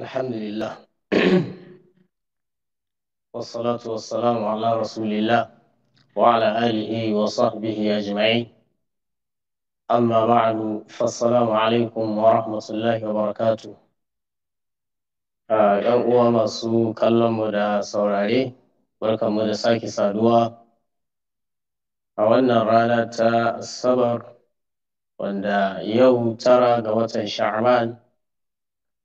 الحمد لله والصلاة والسلام على رسول الله وعلى آله وصحبه أجمعين أما بعد فالسلام عليكم ورحمة الله وبركاته uwa masu kallonmu da saurare barkanmu da sake saduwa a wannan rana ta asabar wanda yau tara ga watan sha'ban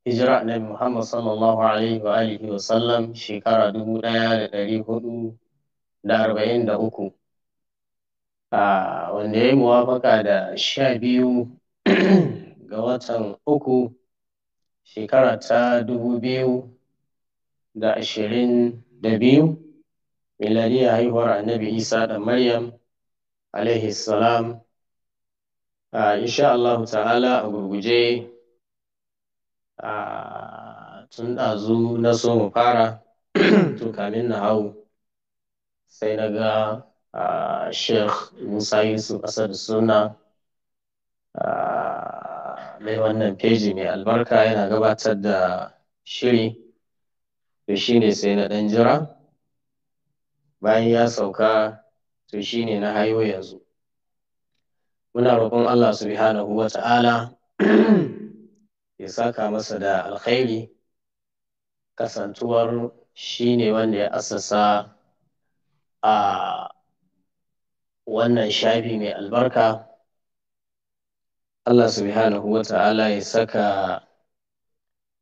hijira na Muhammad sallallahu alaihi wa alihi wa sallam shekara dubu ɗaya da ɗari hudu da arba'in da uku wanda ya yi muwafaka da sha biyu ga watan uku shekara ta dubu biyu da ashirin da biyu miladiyar haihuwar annabi isa da maryam alaihi salam insha Allah ta'ala a gurguje Ah, tun ɗazu na so mu fara to kamin na hau sai na ga ah, sheikh musa yusuf asad suna ah, mai wannan feji mai albarka yana gabatar da shiri to shine sai na ɗan jira bayan ya sauka to shine na hayo yanzu muna roƙon allah subhanahu wa ta'ala ya saka masa da alkhairi kasantuwar shi ne wanda ya asasa a wannan shafi mai albarka Allah subhanahu wa ta'ala ya saka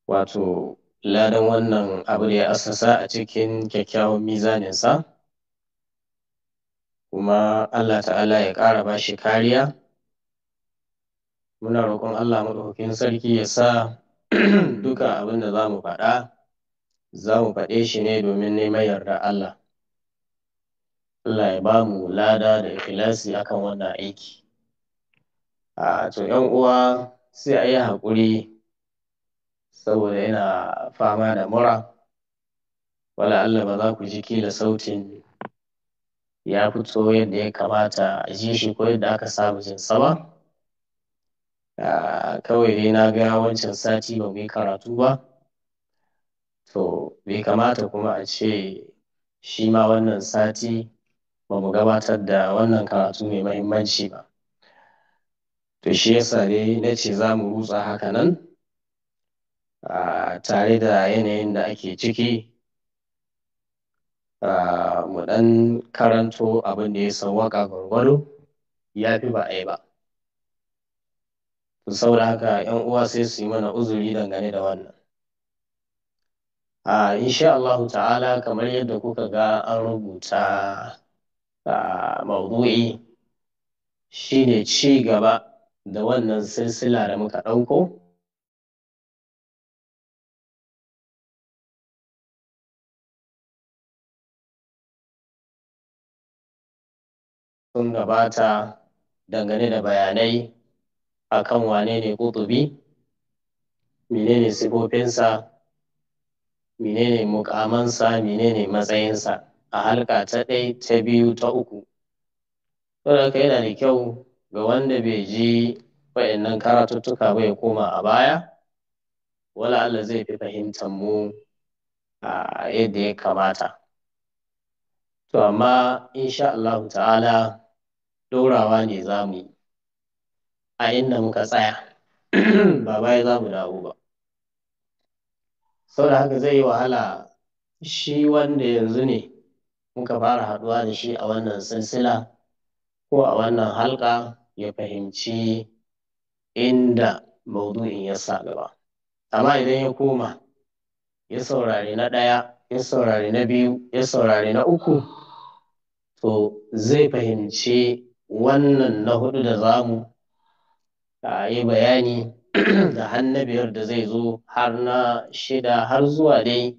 wato ladan wannan abu da ya asasa a cikin kyakkyawan mizaninsa kuma Allah ta'ala ya ƙara ba shi kariya muna roƙon Allah maɗaukakin sarki ya sa duka abin da za mu faɗa za mu faɗe shi ne domin neman yarda Allah Allah ya ba mu lada da ikhlasi akan wannan aiki a to yan uwa sai a yi haƙuri saboda yana fama da mura wala Allah ba za ku ji kila sautin ya fito yadda ya kamata a ji shi ko yadda aka saba jinsa ba Ah, kawai dai na ga wancan sati ba mu yi karatu ba to bai kamata kuma a ce shi ma wannan sati ba mu gabatar da wannan karatu mai mahimmanci ba to shi yasa dai na ce za mu rutsa haka nan ah, tare da yanayin da ake ciki ah, mu ɗan karanto abin da ya sawwaka gwargwado ya fi ba a yi ba saboda haka yan uwa sai su yi mana uzuri dangane da wannan a insha Allah ta'ala kamar yadda kuka ga an rubuta a maudu'i shine ci gaba da wannan silsila da muka ɗauko sun gabata dangane da bayanai akan wane ne kutubi menene sifofinsa menene mukamansa menene matsayinsa a halka ta ɗai ta biyu ta uku saboda yana da kyau ga wanda bai ji wa'annan karatuttuka bai koma a baya wala Allah zai fi fahimtar mu a yadda ya kamata to amma insha Allah ta'ala ɗorawa ne za mu yi a inda muka tsaya ba baya za mu dawo ba saboda haka zai yi wahala shi wanda yanzu ne muka fara haɗuwa da shi a wannan silsila ko a wannan halka ya fahimci inda maudu'in ya sa gaba amma idan ya koma ya saurari na ɗaya ya saurari na biyu ya saurari na uku to zai fahimci wannan na hudu da zamu a yi bayani da hannabiyar da zai zo har na shida har zuwa dai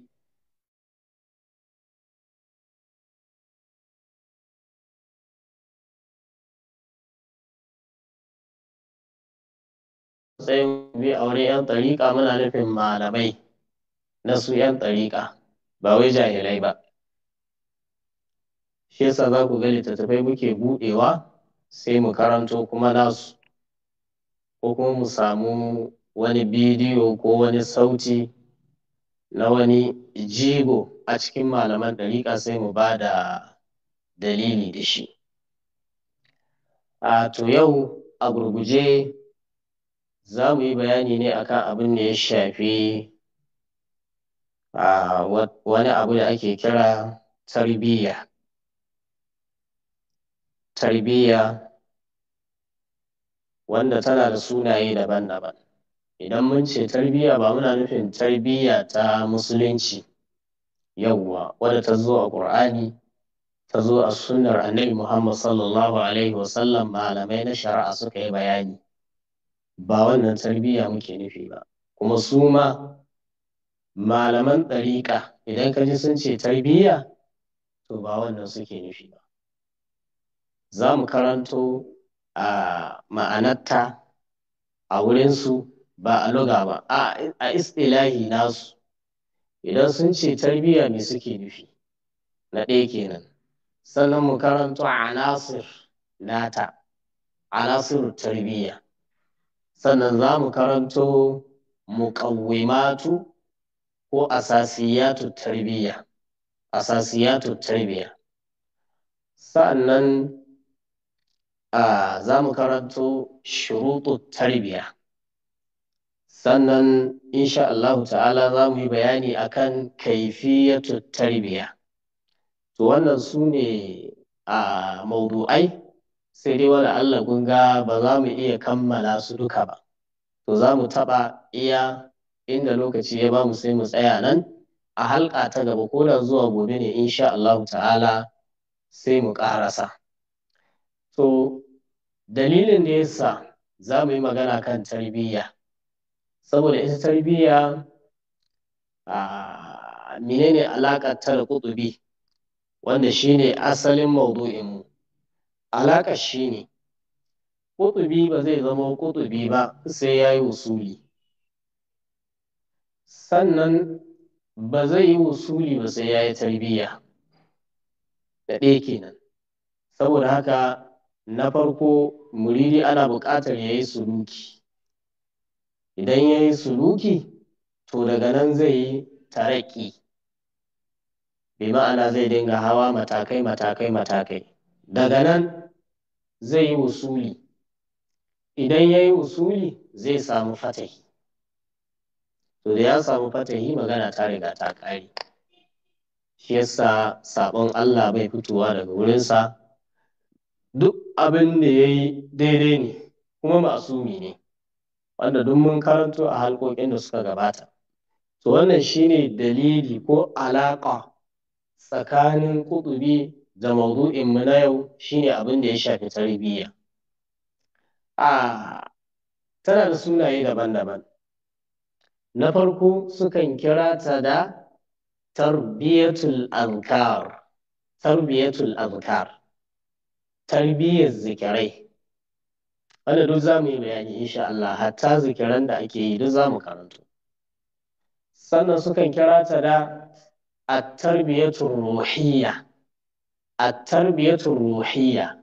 sai bi aure 'yan ɗariƙa muna nufin malamai na su 'yan ɗariƙa ba wai jahilai ba shi yasa za ku ga littattafai muke buɗewa sai mu karanto kuma nasu ko kuma mu samu wani bidiyo ko wani sauti na wani jigo a cikin malaman ɗariƙa sai mu ba da dalili da shi a to yau a gurguje za mu yi bayani ne akan abin da ya shafi a wani abu da ake kira tarbiyya tarbiyya wanda tana da sunaye daban-daban idan mun ce tarbiyya ba muna nufin tarbiyya ta musulunci yawwa wadda ta zo a ƙur'ani ta zo a sunnar annabi muhammad sallallahu alaihi wasallam malamai na shari'a suka yi bayani ba wannan tarbiyya muke nufi ba kuma su ma malaman ɗariƙa idan ka ji sun ce tarbiyya to ba wannan suke nufi ba za mu karanto a ma'anarta a wurinsu ba a luga ba a istilahi nasu idan sun ce tarbiyya me suke nufi na ɗaya kenan sannan mu karanto anasir nata anasir tarbiyya sannan za mu karanto muƙawwimatu ko asasiyatu tarbiyya asasiyatu tarbiyya sa'annan za mu karanto shuruɗu tarbiya sannan insha Allah ta'ala za mu yi bayani akan kaifiyatu tarbiya to wannan su ne a maudu'ai sai dai wani Allah kun ga ba za mu iya kammala su duka ba to za mu taɓa iya inda lokaci ya ba mu sai mu tsaya nan a halƙa ta gaba ko da zuwa gobe ne insha Allahu ta'ala sai mu ƙarasa to dalilin da yasa za mu yi magana kan tarbiyya saboda ita tarbiyya a menene alaƙa ta da ƙutubi wanda shi ne asalin maudu'in mu shi ne. ƙutubi ba zai zama ƙutubi ba sai ya yi usuli sannan ba zai yi wusuli ba sai ya yi tarbiyya da ɗaya kenan saboda haka na farko muridi ana buƙatar ya yi suluki idan ya yi suluki to daga nan zai yi taraki bi ma'ana zai dinga hawa matakai matakai matakai daga nan zai yi usuli idan ya yi usuli zai samu fatahi to da ya samu fatahi magana ta riga ta ƙare shi yasa saɓon allah bai fitowa daga wurinsa duk abin da ya yi daidai ne kuma masumi ne wanda duk mun karanto a halkokin da suka gabata to wannan shine dalili ko alaƙa tsakanin kutubi da maudu'in mu na yau shine abin da ya shafi tarbiyya a tana da sunaye daban-daban na farko sukan kira ta da tarbiyatul azkar tarbiyatul azkar tarbiyyar zikirai wanda duk za mu yi bayani insha Allah hatta zikiran da ake yi duk za mu karanto sannan sukan kira ta da at-tarbiyatu ruhiyya at-tarbiyatu ruhiyya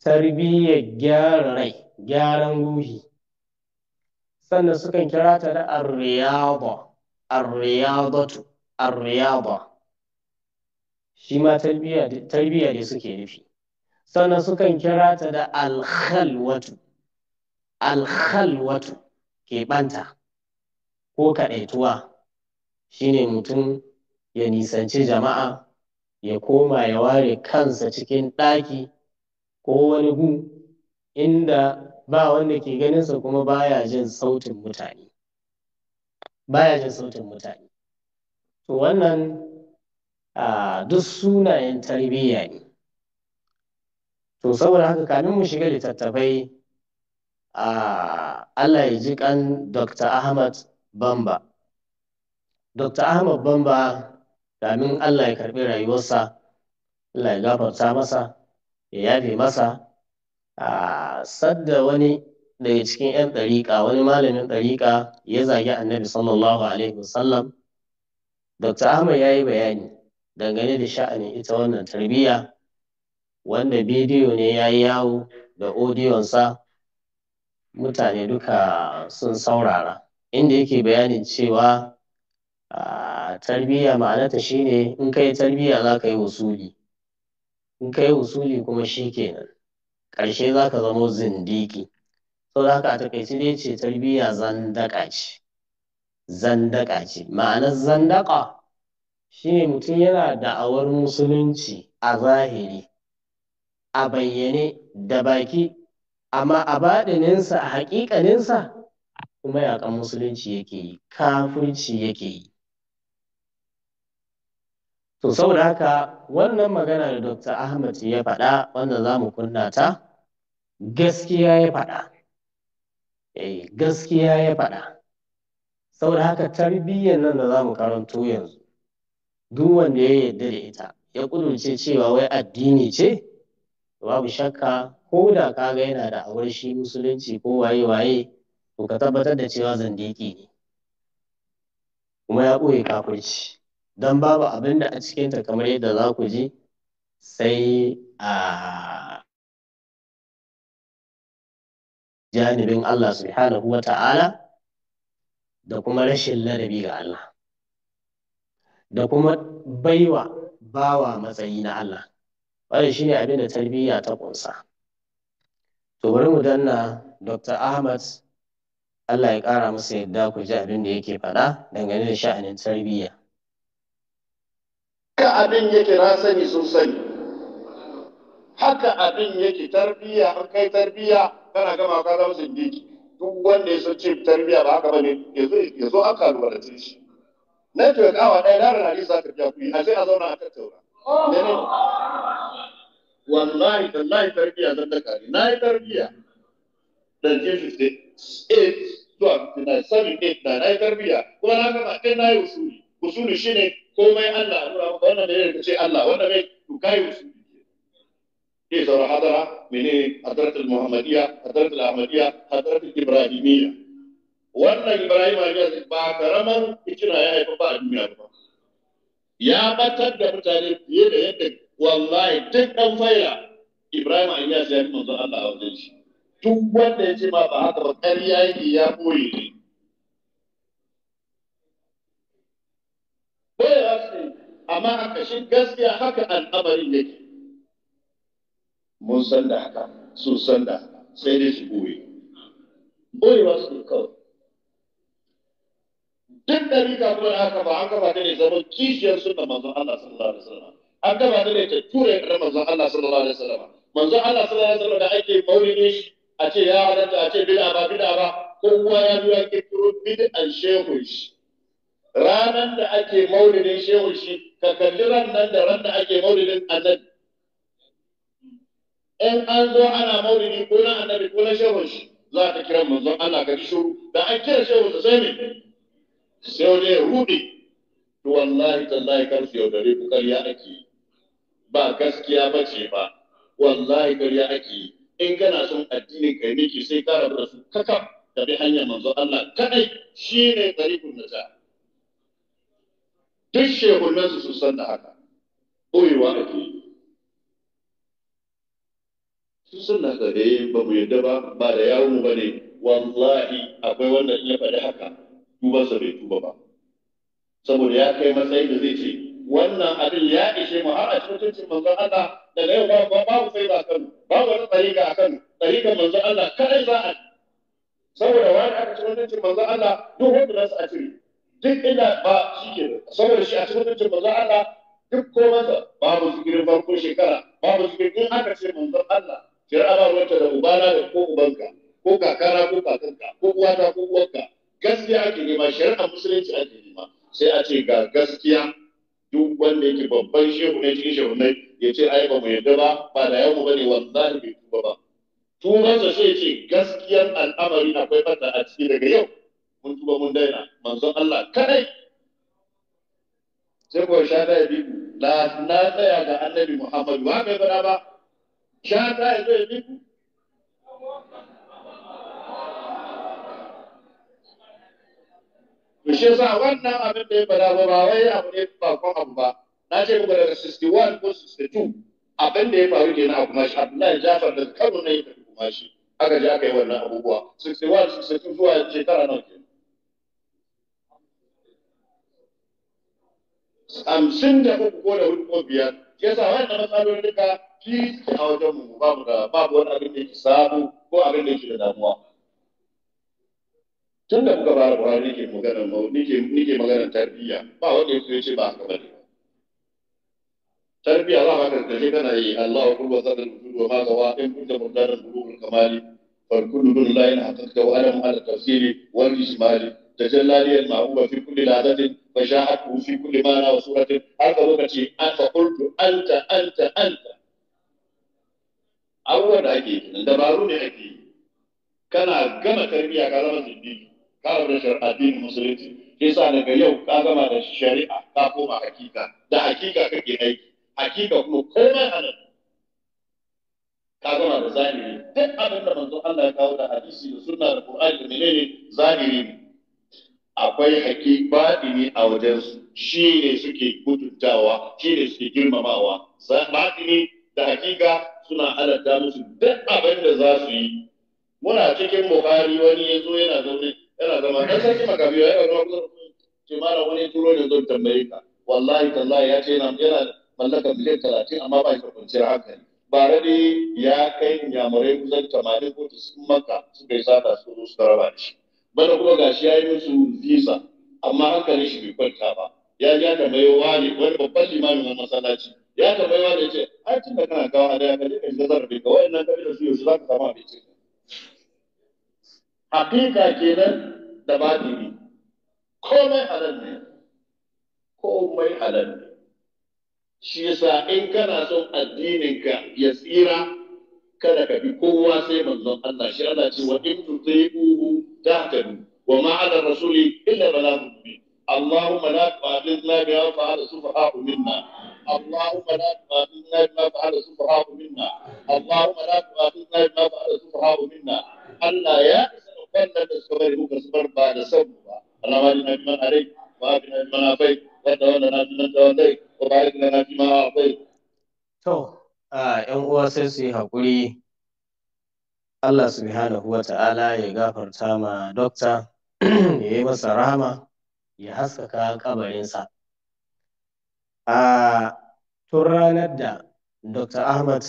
tarbiyyar gyara rai gyaran ruhi sannan sukan kira ta da ar-riyada ar-riyadatu ar-riyada shi ma tarbiyya ne suke nufi sannan sukan kira ta da alhalwatu ke keɓanta ko kaɗaituwa shine mutum ya nisanci jama'a ya koma ya ware kansa cikin ɗaki ko wani gu inda ba wanda ke ganinsa kuma baya jin sautin mutane baya jin sautin mutane to wannan ah, duk sunayen tarbiyya ne to saboda haka kamin mu shiga littattafai a Allah ya ji kan Dr. Ahmad Bamba Dr. Ahmad Bamba kamin Allah ya karɓi rayuwarsa Allah ya gafarta masa ya yafe masa a sadda wani daga cikin 'yan ɗariƙa wani malamin ɗariƙa ya zagi annabi sallallahu alaihi wasallam Dr. Ahmad ya yi bayani dangane da sha'anin ita wannan tarbiyya wanda bidiyo ne ya yi yawo da odiyonsa mutane duka sun saurara inda yake bayanin cewa tarbiyya ma'anata shine in kai tarbiyya za ka yi usuli in ka yi usuli kuma shi kenan ƙarshe za ka zamo zindiki sau da haka a taƙaice dai ce tarbiyya zandaka ce zandaka ce ma'anar zandaka shine mutum yana da'awar musulunci a zahiri a bayyane da baki amma a baɗininsa a haƙiƙaninsa kuma yaƙan musulunci yake yi kafirci yake yi to saboda haka wannan magana da dr ahmad ya faɗa wanda za mu kunna ta gaskiya ya faɗa eh, gaskiya ya faɗa saboda haka tarbiyyar nan da za mu karanto yanzu duk wanda ya yarda da ita ya ƙudurce cewa wai addini ce babu shakka ko da ka ga yana da awar shi musulunci ko waye waye to ka tabbatar da cewa zindiki ne kuma ya ɓoye kafirci don babu abin da a cikinta kamar yadda za ku ji sai a janibin Allah subhanahu wa ta'ala da kuma rashin ladabi ga Allah da kuma baiwa bawa matsayi na Allah wannan ne abin da tarbiyya ta ƙunsa. to bari mu danna Dr. Ahmad Allah ya ƙara masa yadda ku ji abin da yake faɗa dangane da sha'anin tarbiyya. Haka abin yake na sani sun sani. Haka abin yake tarbiyya an kai tarbiyya kana gama ka zama sindiki. Duk wanda ya so ce tarbiyya ba haka bane ya zo aka lubalance shi. Na ce kawa ɗaya na rana za ka biya kuɗi a sai a zauna a tattauna. Oh! wallahi tallahi tarbiya zan da kare na yi tarbiya dan je 58 zuwa 59 78 na na yi tarbiya kuma na gama kai na yi usuli usuli shine komai Allah a wannan ne da ce Allah wannan ne to kai usuli ke sauran hadara mene hadaratul muhammadiyya hadaratul ahmadiyya hadaratul ibrahimiyya wannan ibrahim alaihi ba karaman kicina ya haifa ba a duniya ba ya batar da mutane fiye da yadda wallahi duk ɗan faira Ibrahim Ayyas ya yi manzo Allah a wajen shi duk wanda ya ce ma ba haka ba ƙarya yi ya ɓoye ne ɓoye ce amma a ƙashin gaskiya haka al'amarin yake mun san da haka sun san da sai dai su ɓoye ba su kawai duk ɗari kafin haka ba haka ba ne zama kishiyar suna manzon Allah sallallahu alaihi wasallam an gaba da ne ta ture ran manzon Allah sallallahu alaihi wasallam manzon Allah sallallahu alaihi wasallam da ake maulidin shi a ce ya halatta a ce bid'a ba bid'a ba kowa ya biya ke turo bid'an shehu shi ranan da ake maulidin shehu shi ka kalli ran nan da ran da ake maulidin annabi in an zo ana maulidi ko na annabi ko na shehu shi za ka kira manzon Allah ka ji shuru da an kira shehu shi sai me sai wani ya rudi to wallahi tallahi kar su yaudare ku karya ake yi ba gaskiya ba ce ba wallahi ƙarya ake yi in kana son addinin ka miki sai ka rabu da su kakaf ka bi hanyar manzo Allah kadai tsari tariqul ta. duk shehunan su san da haka boyewa ake yi su san da haka eh, ba mu yadda ba ba da yawo mu bane wallahi akwai wanda in ya faɗi haka tuba sa bai tuba ba saboda ya kai matsayin da zai ce wannan abin ya ishe mu har a mutuncin manzon Allah daga yau ba ba babu sai ba Kano babu wani tsarika a Kano tsarikan manzon Allah kai za a saboda wani aka cikin mutuncin manzon Allah duk wanda su a cire duk inda ba shi ke saboda shi a cikin mutuncin manzon Allah duk komansa babu zikirin farko shekara babu zikirin in aka ce manzon Allah shari'a ba ruwanta da ubana da ko ubanka ko kakana ko kakanka ko uwata ko uwanka gaskiya ake nema shari'a musulunci ake nema sai a ce ga gaskiya duk wanda yake babban shehu ne cikin shehu ne ya ce ai ba mu yadda ba ba da yamu bane ne bai tuba ba tubansa sai ce gaskiyar al'amari akwai fata a ciki daga yau mun tuba mun daina manzon Allah kadai sai ko sha da bi na na tsaya ga annabi Muhammad wa bai fada ba sha da bi to shi yasa wannan abin da ya fada ba ba wai abu ne ba kon abu ba na ce muku daga 61 ko 62 abin da ya faru ke na kuma shi Abdullahi Jafar da Kano ne ya tafi kuma shi aka je aka yi wannan abubuwa 61 62 zuwa shekara na ke hamsin da uku ko da hudu ko biyar yasa wannan matsalolin duka shi a wajen mu babu da babu wani abin da ke samu ko abin da ke da damuwa tun da muka fara fara nake magana nake nake magana tarbiyya ba wanda ya ce ba haka bane tarbiyya za a ka karkace kana yi Allahu kullu sadal wujudu wa ma gawa in kunta murdana bulugul kamali fa kullu dun la yana hakka wa adam ala tafsiri wal ismali tajallali al ma'uba fi kulli lahatin fa sha'atu fi kulli mana wa suratin har ka lokaci an fa qultu anta anta anta abubuwan da ake dabaru ne ake kana gama tarbiyya ka zama zindigi karar addinin musulunci ke sa daga yau ka gama da shari'a ka koma hakika da hakika kake aiki hakika kuma komai a nan ka gama da zahiri duk abin da manzo Allah ya kawo da hadisi da sunna da qur'ani da menene zahiri ne akwai haƙi ne a wajensu shi ne suke gudutawa shi ne suke girmamawa baɗini da hakika suna halatta musu duk abin da za su yi muna cikin buhari wani ya zo yana zaune yana zama dan sarki makabi yana zama kusa ce mara wani turo ne zo tambaye ka wallahi tallahi ya ce yana yana mallakar miliyan talatin amma ba shi da kwanciyar hankali ba rabe ya kai yamurai kusan tamanin ko sun maka suka yi sata su zo suka raba da shi bana kuma gashi ya yi musu visa amma hankali shi bai kwanta ba ya ja tambaye wani wani babban limamin wani masallaci ya tambaye wani ce ai tun da kana kawo a daya ka je ka shiga zarafi ka wa'annan kabilar su shi za ka samu abinci haƙiƙa kenan da batini komai halal ne komai halal ne shi yasa in kana son addininka ya tsira kada ka bi kowa sai manzon Allah shi Allah ce wa in tuti'uhu tahtadu wa ma 'ala rasuli illa balaghun mubin اللهم لا تؤاخذنا بما فعل السفهاء منا اللهم لا تؤاخذنا بما فعل السفهاء منا اللهم لا تؤاخذنا بما فعل السفهاء منا يأس waɗannan da suka bari muka zubar ba da san ba Allah ba na biman alai ba bi na biman afai wanda wanda na biman da dai, ko ba ya na biman afai. To, ‘yan uwa sai su yi haƙuri Allah subhanahu wa ta'ala ya gafarta ma dokta ya yi masa rahama ya haskaka kabarinsa. A tun ranar da Dr. Ahmad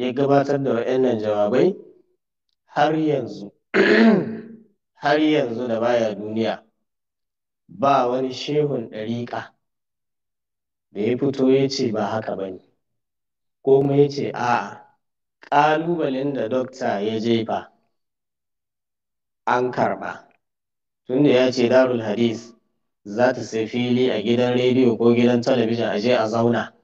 ya gabatar da wa'annan jawabai har yanzu har yanzu da baya duniya ba wani shehun ɗariƙa da ya fito ya ce ba haka ba ne ko kuma ya ce a ƙalubalen da dokta ya jefa an karɓa tunda ya ce darul hadis za ta sai fili a gidan rediyo ko gidan talabijin a je a zauna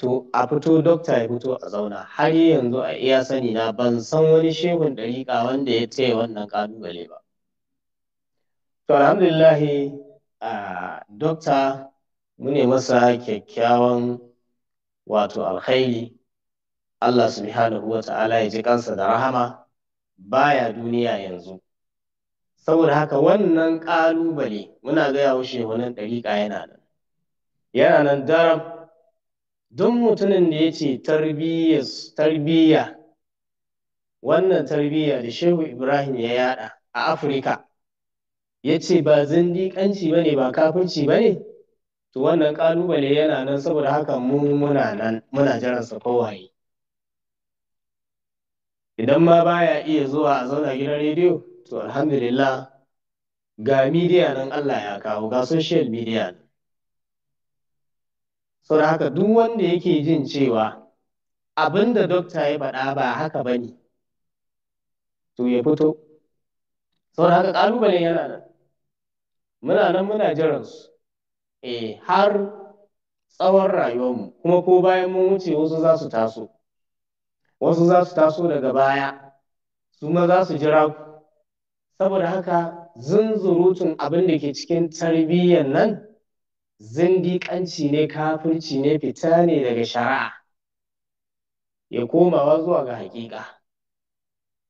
to a fito dokta ya fito a zauna har yanzu a iya sani na ban san wani shehun dariƙa wanda ya ce wannan ƙalubale ba to alhamdulillahi a dokta mune masa kyakkyawan wato alkhairi Allah subhanahu wa ta'ala ya ji kansa da rahama baya duniya yanzu saboda haka wannan ƙalubale muna gaya wa shehunan dariƙa yana nan yana nan darab don mutumin da ya ce tarbiyya wannan tarbiyya da shehu ibrahim ya yada a afirka ya ce ba zindiƙanci ba ne ba kafinci ba ne to wannan ƙalubale yana nan saboda haka mu muna nan muna jiransa kowaye idan ma baya iya zuwa a zauna gidan rediyo to alhamdulillah ga midiya nan allah ya kawo ga social midiya nan saboda haka duk wanda yake jin cewa abin da dokta ya faɗa ba haka ba ne to ya fito saboda haka ƙalubalen yana nan muna nan muna jiransu eh har tsawon rayuwarmu kuma ko bayan mun wuce wasu za su taso wasu za su taso daga baya su ma za su jira ku saboda haka zunzurutun abin da ke cikin tarbiyyar nan zindiƙanci ne kafirci ne fita ne daga shari'a ya komawa zuwa ga haƙiƙa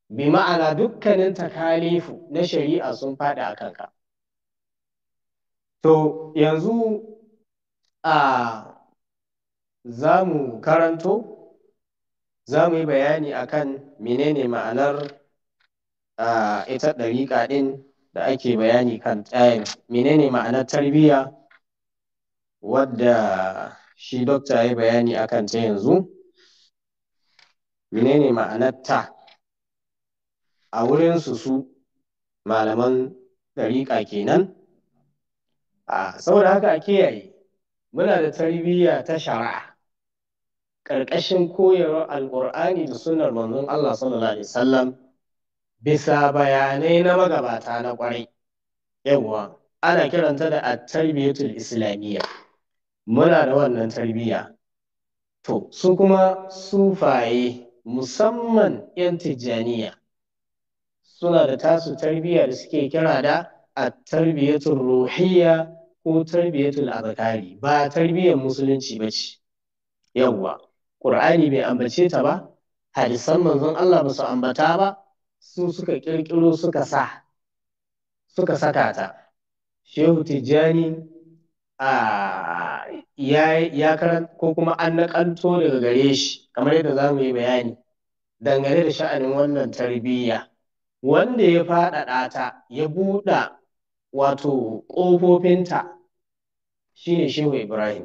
bi ma'ana dukkanin takalifu na shari'a sun faɗi a kanka to yanzu a za mu karanto za mu yi bayani a akan menene ma'anar ita ɗariƙa ɗin da ake bayani kan menene ma'anar tarbiyya wadda shi dokta ya bayani akan ta yanzu menene ma'anarta a wurinsu su malaman ɗariƙa kenan a saboda haka a kiyaye muna da tarbiyya ta shari'a ƙarƙashin koyarwar alƙur'ani da sunar manzon Allah sallallahu alaihi wasallam bisa bayanai na magabata na ƙwarai yawwa ana kiranta da at-tarbiyatul islamiyya muna da wannan tarbiyya to su kuma sufaye musamman 'yan tijjaniya suna da tasu tarbiyya da suke kira da a tarbiyyatun ruhiyya ko tarbiyyatun abakari ba tarbiyyar musulunci ba ce yawwa ƙur'ani bai ambace ta ba hadisan manzon Allah ba su ambata ba su suka ƙirƙiro suka sa suka saka ta shehu tijjani Ah, ya karanta ko kuma an naƙanto daga gare shi kamar yadda za mu yi bayani dangane da sha'anin wannan tarbiyya wanda ya faɗaɗa ta ya buɗa wato ƙofofinta shi ne shehu ibrahim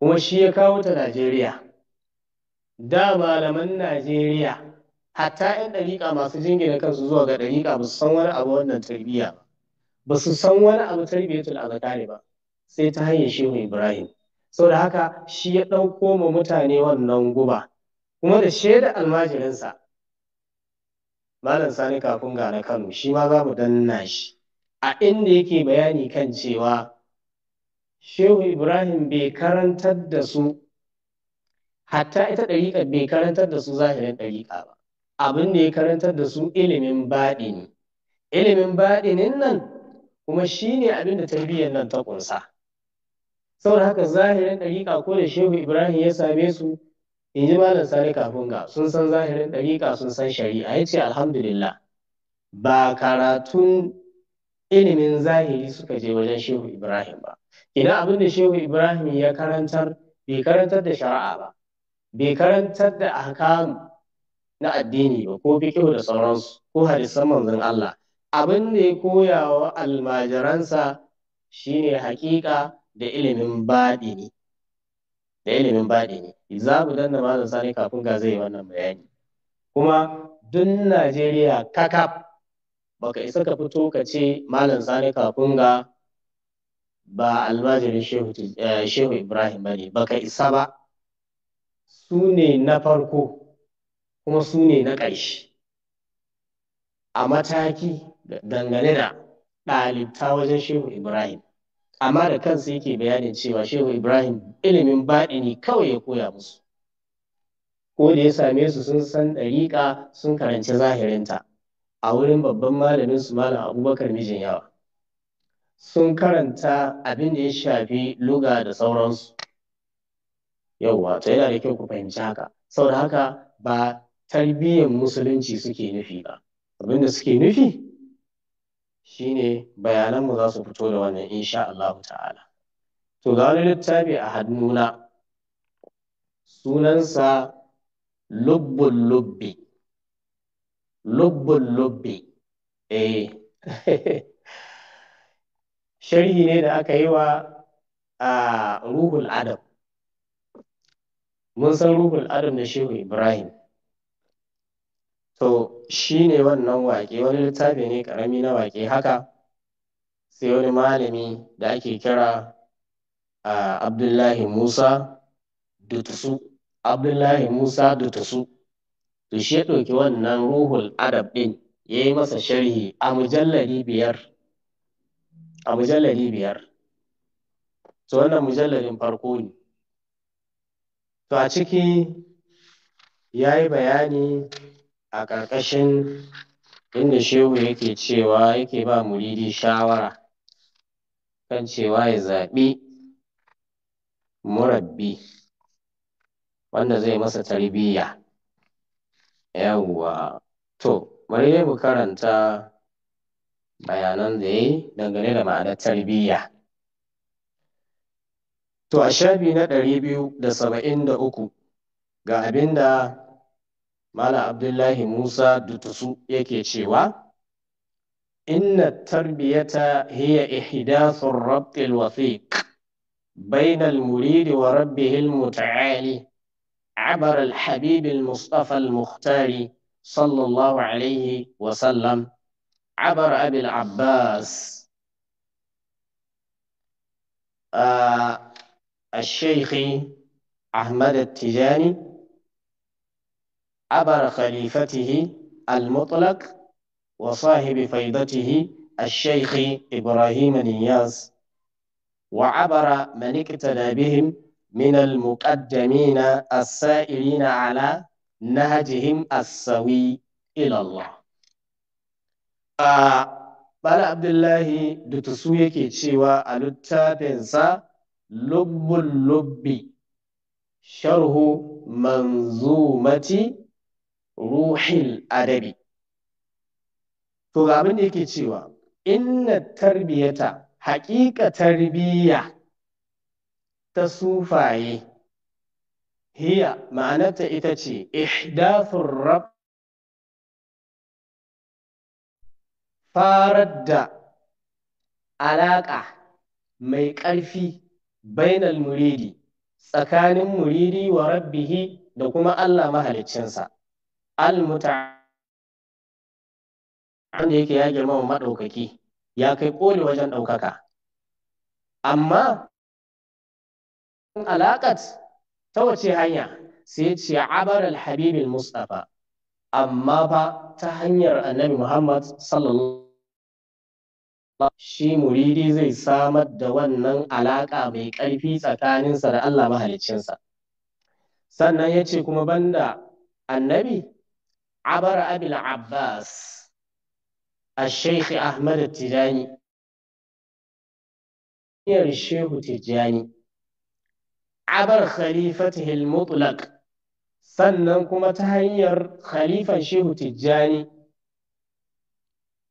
kuma shi ya kawo ta najeriya da malaman najeriya hatta 'yan ɗariƙa masu jingina kansu zuwa ga ɗariƙa ba su san wani abu wannan tarbiyya ba ba su san wani abu tarbiyatul azkari ba sai ta hanyar shehu ibrahim saboda haka shi ya ɗauko ma mutane wannan guba kuma da shaida almajirinsa malam sani kafin ga na kano shi ma za mu danna shi a inda yake bayani kan cewa shehu ibrahim bai karantar da su hatta ita ɗariƙa bai karantar da su zahirin ɗariƙa ba abin da ya karantar da su ilimin baɗi ne. ilimin baɗinin nan kuma shi ne abin da tarbiyyar nan ta ƙunsa saboda haka zahirin ɗariƙa ko da shehu ibrahim ya same su in ji malam sani kafin ga sun san zahirin ɗariƙa sun san shari'a ya ce alhamdulillah ba karatun ilimin zahiri suka je wajen shehu ibrahim ba idan abin da shehu ibrahim ya karantar bai karantar da shari'a ba bai karantar da ahkam na addini ba ko fiqh da sauransu ko hadisan manzon Allah abin da ya koya wa almajiransa shine haƙiƙa da ilimin baɗini da ilimin baɗini za mu danna malam sani kafin ga zai wannan bayani kuma duk Najeriya kakaf baka isa ka fito ka ce malam sani kafin ga ba almajirin shehu eh, ibrahim ba ne baka isa ba su ne na farko kuma su ne na ƙarshe a mataki dangane da ɗalibta wajen shehu ibrahim amma da kansa yake bayanin cewa shehu ibrahim ilimin baɗi ne kawai ya koya musu ko da ya same su sun san ɗariƙa sun karanci zahirinta a wurin babban malamin su malam abubakar mijin yawa sun karanta abin da ya shafi luga da sauransu yauwa wato yana da kyau ku fahimci haka saboda haka ba tarbiyyar musulunci suke nufi ba abinda suke nufi shine bayananmu za su fito da wannan insha Allah ta'ala to ga wani littafi a hannuna sunansa lubbun lubbi lubbun lubbi eh sharhi ne da aka yi wa a ruhul adam mun san ruhul adam na shehu ibrahim to shi ne wannan waƙe wani littafi ne ƙarami na waƙe haka sai wani malami da ake kira a abdullahi musa dutusu abdullahi musa dutusu to shi ya ɗauki wannan ruhul adab ɗin ya yi masa sharhi a mujallari biyar a mujallari biyar to wannan mujallarin farko ne to a ciki ya yi bayani a ƙarƙashin inda shehu yake cewa yake ba muridi shawara kan cewa ya zaɓi murabbi wanda zai masa tarbiyya yawwa to bari dai mu karanta bayanan da yayi dangane da ma'anar tarbiyya to a shafi na ɗari biyu da saba'in da uku ga abin da Malam Abdullahi Musa Dutusu yake cewa, Inna tarbiyata hiya ihdathur rabtil wafiq bainal al-murid wa rabbih al-muta'ali abar al-habib al-mustafa al-mukhtari sallallahu alayhi wa sallam abar abil abbas الشيخ أحمد Tijani. عبر خليفته المطلق وصاحب فيضته الشيخ إبراهيم نياز وعبر من اقتدى بهم من المقدمين السائرين على نهجهم السوي إلى الله Bala Abdullahi Dutusu yake cewa a littafinsa Lubbul Lubbi, sharhu manzumati ruhil adabi to ga abin da yake cewa inna tarbiyata haƙiƙa tarbiyya ta sufaye hiya ma'anarta ita ce ihdathur rab farar da alaƙa mai ƙarfi bainal muridi tsakanin muridi wa rabbihi da kuma Allah mahaliccinsa al yake ya girmama maɗaukaki ya kai ƙoli wajen ɗaukaka amma alaƙat ta wace hanya sai ce abar al-habibin mustafa amma ba ta hanyar annabi muhammad sallallahu shi muridi zai samar da wannan alaƙa mai ƙarfi tsakaninsa da Allah mahaliccinsa sannan ya ce kuma banda annabi عبر أبي العباس الشيخ أحمد التجاني shehu Tijjani. عبر خليفته المطلق sannan kuma ta hanyar khalifan shehu tijjani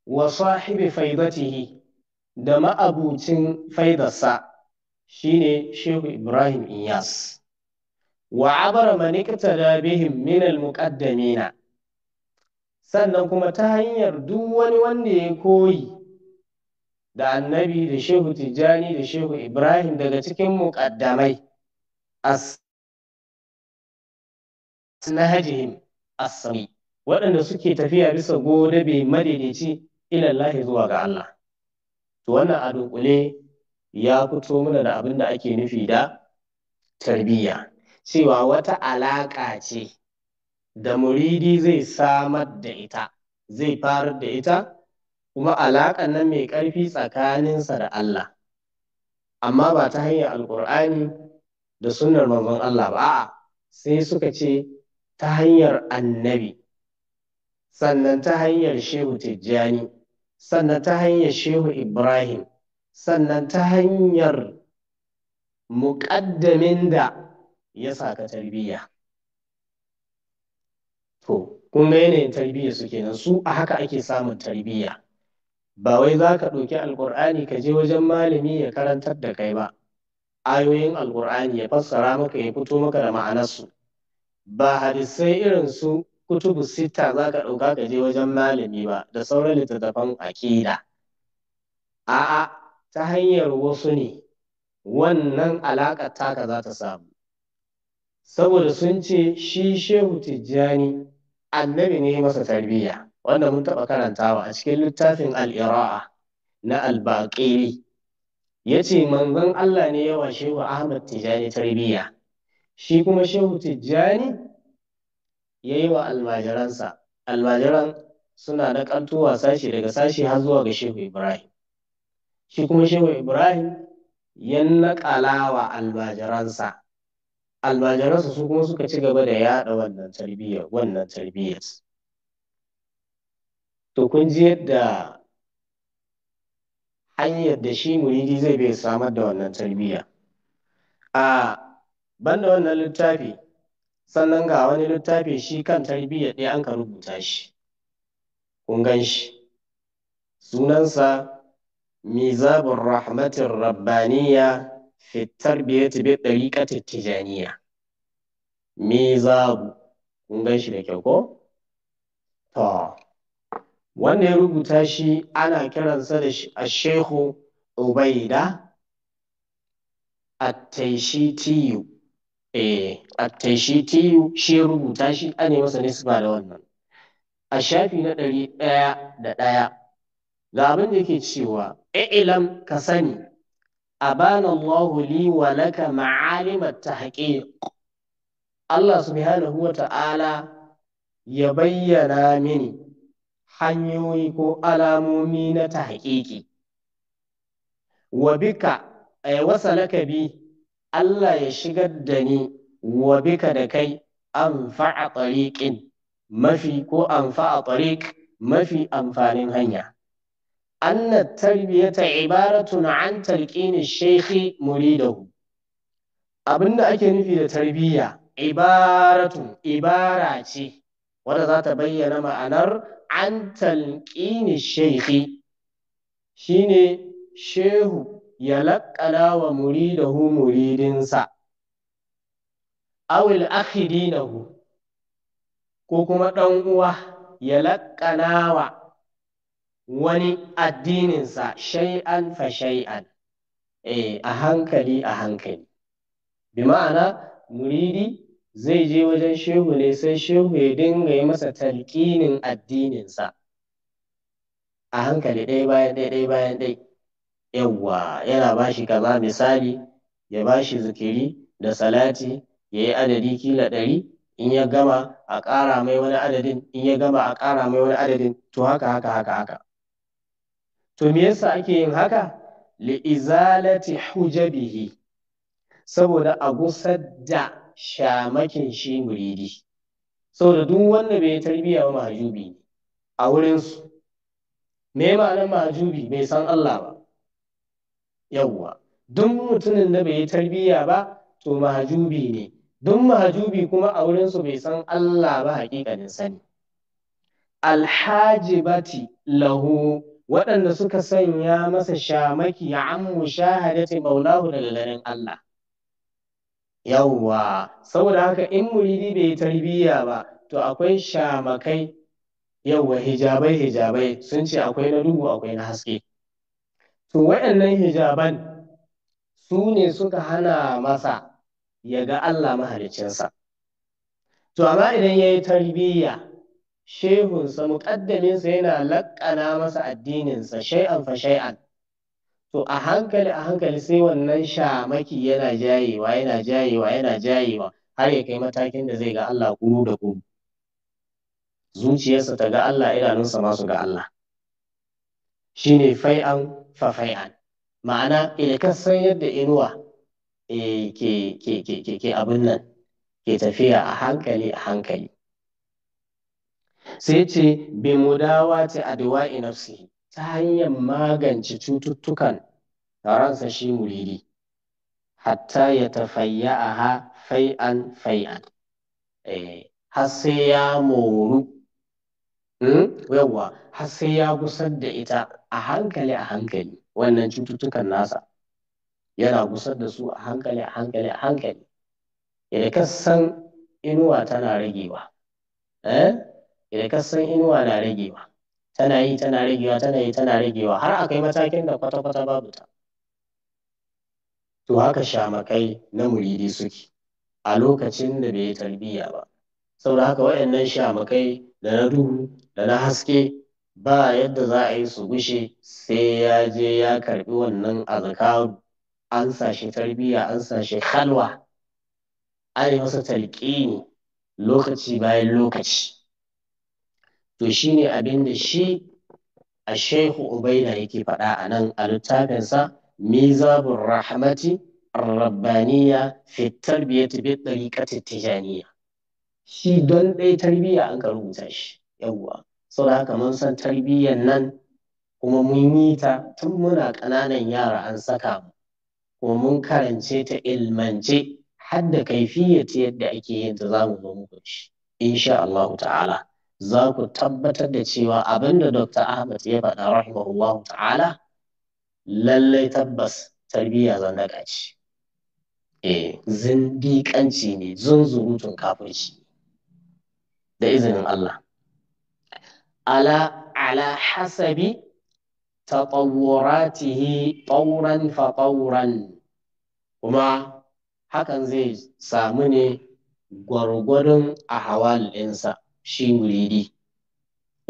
wa sahibi faidatihi da ma'abucin faidarsa shine shehu ibrahim iyas wa abara manika da bihim min almuqaddamina sannan kuma ta hanyar duk wani wanda ya koyi da annabi da shehu tijjani da shehu ibrahim daga cikin muƙaddamai asnahajihim a sami waɗanda suke tafiya bisa gode bai madaidaici ilallahi zuwa ga Allah to wannan a dunkule ya fito mana da abin da ake nufi da tarbiyya cewa wata alaƙa ce da muridi zai samar da ita zai farar da ita kuma alaƙa nan mai ƙarfi tsakaninsa da Allah amma ba ta hanyar alƙur'ani da sunar manzon Allah ba a'a sai suka ce ta hanyar annabi sannan ta hanyar shehu tijjani sannan ta hanyar shehu ibrahim sannan ta hanyar muƙaddamin da ya saka tarbiyya to kun ga yanayin tarbiyya su kenan su a haka ake samun tarbiyya ba wai za ka ɗauki alƙur'ani ka je wajen malami ya karantar da kai ba ayoyin alƙur'ani ya fassara maka ya fito maka da ma'anarsu ba hadisai irin su kutubu sita za ka ɗauka ka je wajen malami ba da sauran littattafan aƙida. a'a ta hanyar wasu ne wannan alaƙar taka za ta samu saboda sun ce shi shehu tijjani annabi ne masa tarbiyya wanda mun taɓa karantawa a cikin littafin al'ira'a na albaƙiri ya ce manzon Allah ne yawa shehu Ahmad Tijjani tarbiyya shi kuma shehu Tijjani ya yi wa almajiransa almajiran suna da ƙantuwa sashi daga sashi har zuwa ga shehu Ibrahim shi kuma shehu Ibrahim ya naƙala wa almajiransa almajiransa su kuma suka ci gaba da yaɗa wannan tarbiyyar wannan tarbiyyar to kun ji yadda hanyar da shi muridi zai bai samar da wannan tarbiyya a banda wannan littafi sannan ga wani littafi shi kan tarbiyyar ɗaya an ka rubuta shi kun gan shi sunansa mizabun rahmatin rabbaniya fi tarbiyyati bi dariqati tijaniya mizabu kun gan shi da kyau ko to wanda ya rubuta shi ana kiransa da ashehu ubaida at-taishitiyu eh at shi ya rubuta shi ana yi masa nisba da wannan a shafi na ɗari ɗaya da ɗaya ga abin da yake cewa eilam ka sani A Allahu li wa laka ma'alimat tahqiq Allah subhanahu wa ta'ala ya bayyana mini hanyoyi ko alamomi na tahqiqi wa bika ay wasalaka bi Allah ya shigar da ni wa bika da kai anfa'a tariqin mafi ko anfa'a tariq mafi amfanin hanya أن التربية عبارة عن تلقين الشيخ مريده abin da ake nufi da tarbiyya ibaratun ibara ce wadda za ta bayyana ma'anar an talƙini shaikhi shine shehu ya laƙanawa muridahu muridinsa awil akhidinahu ko kuma ɗan uwa ya laƙana wa wani addininsa shay'an fa shay'an eh a hankali a hankali bi ma'ana muridi zai je wajen shehu ne sai shehu ya dinga yi masa talƙinin addininsa a hankali ɗaya bayan ɗaya ɗaya bayan ɗaya yawwa yana ba shi kaza misali ya ba shi zikiri da salati ya yi adadi kila ɗari in ya gama a ƙara mai wani adadin in ya gama a ƙara mai wani adadin to haka haka haka haka to me yasa ake yin haka li'izalati hujabihi saboda a gusar da shamakin shi muridi saboda duk wanda bai tarbiya wa mahajubi A a wurinsu me ma'anar mahajubi bai san Allah ba yawwa duk mutumin da bai tarbiya ba to mahajubi ne duk mahajubi kuma a wurinsu bai san Allah ba hakikanin sani alhajibati lahu waɗanda suka sanya masa shamaki an mushahadati maulahu daga ganin Allah yawwa saboda haka in muridi bai tarbiyya ba to akwai shamakai yawwa hijabai hijabai sun ce akwai na dubu, akwai na haske to waɗannan hijaban su ne suka hana masa ya ga Allah mahaliccinsa to amma idan ya yi tarbiyya shehunsa muƙaddaminsa yana laƙana masa addininsa shay'an fa shay'an to a hankali a hankali sai wannan shamaki yana jayewa yana jayewa yana jayewa har ya kai matakin da zai ga Allah guru da guru zuciyarsa ta ga Allah idanunsa ma su ga Allah shine fai'an fa fai'an ma'ana idan san yadda inuwa eh, ke ke ke abin nan ke tafiya a hankali a hankali sai ce bi adawa ina nafsi ta hanyar magance cututtukan ransa shi muridi hatta ya tafayya aha fai'an fai'an eh, har sai ya moru hmm? yawwa hasse sai ya gusar da ita a hankali a hankali wannan cututtukan nasa yana gusar da su a hankali a hankali a hankali ya kasan inuwa tana ragewa eh idan ka san inuwa na ragewa tana yi tana ragewa tana yi tana ragewa har a kai matakin da kwata-kwata babu ta to haka shamakai na muridi suke a lokacin da bai yi tarbiyya ba saboda haka waɗannan shamakai da na duhu da na haske ba yadda za a yi su gushe sai ya je ya karɓi wannan azkaru an sashe tarbiyya an sashe halwa an yi masa talƙini lokaci bayan lokaci to shine abin da shi a shehu ubaida yake faɗa a nan a littafinsa mizabun rahmati rabbaniya fi tarbiyyati bi tariqati tijaniya shi don ɗaya tarbiyya an ka rubuta shi yawwa saboda haka mun san tarbiyyan nan kuma mun yi ta tun muna ƙananan yara an saka mu kuma mun karance ta ilmance hadda da kaifiyyar yadda ake yin ta zamu zo muku shi insha Allah ta'ala za ku tabbatar da cewa abinda Dr. Ahmad ya faɗa rahimahullah ta'ala lallai tabbas tarbiyya zandaka ce. Eh, zindiƙanci ne, zunzurutun kafirci da izinin Allah. Ala ala hasabi taɓawuratihi ɓauran fa ɓauran kuma hakan zai samu ne gwargwadon a hawal ɗinsa. shi wuridi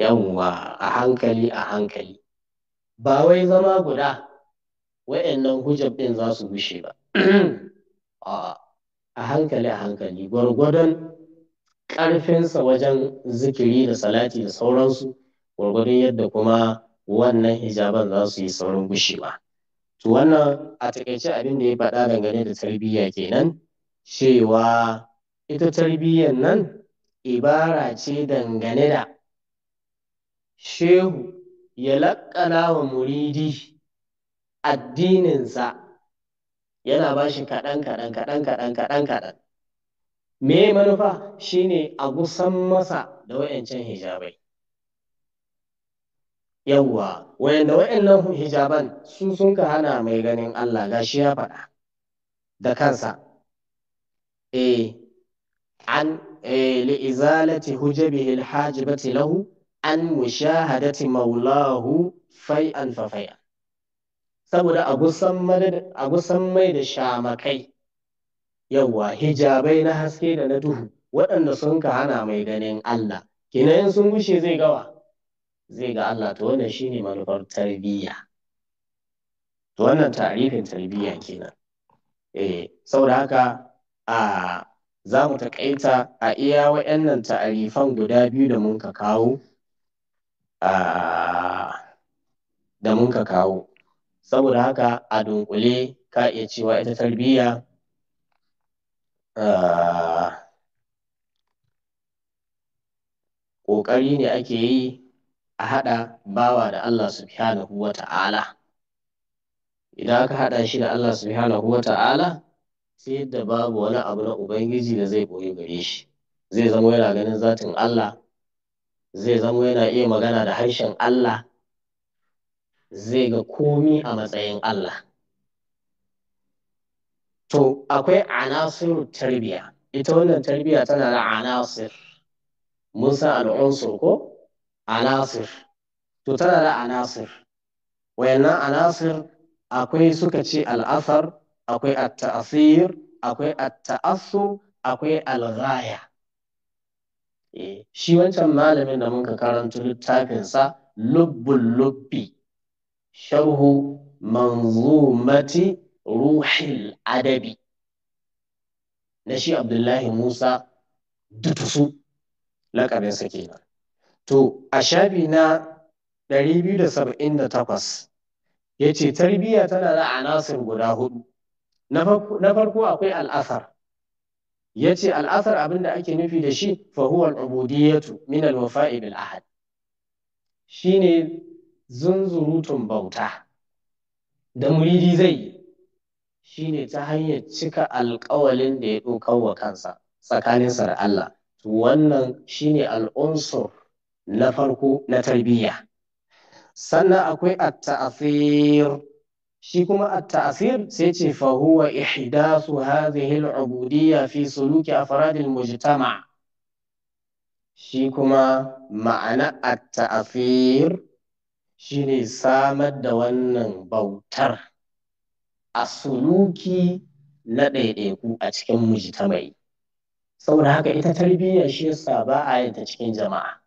yawwa a hankali a hankali ba wai zama guda wa'annan hujjar ɗin za su gushe ba a hankali a hankali gwargwadon ƙarfinsa wajen zikiri da salati da sauransu gwargwadon yadda kuma wannan hijaban za su yi saurin bushewa. to wannan a takaice abin da ya faɗa dangane da tarbiyya kenan cewa ita tarbiyyan nan ibara ce dangane da shehu ya laƙala wa muridi addininsa yana ba shi kaɗan kaɗan kaɗan kaɗan kaɗan me manufa shine a gusan masa da wayancan hijabai yawwa wayanda wayannan hijaban su sun ka hana mai ganin Allah gashi ya faɗa da kansa eh an Eh, li'izalati hujabihi alhajibati lahu an mushahadati maulahu fai'an fa fai'an saboda a gusan mai da shamakai yawa hijabai na haske da na duhu waɗanda sun ka hana mai ganin Allah kenan sun gushe zai gawa zai ga Allah to wannan shine manufar tarbiyya to wannan tarifin tarbiyya kina. eh saboda haka a za mu taƙaita a iya wa'annan ta'arifan guda biyu da mun ka kawo da mun ka kawo saboda haka a dunkule ka iya cewa ita tarbiyya ƙoƙari ne ake yi a haɗa bawa da Allah subhanahu wa ta'ala idan aka haɗa shi da Allah subhanahu wa ta'ala sai yadda babu wani abu na ubangiji da zai boye gare shi zai zama yana ganin zatin Allah zai zama yana iya magana da harshen Allah zai ga komi a matsayin Allah to akwai anasiru tarbiya ita wannan tarbiya tana da anasir mun san al'unsur ko anasir to tana da anasir wayannan anasir akwai suka ce al'asar akwai at akwai at akwai al-ghaya eh, shi wancan malamin da muka karanto littafinsa lubbul lubbi sharhu manzumati ruhil adabi na shi abdullahi musa dutusu sa kenan to a shafi na 278 yace ce tarbiyya tana da anasir guda hudu na farko akwai al'asar ya ce al'asar abin da ake nufi da shi fahuwar ubudiyatu min alwafa'i bil ahad shi ne zunzurutun bauta da muridi zai yi shi ne ta hanyar cika alƙawalin da ya ɗaukar wa kansa tsakaninsa da Allah wannan shi ne al'unsur na farko na tarbiyya sannan akwai at-ta'athir shi kuma a tasir sai ce fahuwa ihdasu hadhihi al-ubudiyya fi suluki a faradin mujtama shi kuma ma'ana at-ta'sir shine samar da wannan bautar a suluki na ɗaiɗaiku a cikin mujtamai saboda haka ita tarbiyya shi yasa ba a yin ta cikin jama'a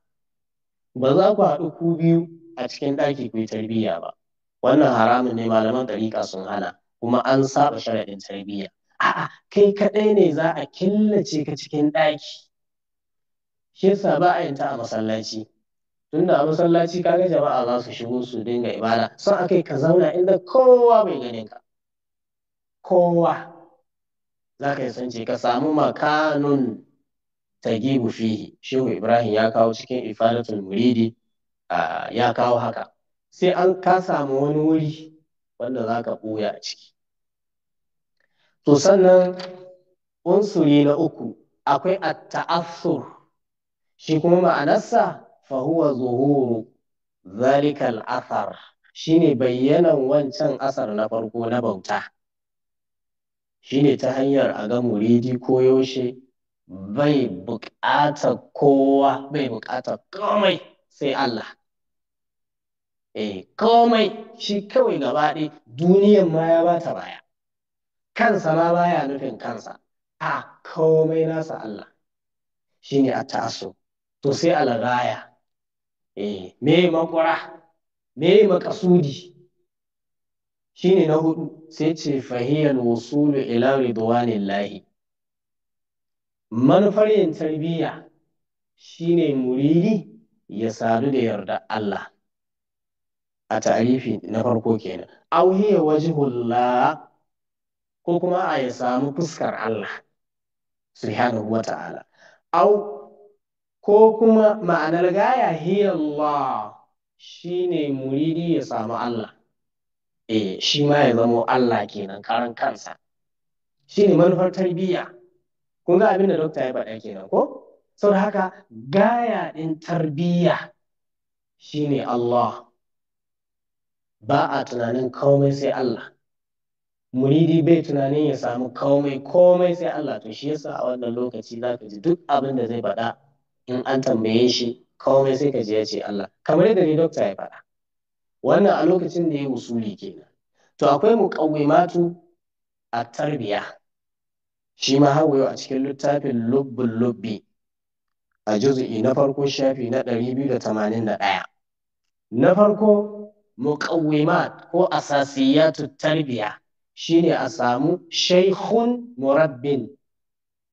ba za ku haɗu ku biyu a cikin ɗaki ku yi tarbiyya ba wannan haramun ne malaman ɗariƙa sun hana kuma an saba sharaɗin tarbiyya a'a kai kaɗai ne za a killace ka cikin ɗaki shi yasa ba a yin ta a masallaci tunda a masallaci ka ga jama'a za su shigo su dinga ibada a akai ka zauna inda kowa bai ganin ka kowa za ka yi ka samu makanun tagibu fihi shehu ibrahim ya kawo cikin ifadatul muridi ah, ya kawo haka sai an ka samu wani wuri wanda za ka ɓoye a ciki to sannan unsuri na uku akwai a taassur shi kuma ma'anarsa "fahuwa huwa zuhuru zalikal shi shine bayyanan wancan asar na farko na bauta Shi ne ta hanyar a ga muridi ko yaushe bai buƙatar kowa bai buƙatar komai sai Allah eh komai shi kawai gaba ɗaya duniyan ma ya bata baya kansa ma baya nufin kansa a komai nasa Allah ne a taso to sai algaya eh me makura me makasudi ne na hudu sai ce fahiyal wusulu ila ridwanillahi manufar yin tarbiyya shine muridi ya sadu da yarda Allah a tarifi na farko kenan aw hiya wajhullah ko kuma a ya samu fuskar Allah subhanahu wa ta'ala aw ko kuma ma'anar gaya hiya Allah shine muridi ya samu Allah eh shi ma ya zama Allah kenan karan kansa shine manufar tarbiyya kun ga abin da dokta ya faɗa kenan ko saboda haka gaya ɗin tarbiyya shine Allah ba a tunanin komai sai Allah muridi bai tunanin ya samu komai komai sai Allah to shi yasa a wannan lokaci za ka ji duk abin da zai faɗa in an tambaye shi komai sai ka ji ya ce Allah kamar yadda ni dokta ya faɗa wannan a lokacin da ya usuli kenan to akwai mu matu a tarbiya shi ma hawayo a cikin littafin lubbul lubbi a juz'i na farko shafi na ɗaya? na farko muqawwimat ko asasiyatu tarbiya shine a samu shaikhun murabbin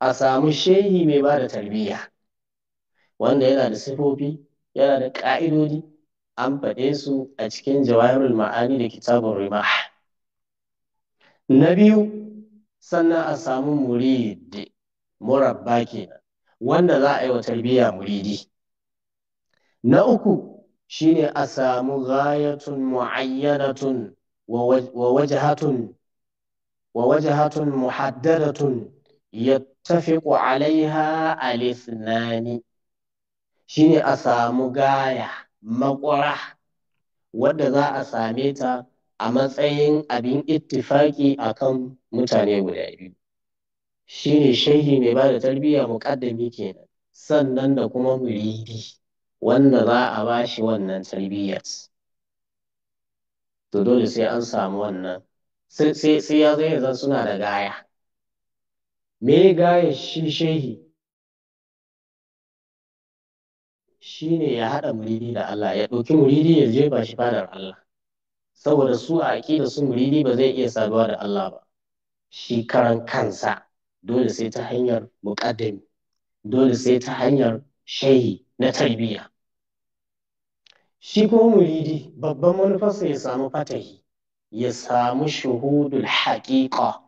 a samu shehi mai ba da tarbiyya wanda yana da sifofi yana da ƙa'idodi an faɗe su a cikin jawahirul ma'ani da kitabun rimah na biyu sannan a samu murid murabba kenan wanda za a yi wa tarbiyya muridi na uku shine a samu ghayatun mu'ayyanatun wa wajhatun wa wajhatun muhaddadatun yattafiqu alaiha al-ithnani shine a samu gaya makwara wadda za a same ta a matsayin abin ittifaki kan mutane guda biyu shine shehi mai ba da tarbiyya muƙaddami kenan sannan da kuma muridi wanda za a ba shi wannan tarbiyyar to dole sai an samu wannan sai ya zai zan suna da gaya me gaya shi shehi shi ne ya haɗa muridi da Allah ya ɗauki muridi ya jefa shi fadar Allah saboda su a da su muridi ba zai iya saduwa da Allah ba shi karan kansa dole sai ta hanyar muƙaddami dole sai ta hanyar shehi na tarbiyya shi ko muridi babban manufarsa ya samu fatahi ya samu shuhudul haƙiƙa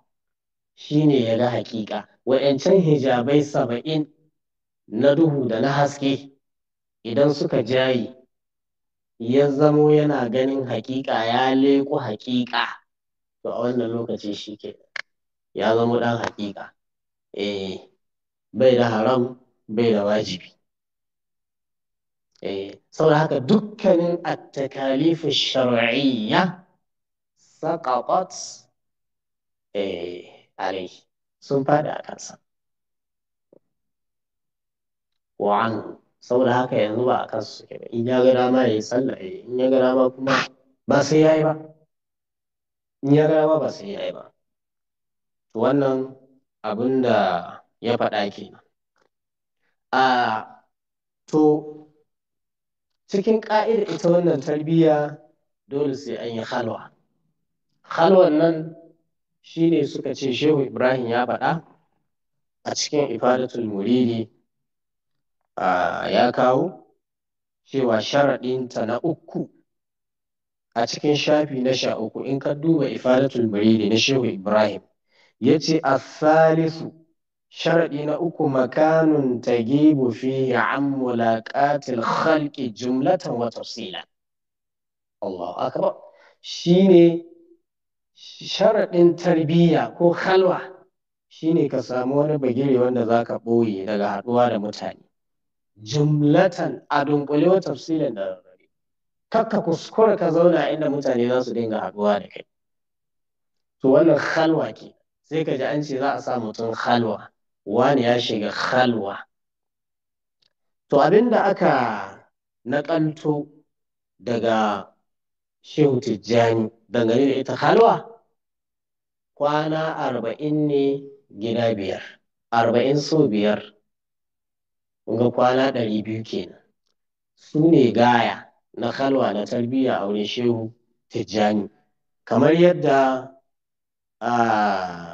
shine ya ga haƙiƙa wa'yancan hijabai saba'in na duhu da na haske idan suka jayi ya zamo yana ganin haƙiƙa ya leƙo haƙiƙa to a wannan lokaci shi ke ya zamo ɗan haƙiƙa eh bai da haram bai da wajibi Eh, saboda haka dukkanin at-takalif shar'iyya saqatat eh alai sun fada a kansa wa'an saboda haka yanzu ba a kansu suke ba in ya ga dama yi sallah eh, in ya ga dama kuma ba sai yayi ba in ya ga dama ba sai yayi ba wannan abin da ya faɗa kenan a ah, to cikin ƙa'ida ita wannan tarbiyya dole sai an yi halwa halwan nan ne suka ce shehu ibrahim ya faɗa a cikin ifadatul muridi ya kawo cewa sharaɗinta na uku a cikin shafi na sha uku in ka duba ifadatul muridi na shehu ibrahim ya ce a Salisu. sharaɗi na uku makanun tagibu fihi an mulaqatil halƙi jumlatan wa tafsila Allahu shi shine sharaɗin tarbiyya ko halwa ne ka samu wani bagire wanda za ka ɓoye daga haɗuwa da mutane jumlatan a dunkule wa tafsilin da rarrabe kakka kuskura ka zauna inda mutane za su dinga haɗuwa da kai to wannan halwa ke sai ka ji an ce za a sa mutum halwa wani ya shiga halwa? to abinda aka naƙalto daga shehu tijjani dangane da ita khalwa kwana arba'in ne gida biyar arba'in so biyar ga kwana ɗari biyu kenan su ne gaya na halwa na tarbiyya a wurin shehu tijjani kamar yadda a ah,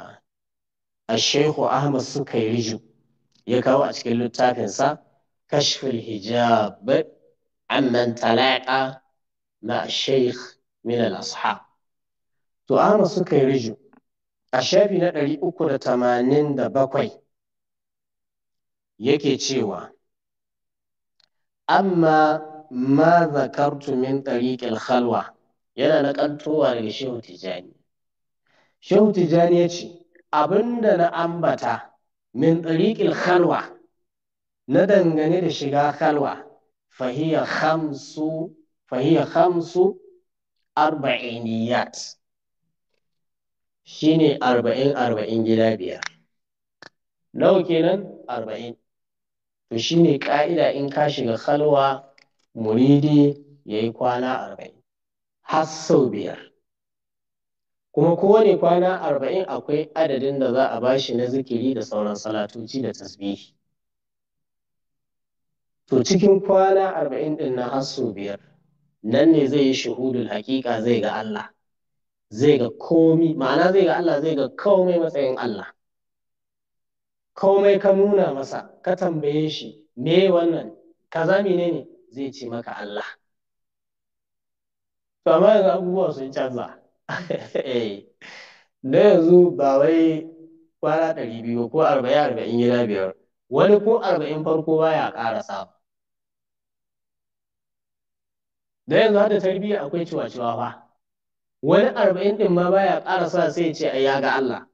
Shehu Ahmad suka yi ya kawo a cikin littafinsa kashfil hijab amman talaqa na Sheikh min al to Ahmad suka yi riju a shafi na 387 yake cewa amma ma zakartu min tariqil khalwa yana na kantowa daga Shehu Tijani Shehu Tijani ya ce Abin da na ambata min ɗariƙin khalwa na dangane da shiga khalwa fahiyar hamsu fahiyar hamsu arba'iniyat shine arba'in arba'in gida biyar nawa kenan arba'in to shine ƙa'ida in ka shiga khalwa muridi ya yi kwana arba'in har sau biyar kuma kowane kwana arba'in akwai adadin da za a ba shi na zikiri da sauran salatoci da tasbihi to cikin kwana arba'in ɗin na har biyar nan ne zai yi shahudul hakika zai ga Allah zai ga komi ma'ana zai ga Allah zai ga komai matsayin Allah komai ka nuna masa ka tambaye shi me wannan kaza menene zai ce maka Allah to amma yanzu abubuwa sun canza Eh, na yanzu ba wai kwana ɗari biyu ko arba'in arba'in gida biyar wani ko arba'in farko baya ƙara ba da yanzu hada tarbiyya akwai ciwa-ciwa fa wani arba'in ɗin ma baya ƙara sa sai ce ai ya ga Allah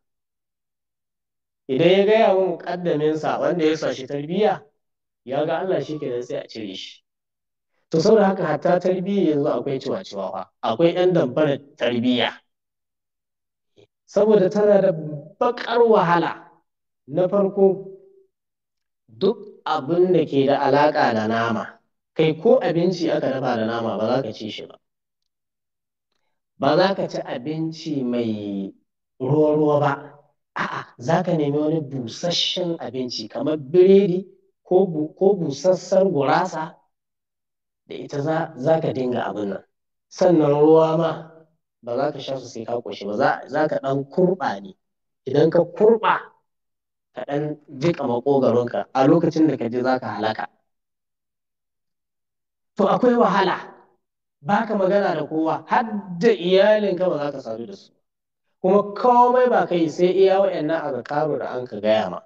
idan ya gaya wa sa wanda ya sa shi tarbiyya ya ga Allah shi kenan sai a cire shi to saboda haka hatta tarbiyya yanzu akwai ciwa-ciwa akwai yan dambarar tarbiyya saboda tana da bakar wahala na farko duk abin da ke da alaƙa da nama kai ko abinci aka dafa da nama ba za ka ci shi ba ba za ka ci abinci mai ruwa-ruwa ba a'a za ka nemi wani busasshen abinci kamar biredi ko busassar gurasa da ita za ka dinga abin nan sannan ruwa ma ba za ka sha su sai ka ƙoshi ba za ka ɗan kurɓa ne idan ka kurɓa ka ɗan jiƙa makogaronka a lokacin da ka ji za ka halaka to akwai wahala ba ka magana da kowa har da iyalinka ba za ka sadu da su kuma komai ba kai sai iya wa'annan a karo da an ka gaya ma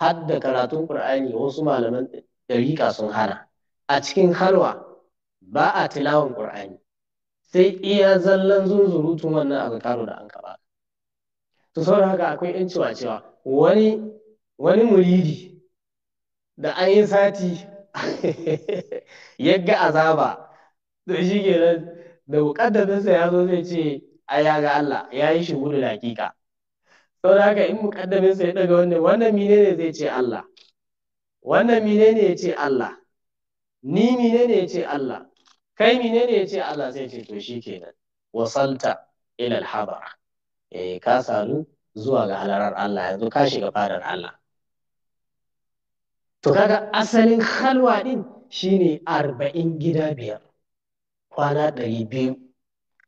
har da karatun ƙur'ani wasu malaman ɗariƙa sun hana a cikin halwa ba a tilawan ƙur'ani sai iya zallan zunzurutun wannan a karo da an kaba to sau haka akwai yan cewa cewa wani muridi da an yi sati yagga azaba to shi kenan da muƙaddaminsa ya zo zai ce a ya ga Allah ya yi shigo da dakika da haka in muƙaddaminsa ya daga wannan wannan mine ne zai ce Allah wannan mine ne ya ce Allah ni menene ya ce Allah kai menene ya ce Allah sai ce to shi kenan wasalta ilal habara eh ka salu zuwa ga halarar Allah yanzu ka shiga fadar Allah to kaga asalin halwa din shine arba'in gida biyar kwana ɗari biyu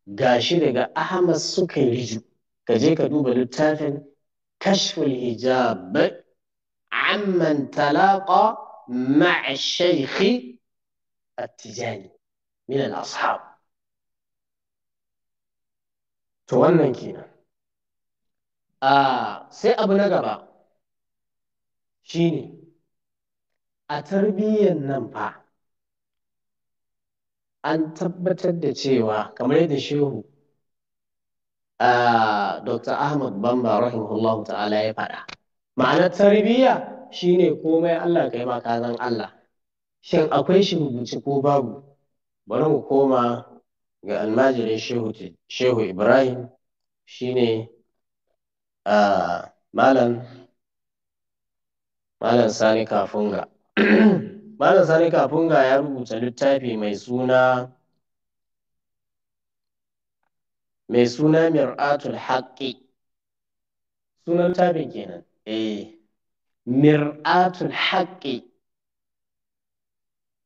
gashi daga Ahmad suka riju ka je ka duba littafin kashful hijab amman talaqa ma'a shaykhi attijani min al-ashab to wannan kenan a sai abu na gaba shine a tarbiyyan nan fa an tabbatar da cewa kamar yadda shehu Dr. Ahmad Bamba rahimahullahu ta'ala ya faɗa ma'anar tarbiyya shine komai Allah kai ma ka Allah shin akwai shi rubuce ko babu bari mu koma ga almajirin shehu ibrahim shine a malam malam sani kafunga malam sani kafunga ya rubuta littafi mai suna mai suna mir'atul haqqi sunan littafin kenan eh mir'atul haqqi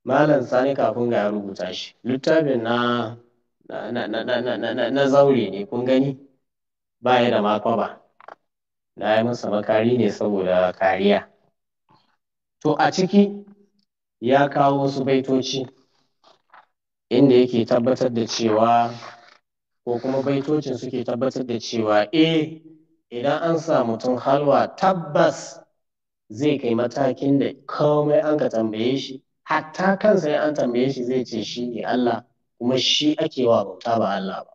Malam Sani kafin ga ya rubuta shi littafin na na zaure ne kun gani ba ya da makwaba na yi masa makari ne saboda kariya to a ciki ya kawo wasu baitoci inda yake tabbatar da cewa ko kuma baitocin suke tabbatar da cewa eh idan an sa mutum halwa tabbas zai kai matakin da komai an ka tambaye shi hatta kansa ya an tambaye shi zai ce shi ne Allah kuma shi ake wa bauta ba Allah ba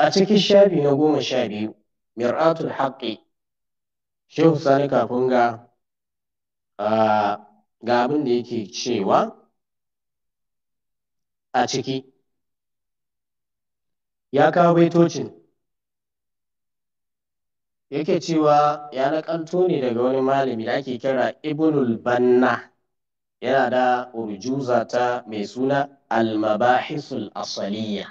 a cikin shafi na goma sha biyu mir'atul haƙƙi. shehu sani kafin ga abin da yake cewa a ciki ya kawo baitocin yake cewa ya naƙalto ne daga wani malami da ake kira ibnul banna yana da urjuza ta mai suna almabahisul asaliya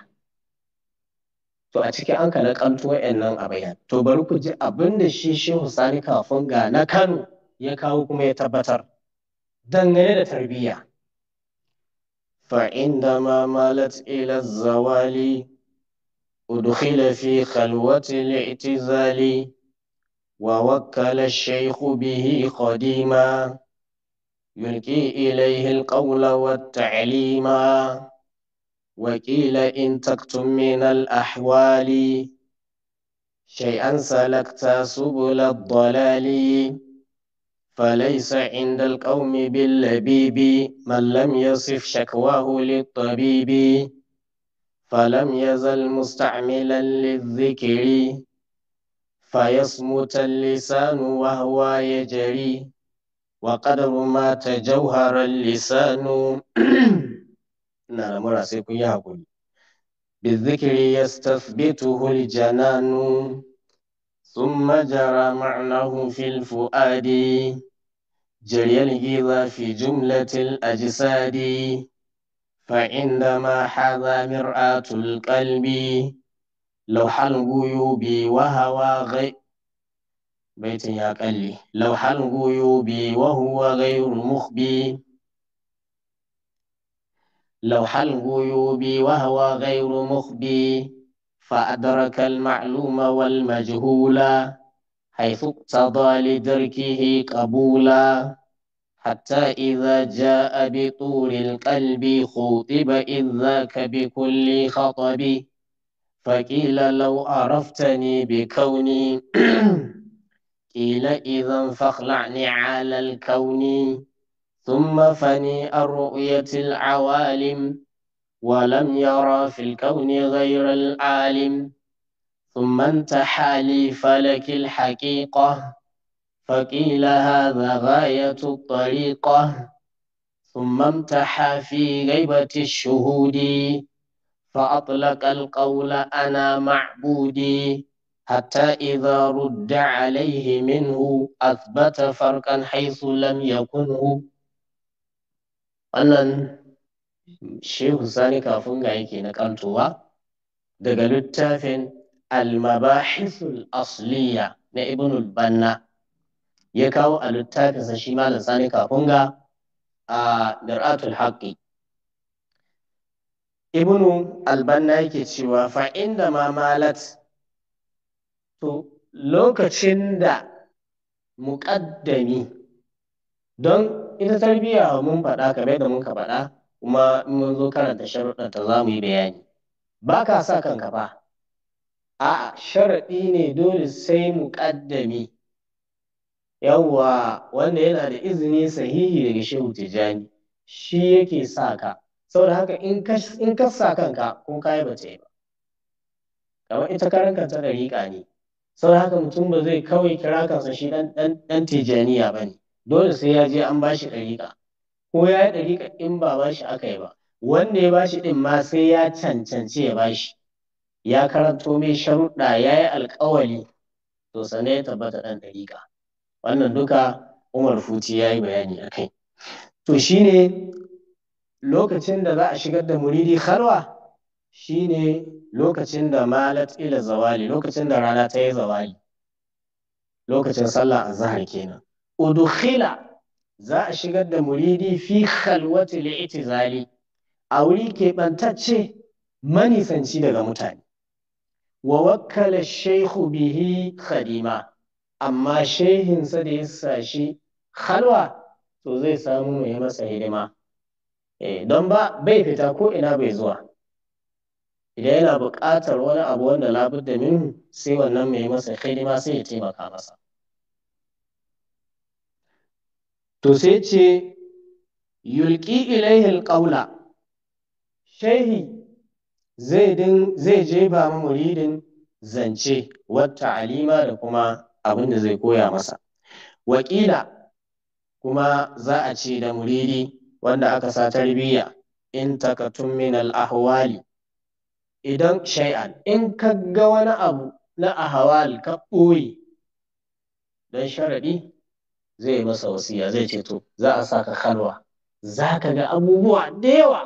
to a ciki an kala kanto nan a bayan to bari ku ji abin da shi shehu sani kafin ga na kano ya kawo kuma ya tabbatar dangane da tarbiyya فعندما مالت إلى الزوال أدخل في wa الاعتزال ووكل الشيخ به قديما يلقي إليه القول والتعليم وكيل إن تكتم من الأحوال شيئا سلكت سبل الضلال فليس عند القوم باللبيب من لم يصف شكواه للطبيب فلم يزل مستعملا للذكر فيصمت اللسان وهو يجري وقدر ما تجوهر اللسان na mura sai kun yi haƙuri bizikiri yastathbituhu aljananu thumma jara ma'nahu fil fuadi jariya al-ghiza fi jumlatil ajsadi fa indama hadha mir'atul qalbi law hal guyubi wa بيت يا قلي لو حل غيوبي وهو غير مخبي لو حل غيوبي وهو غير مخبي فأدرك المعلوم والمجهول حيث اقتضى لدركه قبولا حتى إذا جاء بطول القلب خوطب إذ ذاك بكل خطب فقيل لو عرفتني بكوني قيل إذا فاخلعني على الكون ثم فني الرؤية العوالم ولم يرى في الكون غير العالم ثم انتحى لي فلك الحقيقة فقيل هذا غاية الطريقة ثم امتحى في غيبة الشهود فأطلق القول أنا معبودي حتى إذا رد عليه منه أثبت فرقا حيث لم يكنه wannan shehu sani kafin ga yake na kantowa daga littafin almabahisul asliya na ibn banna ya kawo a littafinsa shi malam sani kafin ga a dar'atul haqqi ibn albanna yake cewa fa inda ma malat to lokacin da muƙaddami don ita tarbiyya mun faɗa kamar yadda muka faɗa kuma in mun zo karanta sharuɗanta za mu yi bayani ba ka sa kanka ba a'a sharaɗi ne dole sai muƙaddami yawwa wanda yana da izini sahihi daga shehu tijjani shi yake sa ka saboda haka in ka sa kanka ko ka yi ba ta yi ba kamar ita karan kanta da ne sau haka mutum ba zai kawai kira kansa shi ɗan tijaniya ba ne dole sai ya je an ba shi ɗariƙa ko ya yi ɗariƙa in ba ba shi aka yi ba wanda ya ba shi ɗin ma sai ya cancanci ya ba shi ya karanto mai sharuɗa ya yi alƙawari to sannan ya tabbata ɗan ɗariƙa wannan duka Umar Futi ya yi bayani a kai to shine lokacin da za a shigar da muridi khalwa shine lokacin da malat ila zawali lokacin da rana ta yi zawali lokacin sallah a azhar kenan udkhila za a shigar da muridi fi khalwati li'tizali a wuri keɓantacce manisanci daga mutane wa wakkala shaykhu bihi khadima amma shehin sa da ya sashi halwa to zai samu mai masa hidima Eh don ba bai fita ko ina bai zuwa idan yana buƙatar wani abu wanda da min sai wannan mai masa hidima sai ya taimaka masa to sai ce yulki ilaihil ƙaula, shehi zai muridin zance wata alima da kuma abin da zai koya masa waƙila. kuma za a ce da muridi wanda aka sa tarbiyya in takatun min al ahwali idan shay'an in ka ga wani abu na ahawal ka ɓoye don sharaɗi zai masa wasiya zai ce to za a saka kalwa za ka ga abubuwa da yawa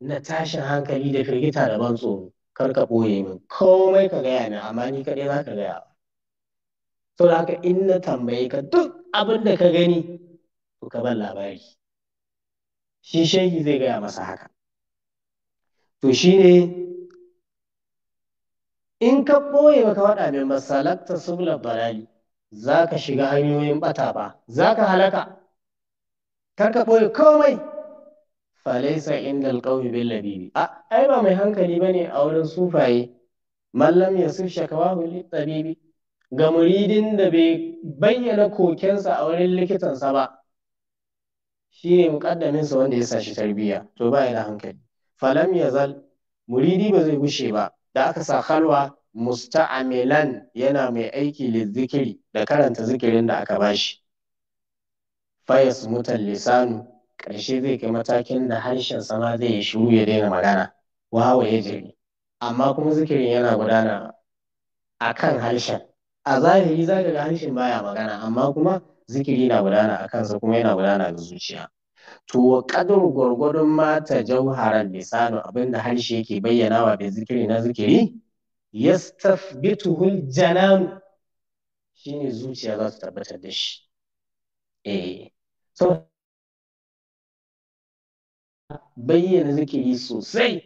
na tashin hankali da firgita da ban tsoro kar ka ɓoye min komai ka gaya ni amma ni kaɗai za ka gaya to da haka in na tambaye ka duk abin da ka gani to ka ban labari shi shehi zai gaya masa haka to shine in ka ɓoye ka waɗa mai masalakta sublar balali. za ka shiga hanyoyin ɓata ba za ka halaka kar ka ɓoye komai falaisa inda alƙawmi bin labibi a ai ba mai hankali ba ne a wurin sufaye mallam ya su shakawa tabibi ga muridin da bai bayyana kokensa a wurin likitansa ba shi ne muƙaddaminsa wanda ya sa tarbiyya to ba da hankali falam ya zal muridi ba zai gushe ba da aka sa khalwa musta'amilan yana mai aiki da zikiri da karanta zikirin da aka bashi fayas mutan lisanu ƙarshe zai kai matakin da harshen sama zai yi shiru ya daina magana wawa ya jiri amma kuma zikirin yana gudana a kan harshen a zahiri za ga harshen baya magana amma kuma zikiri na gudana a kansa kuma yana gudana da zuciya to kadar gwargwadon mata jauharar lisanu abinda harshe yake bayyana wa bai zikiri na zikiri yastafbituhul janan shine zuciya za su tabbatar da shi eh so bayyana zikiri sosai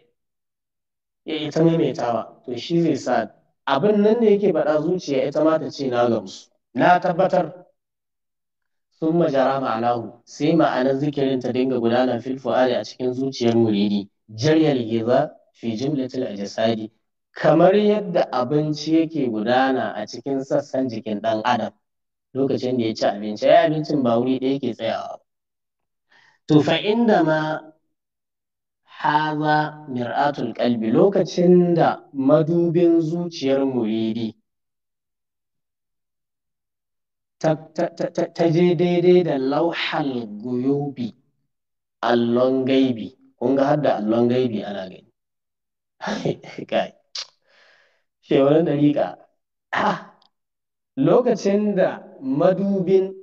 ya ita maimaitawa to shi zai sa abin nan ne yake faɗa zuciya ita ma ta ce na gamsu na tabbatar sun majara ma'anahu sai ma'anar zikirin ta dinga gudanar fil fu'adi a cikin zuciyar muridi jaryal giza fi jumlatil kamar yadda abinci yake gudana a cikin sassan jikin ɗan adam lokacin da ya ci abinci ya abincin ba wuri ɗaya ke tsayawa to fa inda ma haza mir'atul kalbi lokacin da madubin zuciyar muridi ta je daidai da lauhal guyobi, allon gaibi kun ga har da allon gaibi ana gani kai shewarin dariƙa lokacin da madubin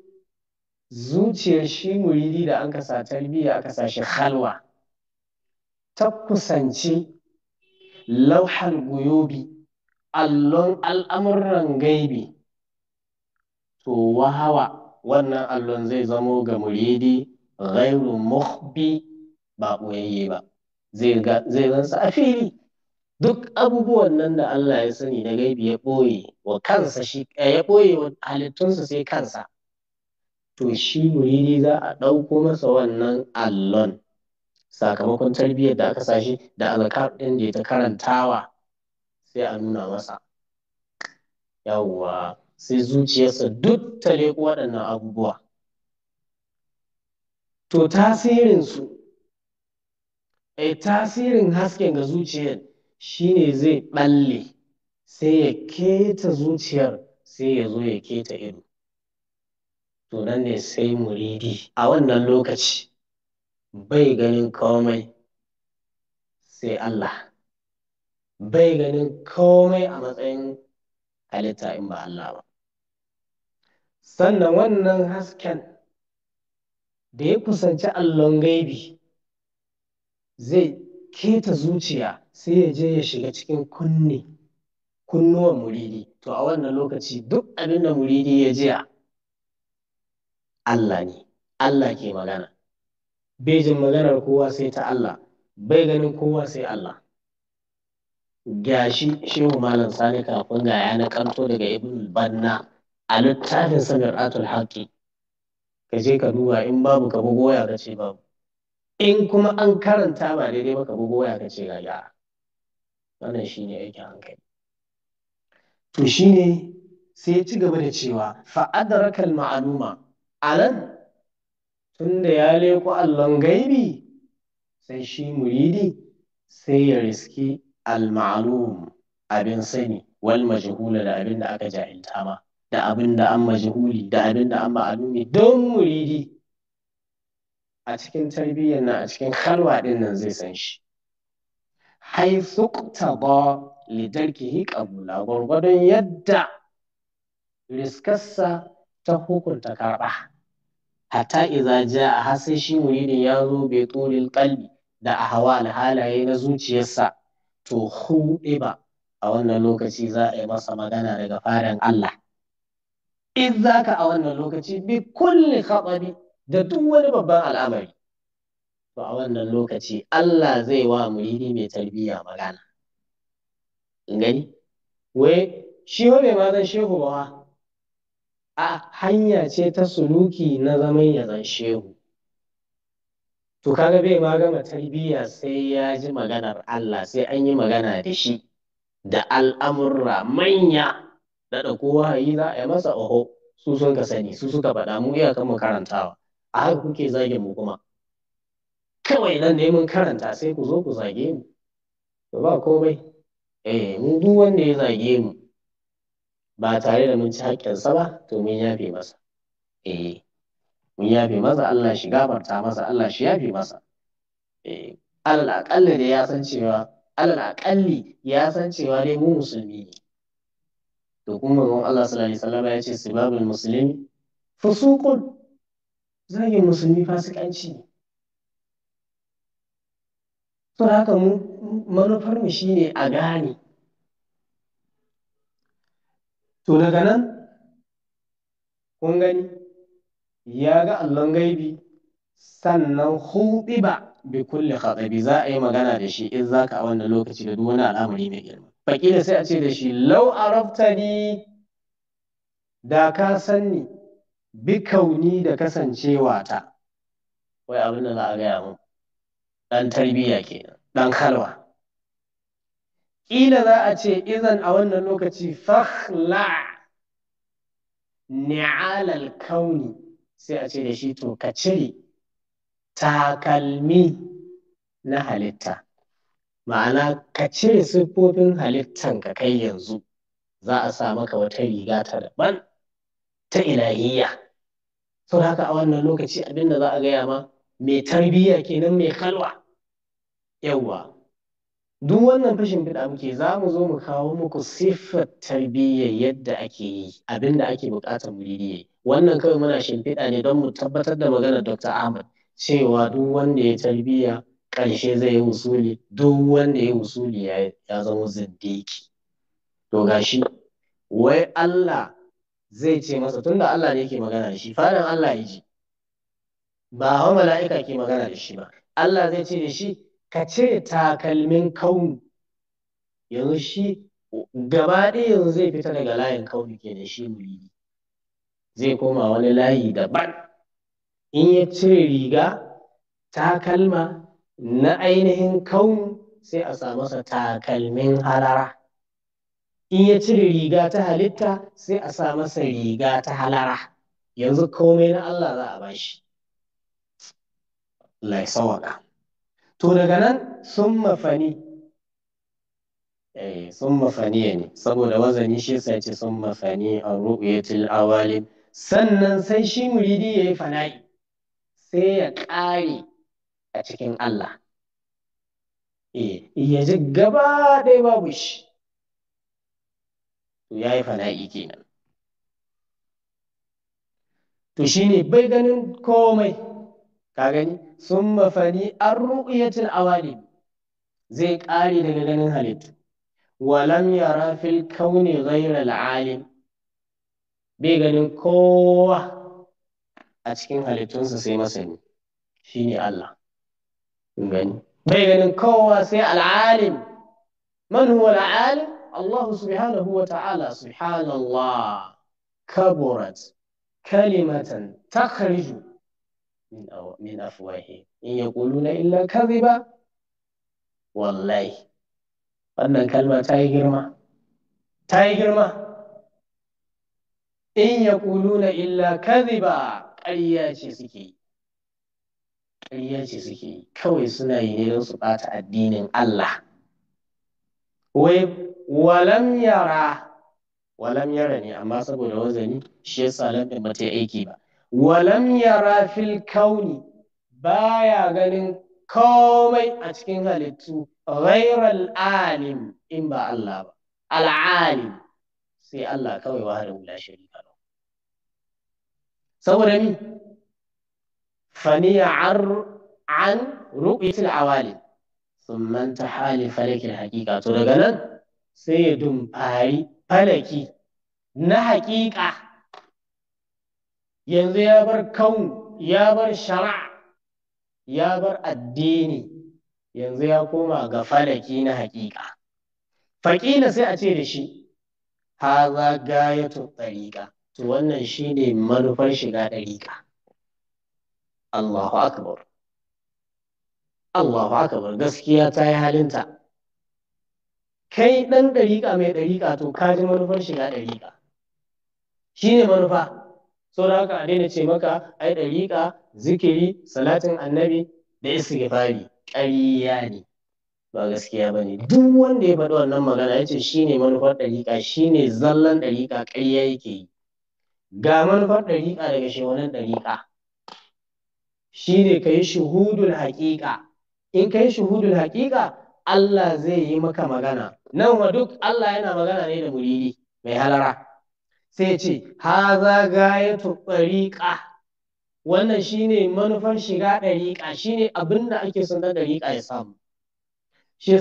zuciyar shi muridi da an kasa tarbiyya aka sa shi halwa ta kusanci lauhal guyobi, allon al'amuran gaibi to wahawa wannan allon zai zamo ga muridi ghairu muhbi ba ɓoyayye ba zai gansa a fili duk abubuwan nan da Allah ya sani da gaibi ya ɓoye wa kansa shi eh, ya ɓoye wa halittunsa sai kansa to shi muridi za a ɗauko masa wannan allon sakamakon tarbiyyar da aka sashi da alkar ɗin da ta karantawa sai a nuna masa yawwa sai zuciyarsa duk ta leƙo waɗannan abubuwa to tasirinsu ai tasirin hasken ga zuciyar shi ne zai ɓalle sai ya keta zuciyar sai ya zo ya keta ido to nan ne sai muridi a wannan lokaci bai ganin komai sai Allah bai ganin komai a matsayin halitta in ba Allah ba sannan wannan hasken da ya kusanci allon gaibi zai keta zuciya sai ya je ya shiga cikin kunne kunnuwan muridi to a wannan lokaci duk abinda da muridi ya jiya Allah ne Allah ke magana bai jin maganar kowa sai ta Allah bai ganin kowa sai Allah gashi shehu malam sani kafin ga ya na kanto daga ibn banna a littafin sanar atul haƙi ka je ka duba in babu ka goya ka ce babu in kuma an karanta ba daidai ba ka goya waya ka ce ga wannan shi ne aikin hankali to shi ne sai ya ci gaba da cewa fa'adarakal ma'aluma a nan tun da ya leku allon gaibi sai shi muridi sai ya riski al malum abin sani wal majhula da abin da aka jahilta ma da abin da an majhuli da abin da an ma'alumi don muridi a cikin tarbiyyar nan a cikin halwa din nan zai san shi haithu ke yi ƙabula! gwargwadon yadda riskarsa ta hukunta karɓa hatta iza ja a sai shi muridin ya zo bai tsoril kalbi da a hawa halaye na zuciyarsa to hu ba a wannan lokaci za a yi masa magana daga farin Allah in za ka a wannan lokaci bi kulli khaɓari da duk wani babban al'amari to a wannan lokaci Allah zai wa mu muridi mai tarbiyya magana gani wai shi wa mai ma zan shehu ba a hanya ce ta suluki na zaman ya zan shehu to kaga bai ma gama tarbiyya sai ya ji maganar Allah sai an yi magana da shi da al'amurra manya daɗa kowa yi za a yi masa oho su sun ka sani su suka faɗa mu iyakan mu karantawa a haka kuke zage mu kuma kawai nan ne mun karanta sai ku zo ku zage mu to ba komai eh mu duk wanda ya zage mu ba tare da mun ci haƙƙinsa ba to mun yafe masa eh mun yafe masa Allah shi gafarta masa Allah shi yafe masa eh alal aƙalli da ya san cewa alal aƙalli ya san cewa dai mu musulmi ne to kuma manzon Allah sallallahu alaihi wasallam ya ce sibabul muslimi fusuqun zagin musulmi fasikanci ne haka mu manufar mu shine a gane to daga nan kun gani ya ga allon gaibi sannan hubiba bi kulli khatabi za a yi magana da shi in zaka a wannan lokaci da duk wani al'amari mai girma faƙila sai a ce da shi lau araftani da ka sanni bi kauni da kasancewa ta wai abin da za a gaya mu ɗan tarbiyya kenan ɗan kalwa. ƙila za a ce izan a wannan lokaci fahla ni'alal kauni sai a ce da shi to ka cire takalmi na halitta ma'ana ka cire siffofin halittan ka kai yanzu za a sa maka wata riga ta daban ta ilahiyya sau haka a wannan lokaci abin da za a gaya ma mai tarbiyya kenan mai kalwa yawwa duk wannan fashin bid'a muke za mu zo mu kawo muku siffar tarbiyya yadda ake yi abin da ake buƙatar mu yi wannan kawai muna shimfiɗa ne don mu tabbatar da maganar dr ahmad cewa duk wanda ya tarbiyya ƙarshe zai yi usuli duk wanda ya yi usuli ya zama zindiki to gashi wai Allah zai ce masa tunda Allah ne ke magana da shi fadan Allah ya ji ba hawa mala'ika ke magana da shi ba Allah zai ce da shi ka cire takalmin kaunu yanzu shi gaba ɗaya yanzu zai fita daga layin kaunu ke da shi muridi zai koma wani layi daban in ya cire riga takalma na ainihin kaun sai a sa masa takalmin halara in ya cire riga ta halitta sai a sa masa riga ta halara yanzu komai na Allah za a bashi lai sawaka to daga nan sun mafani eh sun mafani ne saboda wazani shi sai ce sun mafani a ru'yatil awalin sannan sai shi muridi yi fana'i sai ya ƙare a cikin Allah eh ya ji gaba ɗaya babu shi to yi fana'i kenan to shi ne bai ganin komai ka gani sun mafani an ru'yatil awali zai ƙare daga ganin halittu walam yara fil kauni zaira al bai ganin kowa a cikin halittunsa sai masani Shi ne Allah يعني. بين طيب، يعني كواس العالم من هو العالم الله سبحانه وتعالى سبحان الله كبرت كلمة تخرج من أو من أفواههم إن يقولون إلا كذبا والله أن الكلمة تايجر ما تايجر ما إن يقولون إلا كذبا أياتي سكي ƙarya ce suke yi kawai suna yi ne don su ɓata addinin Allah wai walam yara walam yara ne amma saboda wazani shi ya sa ba ta aiki ba walam yara fil kauni baya ganin komai a cikin halittu ghairal alim in ba Allah ba al'alim sai Allah kawai wahala wula sharika saboda ni faniya an ruƙitil awali sun manta hali falakin haƙiƙa to daga nan sai ya dumfari falaki na haƙiƙa yanzu ya bar kaun ya bar shara ya bar addini yanzu ya koma ga falaki na haƙiƙa faƙila sai ace da shi haza gayatu ɗariƙa to wannan shine manufar shiga ɗariƙa Allahu akbar Allahu akbar gaskiya ta yi halinta kai ɗan ɗariƙa mai ɗariƙa to ka ji manufar shiga ɗariƙa shi ne manufa so da haka a daina ce maka ai ɗariƙa zikiri salatin annabi da istighfari ƙarya ne ba gaskiya ba ne duk wanda ya faɗi wannan magana ya ce shi ne manufar ɗariƙa shi ne zallan ɗariƙa ƙarya yake yi ga manufar ɗariƙa daga wannan ɗariƙa shine ka yi shuhudul haƙiƙa in ka yi shuhudul haƙiƙa Allah zai yi maka magana nan wa duk Allah yana magana ne da muridi mai halara sai ce haza gayatu ɗariƙa wannan shine manufar shiga ɗariƙa shine abin da ake son da ɗariƙa ya samu shi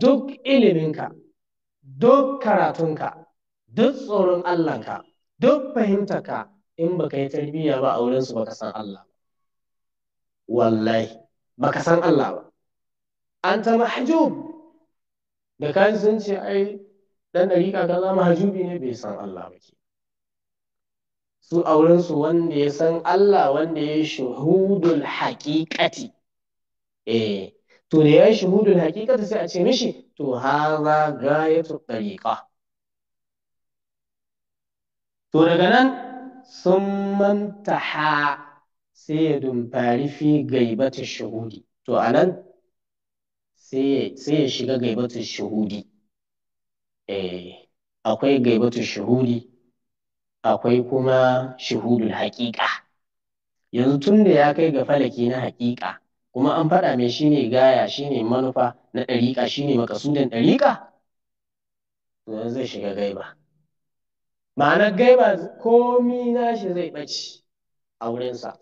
duk iliminka duk karatunka duk tsoron Allahnka duk fahimtarka in baka yi tarbiyya ba a wurinsu baka san Allah wallahi baka san Allah ba an ta mahjub da kan sun ce ai dan dariƙa kaza mahjubi ne bai san Allah ba ke su auren su wanda ya san Allah wanda ya shuhudul haqiqati eh to da ya shuhudul haqiqati sai a ce mishi to hadha gayatu dariqa to daga nan sun mantaha sai ya dumfari fi gaibatar shahudi to a nan sai ya shiga gaibatar shahudi eh, akwai gaibatar shahudi akwai kuma shahudul haƙiƙa yanzu tun da ya kai ga falaki na haƙiƙa kuma an faɗa mai shine gaya shine manufa na ɗariƙa shine makasudan ɗariƙa to yanzu zai shiga gaiba ma'anar gaiba komi nashi zai ɓaci a wurinsa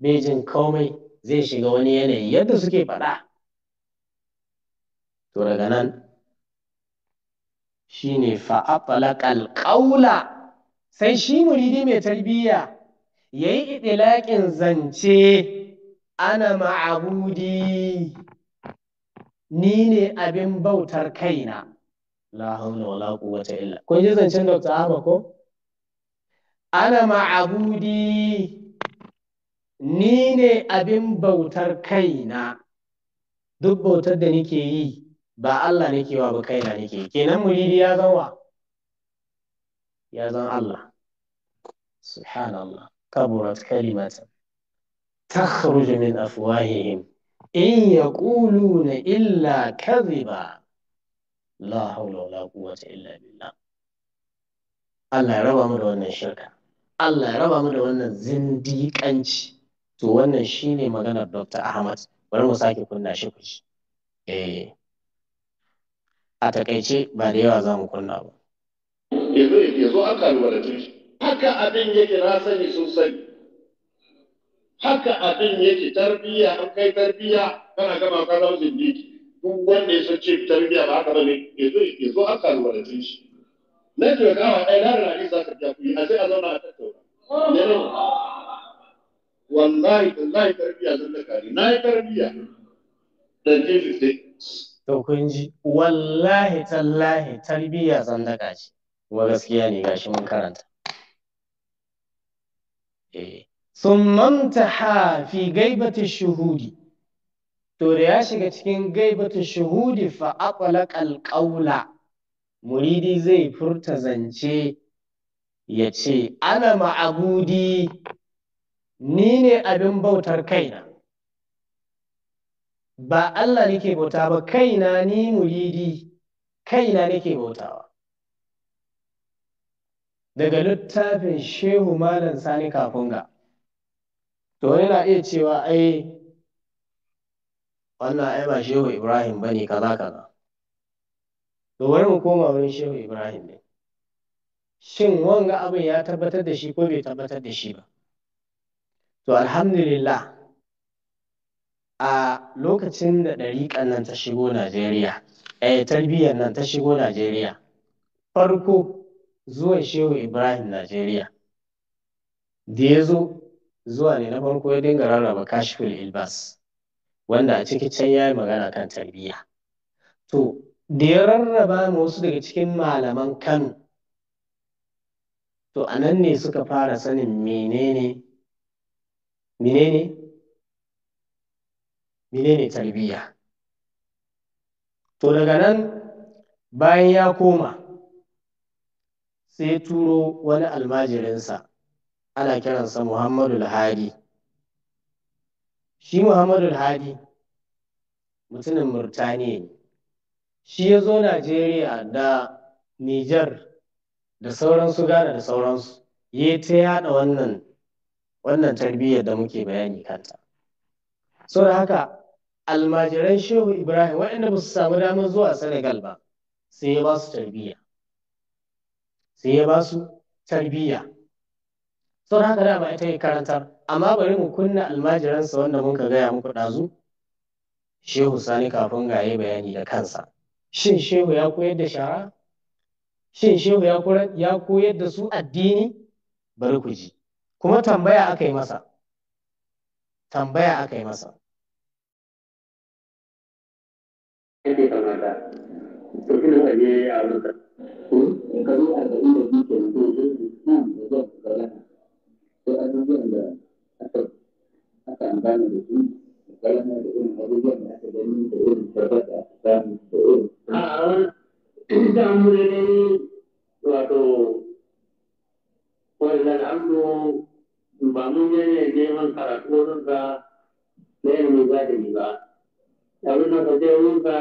bai jin komai zai shiga wani yanayi yadda suke faɗa to daga nan shi ne fa'atalaqal ƙaula. sai shi muridi mai tarbiyya Ya yi iɗilaƙin zance ana ma'abudi ni ne abin bautar kaina la haula wala wata illa kun ji zancen Dr. Ahmad ko ana ma'abudi ni ne abin bautar kaina duk bautar da nake yi ba Allah nake wa ba kaina nake kenan muridi ya zan wa ya zan Allah subhanallah kaburat kalimatan تخرج من أفواههم إن يقولون إلا كذبا لا حول ولا قوة إلا بالله Allah ya raba mu da wannan shirka Allah ya raba mu da wannan zindiƙanci to wannan shine maganar Dr. Ahmad bari mu sake kunna shi ku ji eh a takaice ba da yawa za mu kunna ba yanzu zo an kalubalantu shi haka abin yake na sani sosai haka abin yake tarbiyya an kai tarbiyya kana gama ka zama zindiki duk wanda ya san ce tarbiyya ba haka bane yanzu Ya zo an kalubalantu shi na ce ga wa ɗaya na rarrabe za ka biya kuɗi a sai a zauna a tattauna oh. wallahi wallahi tarbiya tarbiyya da na yi kun ji wallahi tallahi tarbiya zan da wa gaskiya ne gashi mun karanta eh ta intaha fi gaibati shuhudi to da ya shiga cikin gaibatu shuhudi fa atlaqa alqawla muridi zai furta zance ya ce ana ma'abudi ni ne abin bautar kaina ba Allah nake bauta ba kaina ni muridi kaina nake bautawa daga littafin shehu malam sani kafunga to na iya cewa ai wannan ai ba shehu ibrahim ba ne kaza kaza to bari mu koma wurin shehu ibrahim ne shin wanga abin ya tabbatar da shi ko bai tabbatar da shi ba to alhamdulillah a lokacin da ɗariƙan nan ta shigo najeriya eh tarbiyyar nan ta shigo najeriya farko zuwa shehu ibrahim najeriya da ya zo zuwa ne na farko ya dinga rarraba kashiful ilbas wanda a ciki can ya yi magana kan tarbiyya to da ya rarraba ma wasu daga cikin malaman kano to a nan ne suka fara sanin menene menene menene tarbiyya to daga nan bayan ya koma sai turo wani almajirinsa ana kiransa muhammadu hadi shi muhammadu hadi mutumin murtaniya ne shi ya zo najeriya da nijar da sauransu ghana da sauransu ya ta yada wannan wannan tarbiyyar da muke bayani kanta so da haka almajiran shehu ibrahim waɗanda ba su samu damar zuwa senegal ba sai ya ba su tarbiyya sai ya ba su tarbiyya so da haka dama ita ya karantar amma bari mu kunna almajiransa wanda muka gaya muku ɗazu shehu sani kafin gaye bayani da kansa shin shehu ya koyar da shara shin shehu ya koyar da su addini bari ku ji kuma tambaya aka yi masa tambaya aka yi masa yadda kamata to kina a rusa in ka da biyu nan da abubuwan da aka aka amfana da su galama da irin abubuwan da aka gani da a'a da wato ba mun je ne neman karatu wurin ka na ilimin gadi ba abin da ka je wurin ka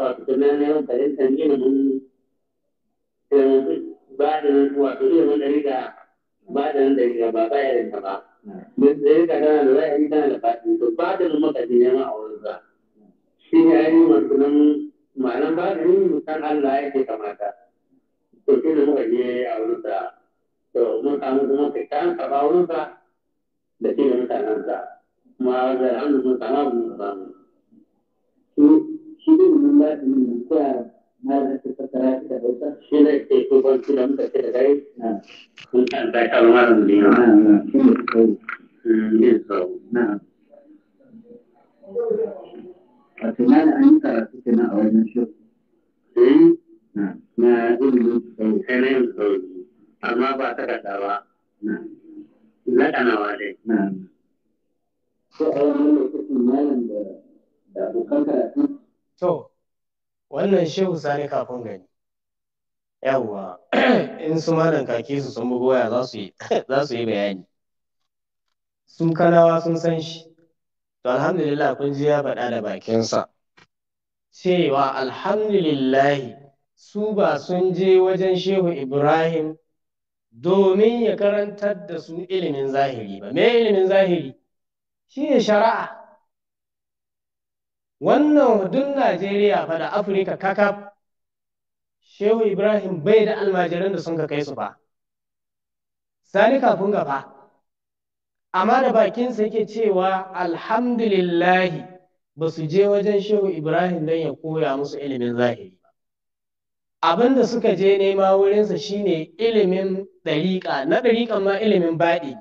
wato tunan neman fahimtar ilimin ba da nan wato ilimin ɗari da ba da nan ɗari da ba ba bayanin ta ba mun ɗari da tana da zahiri tana da fati to ba da nan makaji neman a wurin ka shi ne ainihin wato nan ma'anan ba da nan san Allah yake kamata to shi ne muka je a wurin ka to mun samu kuma kai ka ba wurin ka da ce mutanensa kuma da hannun sun sama abin da samu shi ne mun ba mun kuwa na da su fassara su bauta shi ne ke ko ban da muka ce da kai sun kan da kalma da mun na shi ne kawai hmm, yin na a tunanin an yi karatu a wajen shi hmm? na ilimin sau kai na yin sau amma ba ta kada ba laɗanawa dai. To, wannan shehu sani kafin gani. Yawwa, in su malam kaki su sun bugo ya za su yi bayani. Su kanawa sun san shi. To, alhamdulillah kun ji ya faɗa da bakinsa. Cewa alhamdulillahi su ba sun je wajen shehu Ibrahim domin ya karantar da su ilimin zahiri ba me ilimin zahiri shi ne shari'a wannan hudun najeriya fa da afirka kakaf shehu ibrahim bai da almajiran da sun ka kai su ba sani kafin gaba amma da sa yake cewa alhamdulillahi ba su je wajen shehu ibrahim don ya koya musu ilimin zahiri abin da suka je nema wurinsa shine ilimin ɗariƙa na ɗariƙa ma ilimin baɗi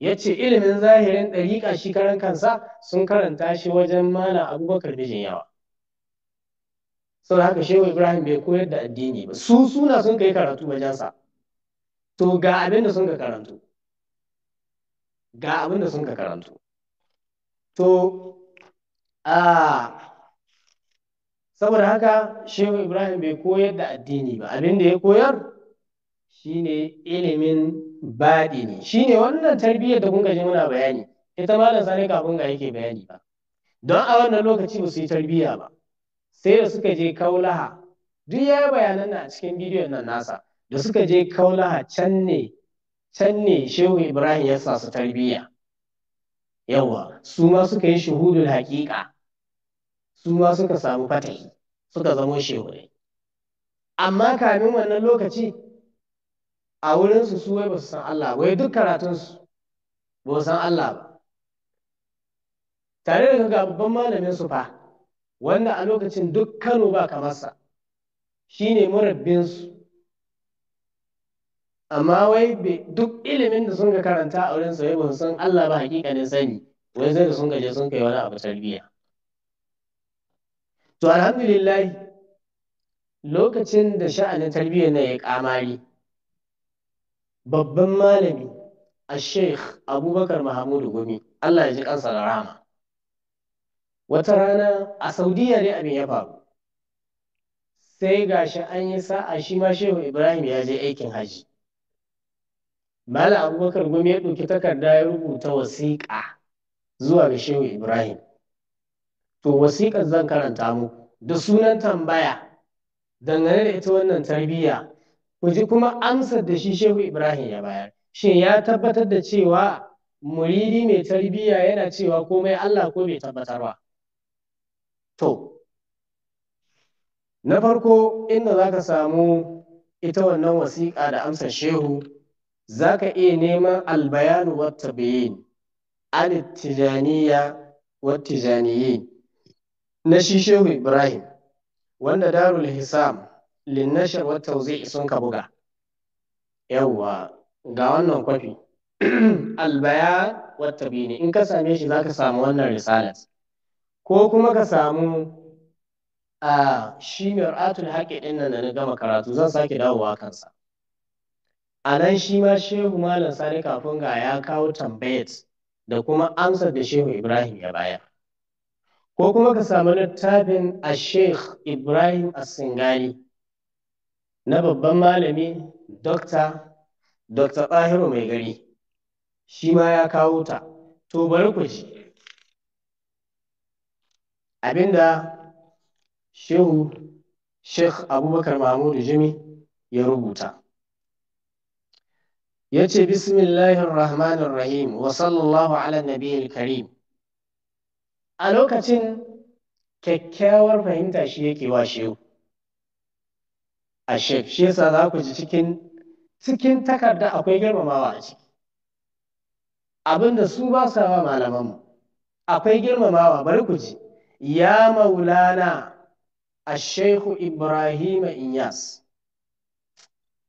ya ce ilimin zahirin ɗariƙa shi karan kansa sun karanta shi wajen mana abubakar bijin yawa sau da haka shehu ibrahim bai koyar da addini ba su suna sun kai karatu wajensa to ga abin da sun ka karantu ga abin da sun ka karantu to a ah, saboda haka shehu ibrahim bai koyar da addini ba abin da ya koyar shine ilimin baɗini shine wannan tarbiyyar da kun gaji muna bayani ita malam sani kafin ga yake bayani ba don a wannan lokaci ba su yi tarbiyya ba sai da suka je kaulaha duk ya yi bayanan na a cikin bidiyon nan nasa da suka je kaulaha can ne shehu ibrahim ya sa su tarbiyya yawa su ma suka yi shuhudul haƙiƙa su ma suka samu fatahi suka zamo shehurai amma kamin wannan lokaci a wurinsu su wai ba su san Allah wai duk karatunsu ba san Allah ba tare da ga babban malamin su fa wanda a lokacin duk Kano ba kamarsa shine murabbinsu amma wai duk ilimin da sun ga karanta a wurin sa wai ba san Allah ba hakikanin sani wai sai da sun gaje sun kai wani abu tarbiyya to alhamdulillahi lokacin da sha'anin tarbiyyar nan ya kamari babban malami a sheikh abubakar mahamudu gumi allah ya ji kansa da rama wata rana a Saudiyya ne abin ya faru sai shi an yi sa'a shi ma shehu ibrahim ya je aikin haji malam abubakar gumi ya ɗauki takarda ya rubuta wasiƙa zuwa ga shehu ibrahim to wasiƙar zan karanta mu. da sunan tambaya dangane da ita wannan tarbiyya ku ji kuma amsar da shi shehu ibrahim ya bayar shin ya tabbatar da cewa muridi mai tarbiyya yana cewa komai allah ko bai tabbatar ba to na farko inda za ka samu ita wannan wasiƙa da amsar shehu za ka iya neman albayanu wata bayin an tijaniya wata tijaniyin na shi shehu ibrahim wanda darul hisam linnashar wa zai sun ka buga yawwa ga wannan kwafi albaya wata bini in ka same shi za ka samu wannan risalat ko kuma ka samu a shi mir'atul haƙi ɗin nan da na gama karatu zan sake dawowa kansa a nan shi ma shehu malam sani kafin ga ya kawo tambayat da kuma amsar da shehu ibrahim ya bayar ko kuma ka samu littafin a sheikh ibrahim asingani na babban malami dokta Dokta tsahiru mai gari shi ma ya kawo ta to bari ku ji abinda shehu sheikh abubakar mahmudu jimi ya rubuta ya ce bismillahir wa sallallahu ala karim a lokacin kyakkyawar fahimta shi yake wa shehu a shef shi yasa za ku ji cikin cikin takarda akwai girmamawa a ciki abinda su ba su wa malamanmu akwai girmamawa bari ku ji ya maulana shehu ibrahim inyas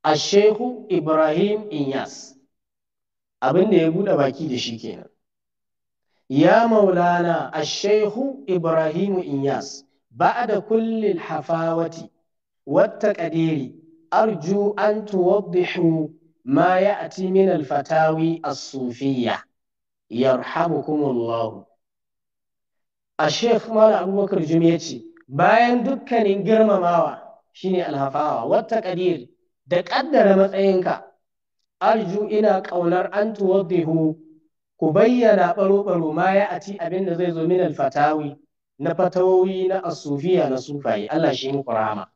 ashekhu ibrahim inyas da ya buɗe baki da shi kenan ya maulana ashehu ibrahimu inyas da kulli hafawati wata kadiri arju an tuwaddihu ma ya'ti min al-fatawi as-sufiyya yarhamukumullahu Ashekh Malam Abubakar Jumi ya ce, bayan dukkanin girmamawa shine alhafawa wata kadir da ƙaddara matsayinka, arju ina ƙaunar an tuwaddihu ku bayyana ɓaro-ɓaro ma ya a ci abin da zai zo min alfatawi na fatawoyi na asufiya na sufaye Allah shi mu rahama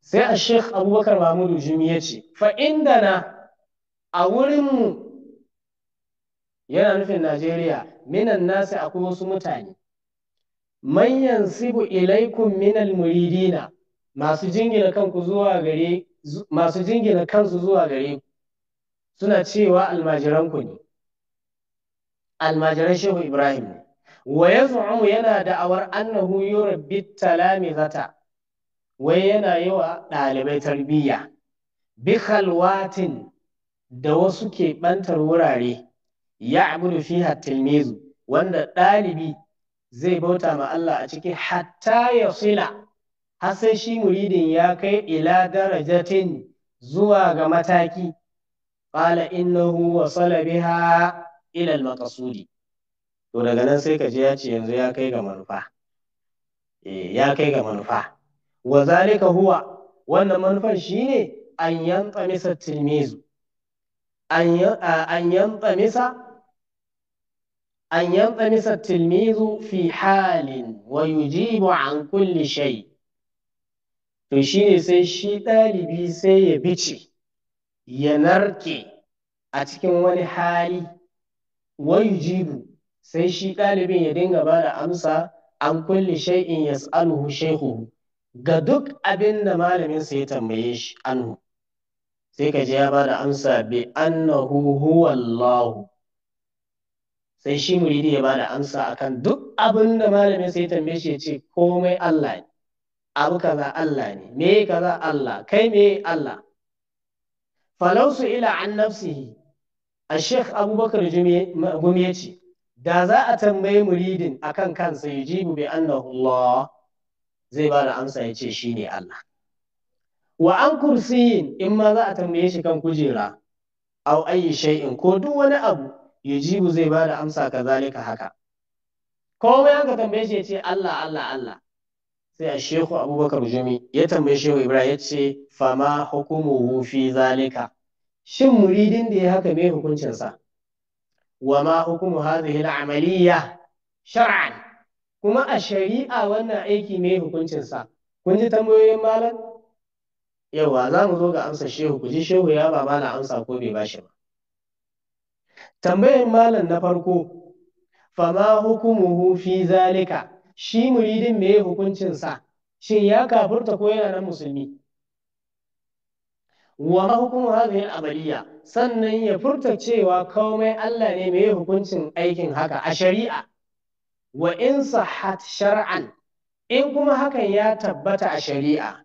sai a sheikh abubakar mahmudu jimi ya ce fa na a wurinmu yana nufin najeriya minan nasi akwai wasu mutane Manyan sibu ilaikun minal muridina masu jingina kanku zuwa gare masu jingina kansu zuwa gare suna cewa almajiranku ne Almajirai shehu ibrahim ne wa yaz'umu yana da'awar annahu yurabbi talamizata wai yana yi wa ɗalibai tarbiyya bi khalwatin da wasu ke ɓantar wurare ya abudu fiha tilmizu wanda ɗalibi zai bauta ma Allah a ciki hatta ya sila har sai shi muridin ya kai ila darajatin zuwa ga mataki qala innahu wasala biha ilal maqsudi to daga nan sai ka je ya ce yanzu ya kai ga manufa eh ya kai ga manufa wa zalika huwa wannan manufar shine an yanta misa tilmizu an yanta misa an yanta misa tilmizu fi halin wa yujibu an kulli shay to shine sai shi dalibi sai ya bice ya narke a cikin wani hali wayujibu sai shi ɗalibin ya dinga ba da amsa an kulli shay'in yas'aluhu shaykhuhu ga duk abin da malaminsa ya tambaye shi anhu sai ka ya ba da amsa bi annahu huwa Allah sai shi muridi ya ba da amsa akan duk abin da malaminsa ya tambaye shi ya ce komai Allah ne abu kaza Allah ne me kaza Allah kai me Allah falau su ila an nafsihi a abubakar gumi ya ce da za a tambayi muridin akan kansa ya jibu bi Allah zai ba da amsa ya ce shi ne Allah wa an yin in ma za a tambaye shi kan kujera au ayi ko duk wani abu bu zai ba da amsa kazalika haka komai aka tambaye shi ya ce Allah Allah Allah sai a shehu abubakar jumi ya tambaye shehu ibrahim ya ce fama hukumuhu fi zalika shin muridin da ya haka mai hukuncinsa wa ma hukumu hadhihi al-amaliyya shar'an kuma a shari'a wannan aiki mai hukuncinsa kun ji tambayoyin malam yawa za mu zo ga amsa shehu ku ji shehu ya ba mana amsa ko bai bashi ba tambayin malam na farko fama hukumuhu fi zalika shi muridin mai hukuncinsa shin ya kafurta ko yana nan musulmi wa hukumu hadhihi al-amaliyya sannan ya furta cewa komai Allah ne mai hukuncin aikin haka a shari'a wa in sahhat shar'an in kuma hakan ya tabbata a shari'a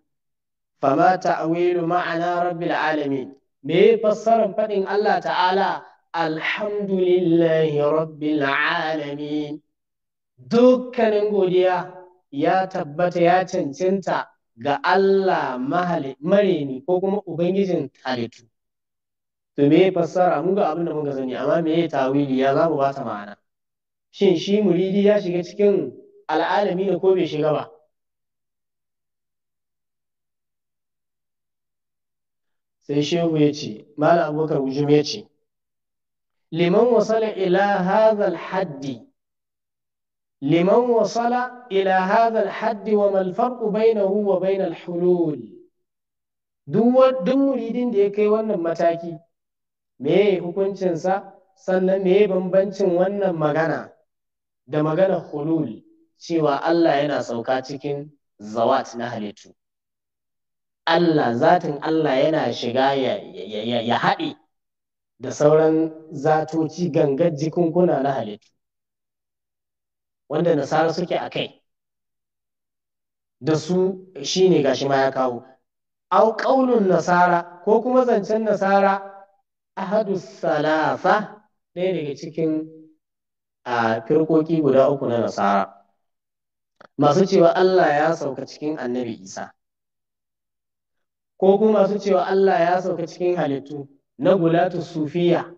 fama ta'wilu ma'ana rabbil alamin me fassarar fadin Allah ta'ala alhamdulillahi rabbil alamin dukkanin godiya ya tabbata ya cancanta ga Allah mareni ko kuma Ubangijin halittu. To me fassara mun ga abin da muka sani amma me ya tawili ya za mu ba ta ma'ana. Shin shi muridi ya shiga cikin al'alami ne ko bai shiga ba? Sai shehu ya ce, Malam Abubakar Ujum ya ce, Liman wasala ila hadha haddi liman wasala ila hadha wa mal farqu bainahu wa bain al-hulul duk da ya kai wannan mataki meye hukuncinsa sannan meye bambancin wannan magana da magana hulul cewa Allah yana sauka cikin zawat na halittu Allah zatin Allah yana shiga ya haɗe da sauran zatoci gangar jikunkuna na halittu wanda nasara suke a kai da su shi ne gashi ma ya kawo au ƙaunin nasara ko kuma zancen nasara ahadu salafa ɗaya daga cikin a firkoki guda uku na nasara masu cewa Allah ya sauka cikin annabi isa ko kuma masu cewa Allah ya sauka cikin halittu na gulatu sufiya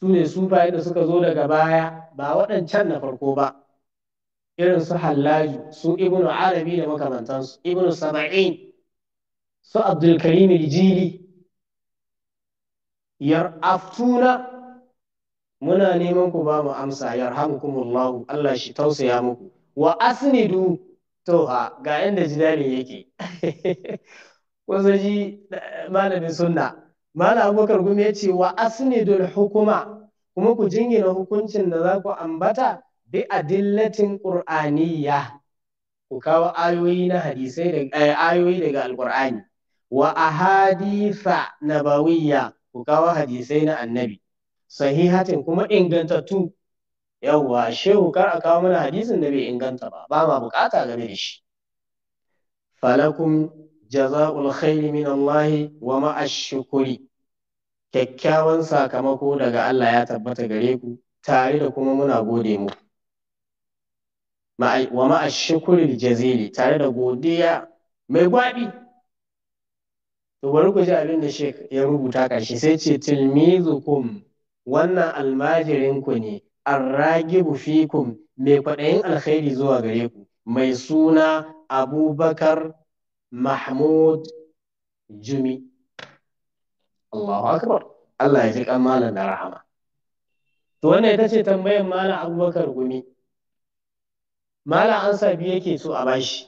su ne sufaye da suka zo daga baya ba waɗancan na farko ba irin su hallaju su ibnu arabi da makamantansu ibnu saba'in su abdulkarim jili aftuna! muna neman ku ba mu amsa yarhamukumullahu Allah shi tausaya muku wa asnidu to ha ga yanda jidalin yake wasu ji eh, malamin sunna malam abubakar gumi ya ce wa asnidul hukuma kuma ku jingina hukuncin da za ku ambata bi adillatin qur'aniyya ku kawo ayoyi na hadisai da eh, ayoyi daga alqur'ani wa ahaditha nabawiyya ku kawo hadisai na annabi sahihatin kuma ingantattu yawwa shehu kar a kawo mana hadisin da bai inganta ba ba ma bukata game da shi falakum jaza'ul khairi min Allah wa ma kyakkyawan sakamako daga Allah ya tabbata gare ku tare da kuma muna gode mu wa ma shukuri jazili tare da godiya mai gwabi to bari ku ji abin da shek ya rubuta karshe sai ce tilmizukum wannan almajirin ku ne arragibu fikum mai kwaɗayin alkhairi zuwa gare ku mai suna abubakar Mahmud Jumi. Allahu Akbar. Allah ya ji kan da rahama. To wannan ita ce tambayar malam Abubakar Gumi. Malam ansa biyu yake so a bashi.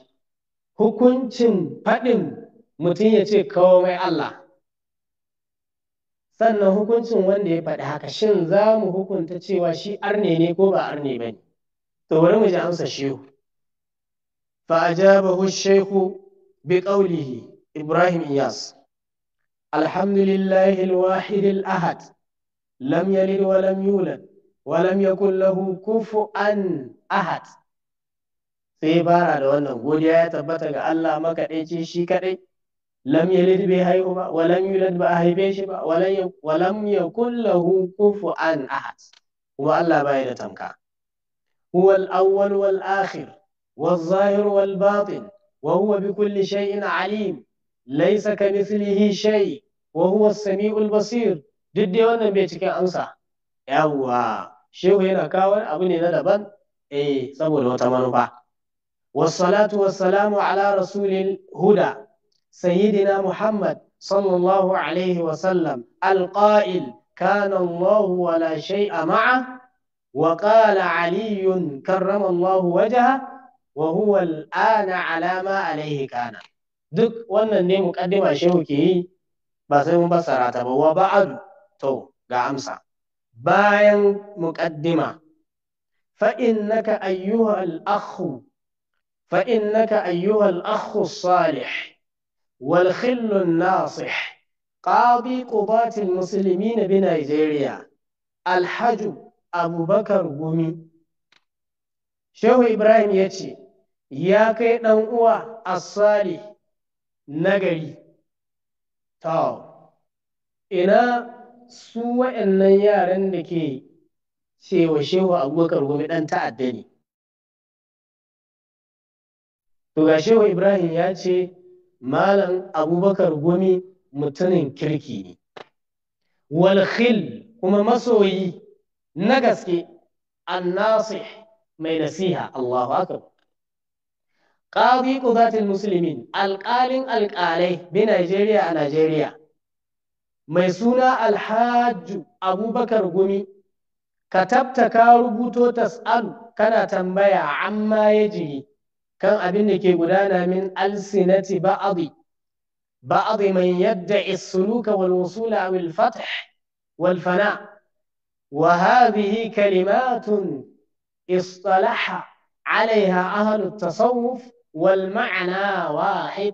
Hukuncin faɗin mutum ya ce kawo mai Allah. Sannan hukuncin wanda ya faɗi haka shin za mu hukunta cewa shi arne ne ko ba arne ba ne. To bari mu ji amsa shehu. فأجابه shehu بقوله إبراهيم إياس الحمد لله الواحد الأحد لم يلد ولم يولد ولم يكن له كفوا أحد sai fara da wannan godiya ya tabbata ga Allah maka ce shi kaɗai lam yalid bai haihu ba walam yulad ba a haife shi ba walam yakun lahu kufuwan ahad kuma Allah bai da tamka huwal awwal wal akhir wal zahir wal batin وهو بكل شيء عليم ليس كمثله شيء وهو السميع البصير duk dai wannan bai cikin amsa yawwa shehu yana kawo abu ne na daban eh saboda wata manufa wassalatu wassalamu ala rasulil huda sayyidina muhammad sallallahu alaihi wa sallam alqa'il kana allah wala shay'a ma'a wa qala ali karrama allah wajha wa huwa al'ana alama alaihi kana duk wannan ne muqaddima shehu ke yi ba sai mun fassara ta ba wa ba'adu to ga amsa bayan muqaddima fa innaka ayyuha al-akhu fa innaka ayyuha al-akhu salih wal khillu an-nasih qadi qudati bi Nigeria Alhaju hajj Abubakar Gumi Shehu Ibrahim ya ce, ya kai ɗan uwa a sali nagari ta ina su wa'annan yaran da ke cewa shehu abubakar gome ɗan ta'adda ne to ga shehu ibrahim ya ce malam abubakar gumi mutumin kirki ne walhil kuma masoyi na gaske annasih mai nasiha allahu akbar qadi qudatul musulmi alƙalin alƙalai bi Najeriya a Najeriya mai suna alhaju abubakar gumi ka tabta ka rubuto tas'alu kana tambaya amma ya jiri kan abin da ke gudana min alsinati ba'adi ba'adi mai yadda isuluka wal wusula wal fath wal fana wa hadhihi kalimatun istalaha alaiha ahlut tasawuf wal ma'ana wahid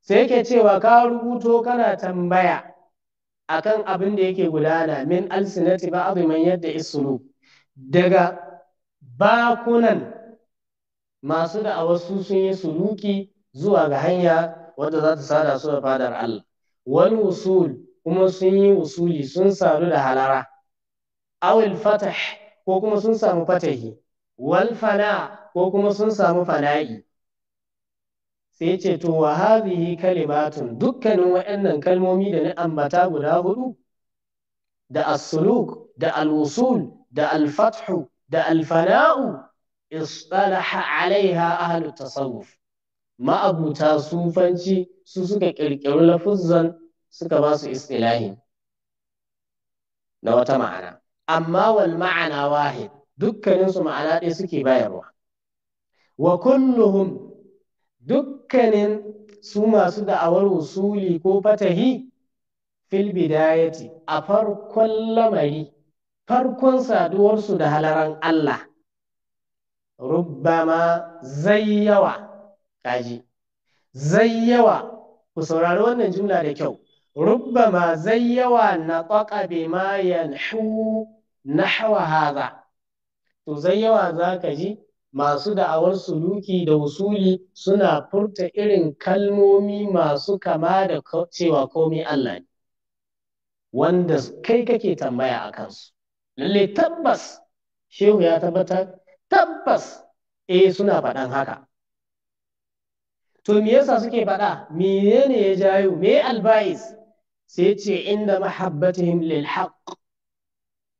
sai yake cewa ka rubuto kana tambaya akan abin da yake gudana min alsinati ba man yadda isulu daga bakunan masu da a wasu sun yi suluki zuwa ga hanya wadda za ta sada su da fadar Allah wal usul kuma sun yi usuli sun sadu da halara awil fatah ko kuma sun samu fatahi wal fana ko kuma sun samu fana'i sai ce to wa hadhihi kalimatun dukkanin waɗannan kalmomi da na ambata guda hudu da as-suluk da al-wusul da al-fathu da al-fana'u istalaha alaiha ahlu tasawuf ma'abuta sufanci su suka kirkiri lafuzzan suka ba su istilahi na wata ma'ana amma wal ma'ana wahid dukkaninsu ma'ana ɗaya suke bayarwa wa kulluhum dukkanin su masu da'awar usuli ko fatahi fil bidayati a farkon lamari farkon saduwarsu da halaran Allah rubbama zai yawa kaji zai yawa ku saurari wannan jumla da kyau rubbama zai yawa na tsaka hu yanhu hawa haza to zai yawa za ka ji masu da'awar suluki da usuli suna furta irin kalmomi masu kama da cewa komai Allah ne wanda kai kake tambaya a kansu lalle tabbas shehu ya tabbatar tabbas eh suna faɗan haka to me yasa suke faɗa menene ya jayo me albais sai ce inda mahabbatihim lil haqq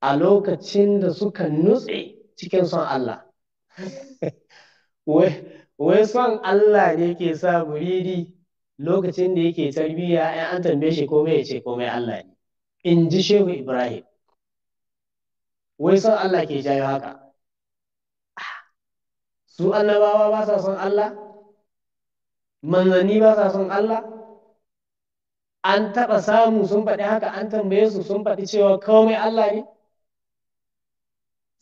a lokacin da suka nutse cikin son Allah wai son Allah ne ke sa muridi lokacin da yake tarbiyya in an tambaye shi komai ya ce komai Allah ne in ji shehu Ibrahim wai son Allah ke jayo haka su annabawa ba sa son Allah manzanni ba sa son Allah an taɓa samu sun faɗi haka an tambaye su sun faɗi cewa komai Allah ne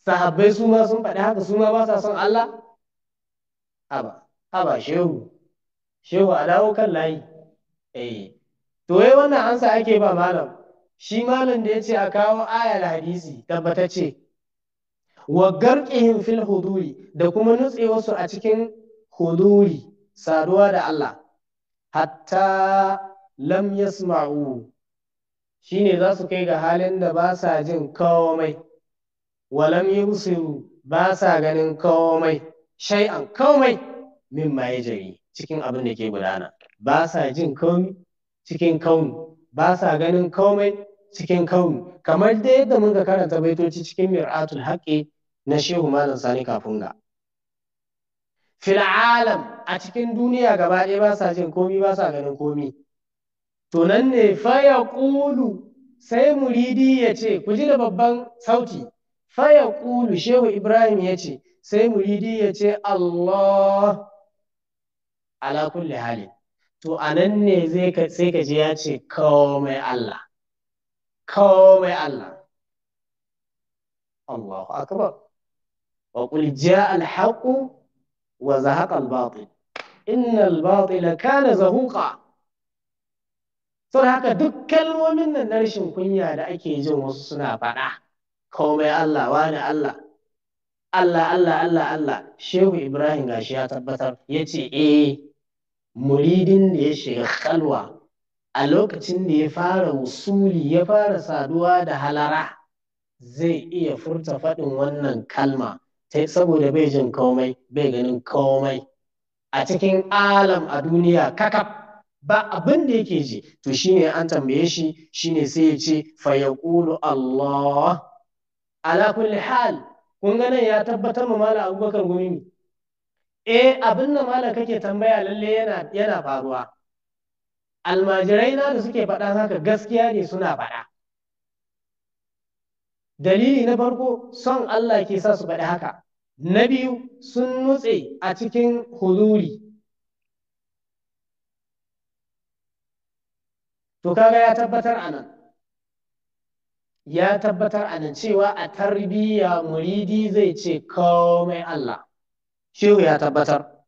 sahabbai su ma sun faɗi haka su ma ba sa son Allah haba haba shehu shehu a dawo kan layi eh to wai wannan ansa ake ba malam shi malam da ya ce a kawo ayar hadisi tabbatacce wa garqihim fil huduri da kuma nutse wasu a cikin huduri saduwa da Allah hatta lam yasma'u shine za su kai ga halin da ba sa jin komai walam yusiru ba sa ganin komai shay'an komai min ma yajri cikin abin da ke gudana ba sa jin komai cikin kauni ba sa ganin komai cikin kauni kamar da yadda mun ga karanta baitoci cikin mir'atul haqqi na shehu malam sani kafunga fil alam a cikin duniya gaba ɗaya ba sa jin komi ba sa ganin komi to nan ne fa ya sai muridi ya ce ku ji da babban sauti faya kulu shehu ibrahim ya ce sai muridi ya ce allah ala kulli halin to a nan ne sai kaje ji ya ce komai allah komai allah Allahu akbar wa qul jaa al-haqq wa zahaqa al-batil inna al-batila kana zahuqa saboda haka duk kalmomin nan na rashin kunya da ake jin wasu suna faɗa komai Allah wani Allah Allah Allah Allah Allah Shehu Ibrahim gashi ya tabbatar ya ce eh muridin da ya shiga kalwa a lokacin da ya fara usuli ya fara saduwa da halara zai iya furta faɗin wannan kalma ta saboda bai jin komai bai ganin komai a cikin alam a duniya kakaf ba abin da yake ji to shine an tambaye shi shine sai ya ce fa yaqulu Allah ala kulli hal kun ga nan ya tabbatar ma mala abubakar gumi eh abin da mala kake tambaya lalle yana yana faruwa almajirai na da suke faɗa haka gaskiya ne suna faɗa dalili na farko son Allah ke sa su faɗi haka na biyu sun nutse a cikin huzuri to kaga ya tabbatar anan ya tabbatar a nan cewa a tarbiyya muridi zai ce komai Allah shehu ya tabbatar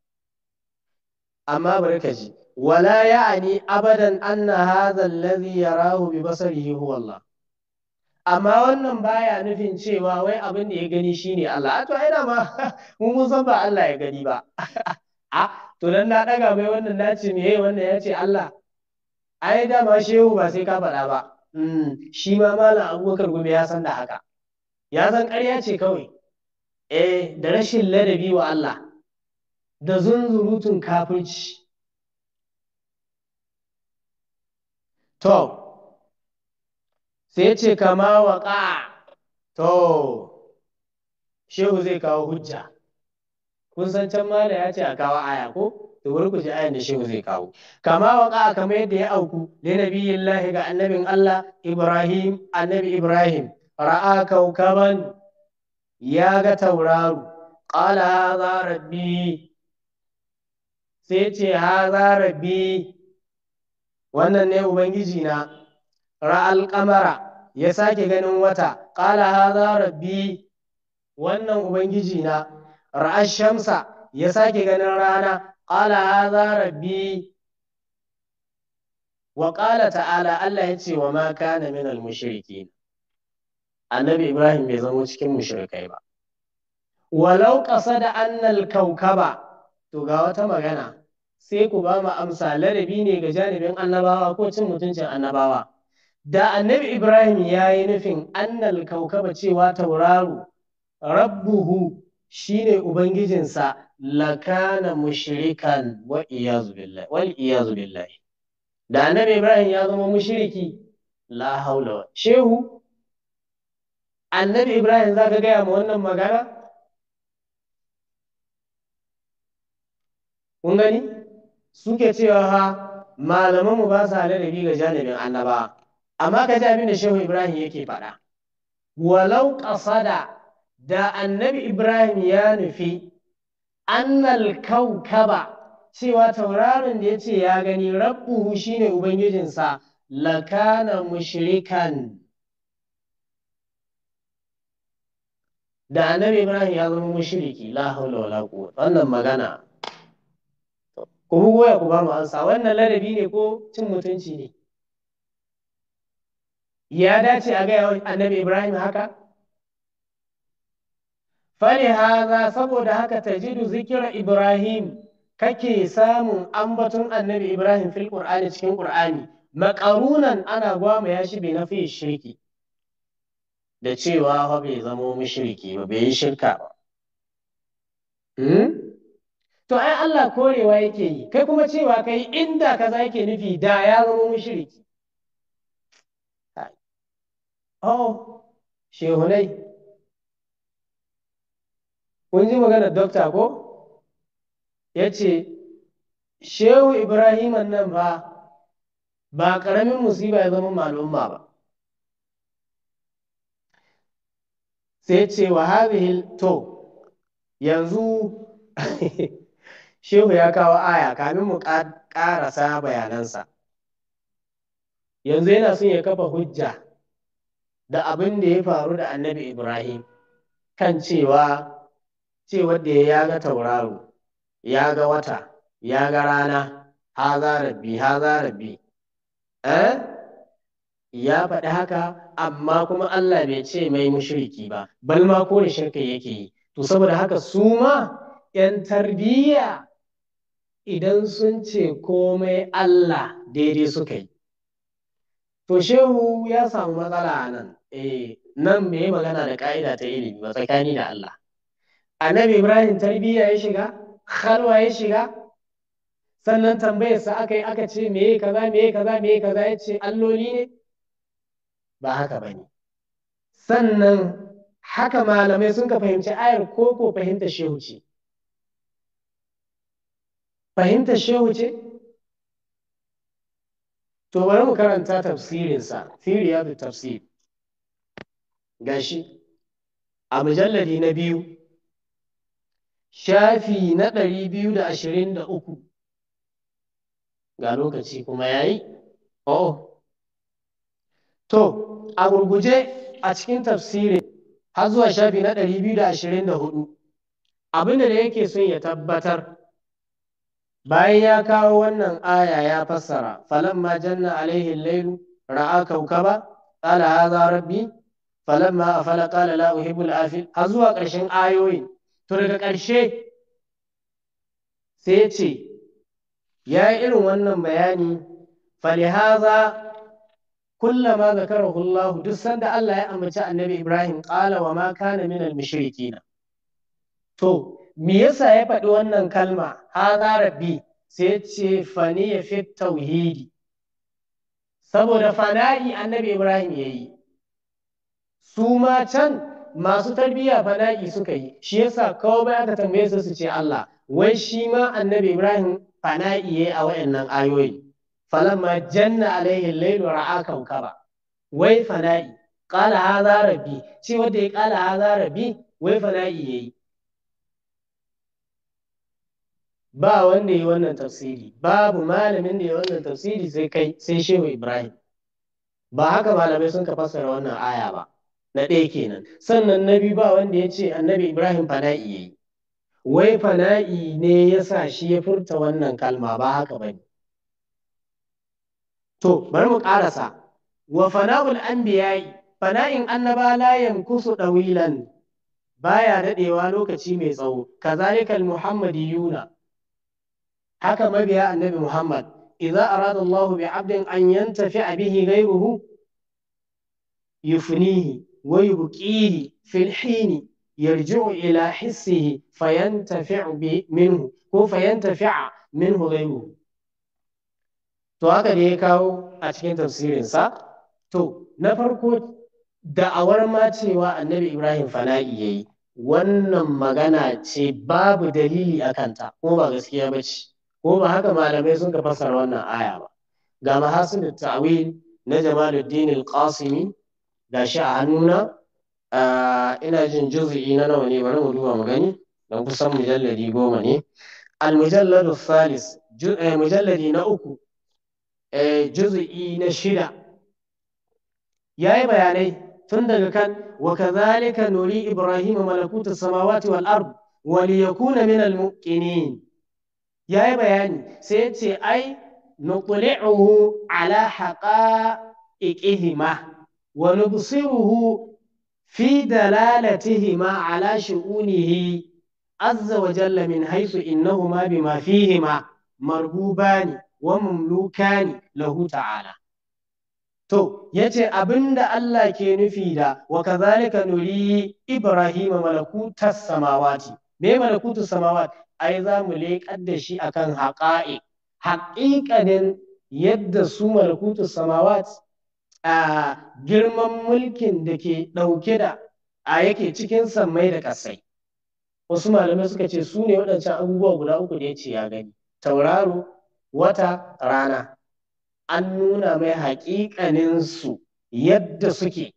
amma bari ka ji wala ya'ani abadan hazan lazi ya rahu bi yi, huwa Allah amma wannan baya nufin cewa wai abin da ya gani shine Allah to ai ma mu mun san ba Allah ya gani ba a to nan na daga mai wannan ce me wannan wannan yace Allah ai dama shehu ba sai ka faɗa ba Hmm, shi ma malam abubakar gobe ya san da haka ya san ƙarya ce kawai eh da rashin ladabi wa Allah da zunzurutun kafirci to sai ce kama waƙa to shehu zai kawo hujja kun san can malam ya ce a kawo aya ko to bari ku ji ayan da shehu zai kawo kama waka kamar yadda ya auku li lahi ga annabin Allah Ibrahim annabi Ibrahim ra'a kaukaban ya ga tauraro qala hadha rabbi sai ce hadha rabbi wannan ne ubangiji na ra'al qamara ya sake ganin wata qala hadha rabbi wannan ubangiji na ra'ash shamsa ya sake ganin rana qala hadha rabbi wa ta'ala Allah ya ce wa ma kana min al annabi Ibrahim bai zama cikin mushrikai ba walau qasada anna al kaukaba to ga wata magana sai ku ba mu amsa ladabi ne ga janibin annabawa ko cin mutuncin annabawa da annabi ibrahim ya yi nufin annal kaukaba cewa tauraro rabbuhu shine ubangijinsa lakana mushrikan wa iyazu billahi wal iyazu billahi da annabi Ibrahim ya zama mushriki la haula shehu annabi Ibrahim zaka gaya ma wannan magana kun gani suke cewa ha malaman mu ba su ladabi ga janibin annaba amma ka ji abin da shehu Ibrahim yake faɗa walau qasada da annabi Ibrahim ya nufi annal kaukaba cewa tauraron da ya ce ya gani rabbuhu shine ubangijinsa lakana mushrikan da annabi ibrahim ya zama mushriki la haula wala quwwata wannan magana ku goya ku ba mu ansa wannan ladabi ne ko cin mutunci ne ya dace a ga annabi ibrahim haka haza! saboda haka ta tajidu zikirar ibrahim kake samun ambaton annabi ibrahim fil qur'ani cikin qur'ani makarunan ana gwama ya shi bai nafi shirki da cewa fa bai zamo mushriki ba bai yi shirka ba hmm? to ai Allah korewa yake yi kai kuma cewa kai inda kaza yake nufi da ya zama mushriki oh shehunai kun ji magana dokta ko ya ce shehu ibrahim nan ba ba ƙaramin musiba ya zama malumma ba sai ce wa hazihil to yanzu shehu ya kawo aya kamin mu sa bayanansa yanzu yana son ya kafa hujja da abin da ya faru da annabi ibrahim kan cewa ce wadda ya ga tauraro ya ga wata ya ga rana haza rabbi haza rabbi eh ya faɗi haka amma kuma Allah bai ce mai mushriki ba bal ma kore shirka yake yi to saboda haka su ma 'yan tarbiyya idan sun ce komai Allah daidai suka yi to shehu ya samu matsala a nan eh nan mai magana da ƙa'ida ta ilimi ba tsakani da Allah annabi ibrahim tarbiyya ya shiga khalwa ya shiga sannan tambayarsa aka yi aka ce meye kaza meye kaza meye kaza ya ce alloli ne ba haka ba ne sannan haka malamai sun ka fahimci ayar ko ko fahimta shehu ce fahimta shehu ce to bari mu karanta tafsirinsa siriya da tafsir gashi a mujalladi na biyu shafi na ɗari biyu da ashirin da uku ga lokaci kuma ya yi oh to a gurguje a cikin tafsirin, har zuwa shafi na ɗari biyu da ashirin da hudu abinda da yake son ya tabbatar bayan ya kawo wannan aya ya fassara falamma janna alaihin lailu ra'a kaukaba qala hadha rabbi falamma a qala la afil har zuwa ƙarshen ayoyin to daga ƙarshe sai ya ce ya yi irin wannan bayani falihaza kullama ga Allah duk sanda Allah ya amince annabi Ibrahim ƙala wa ma kana min al-mushrikeen to me yasa ya faɗi wannan kalma haza rabbi sai ya ce fani ya fi tauhidi saboda fana'i annabi Ibrahim yayi su ma can masu tarbiyya fana'i suka yi shi yasa kawai aka tambaye su su ce Allah wai shi ma annabi Ibrahim fana'i yayi a wayannan ayoyi falamma janna alaihi laylu ra'a kaukaba wai fana'i qala hadha rabbi shi wanda ya qala hadha rabbi wai fana'i yayi ba wanda ya wannan tafsiri babu malamin da ya wannan tafsiri sai kai sai shehu Ibrahim ba haka malamai sun ka fassara wannan aya ba na ɗaya kenan sannan na biyu ba wanda ya ce annabi ibrahim fana'i ya yi wai fana'i ne ya sa shi ya furta wannan kalma ba haka ba ne to bari mu ƙarasa wa fana'ul anbiya'i fana'in annaba la yankusu dawilan baya daɗewa lokaci mai tsawo kazalikal yuna haka mabiya annabi muhammad idza arada allah bi abdin an yantafi bihi gairuhu? yufnihi ويبكيه في الحين يرجع إلى حسه فينتفع منه ko fayantafi'a minhu ghayruhu to haka da ya kawo a cikin tafsirinsa to na farko da'awar ma cewa annabi ibrahim fana'i yayi wannan magana ce babu dalili a kanta ko ba gaskiya bace? ko ba haka malamai sun ka fassara wannan aya ba ga mahasin ta'wil na jamaluddin al-qasimi gashi a hannuna eh, ina jin juzu'i na nawa ne bari mu duba mu gani don kusan mujalladi goma ne al-mujalladu eh, mujalladi na uku eh, juzi'i na shida yayi bayanai tun daga kan wa kazalika nuri ibrahim malakutus samawati wal ard wa liyakuna min al-muqinin yayi bayani sai ya ce ai nuqli'uhu ala haqa'iqihima wa nubsiruhu fi dalalatihima ala shu'unihi azza wa jalla min haythu innahuma bima fihima marbubani wa mamlukani lahu ta'ala to yace abinda Allah ke nufi da wa kazalika nuri ibrahima malakutas samawati me malakutus samawati ai za mu leƙar da shi akan haƙa'i haƙiƙanin yadda su malakutus samawati a girman mulkin da ke ɗauke da a yake cikin sammai da ƙasai wasu malamai suka ce su ne waɗancan abubuwa guda uku da ya ce ya gani tauraro wata rana an nuna mai haƙiƙaninsu yadda suke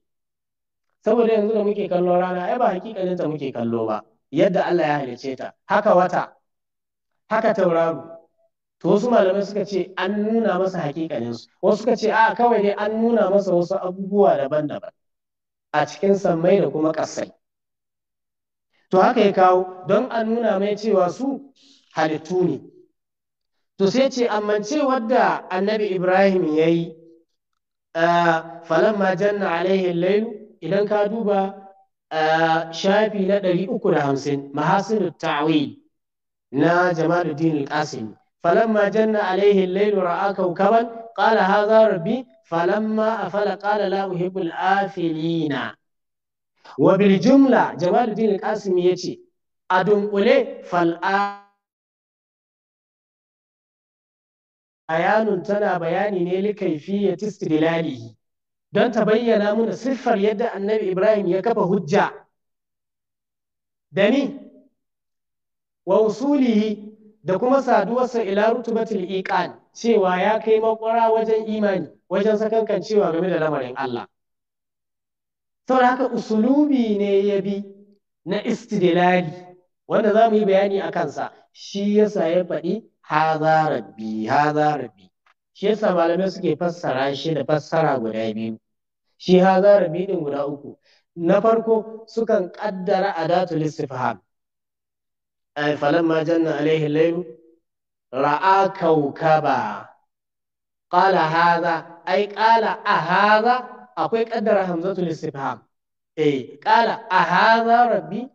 saboda yanzu da muke kallo rana ai ba haƙiƙaninta muke kallo ba yadda Allah ya halice ta haka wata haka tauraro to wasu malamai suka ce an nuna masa hakikaninsu wasu suka ce a kawai ne an nuna masa wasu abubuwa daban-daban a cikin sammai da kuma ƙasai to haka ya kawo don an nuna mai cewa su halittu ne to sai ce amma ce wadda annabi ibrahim ya yi falamma janna alaihi lailu idan ka duba shafi na ɗari 350 mahasinu ta'awil na jama'ar dinin al-qasimi falamma janna alaihi al-lailu ra'a kawkaban qala hadha rabbi falamma afala qala la uhibbu al-afilina wa bil jumla jamaluddin al-qasimi yace a dunƙule fal bayanun tana bayani ne likaifiyyat istidlalihi don ta bayyana mana siffar yadda annabi Ibrahim ya kafa hujja da ni wa usulihi da kuma saduwarsa ila rutubatul iqan cewa ya kai makwara wajen imani wajen sakankan cewa game da lamarin Allah saboda haka usulubi ne ya bi na istidlali wanda za mu yi bayani a kansa shi yasa ya faɗi haza rabbi haza rabbi shi yasa malamai suke fassara shi da fassara guda biyu shi haza rabbi din guda uku na farko sukan kaddara adatul istifham فلما جن عليه الليل رأى كوكبا قال هذا أي قال أهذا أقول قدر همزة الاستفهام أي قال أهذا ربي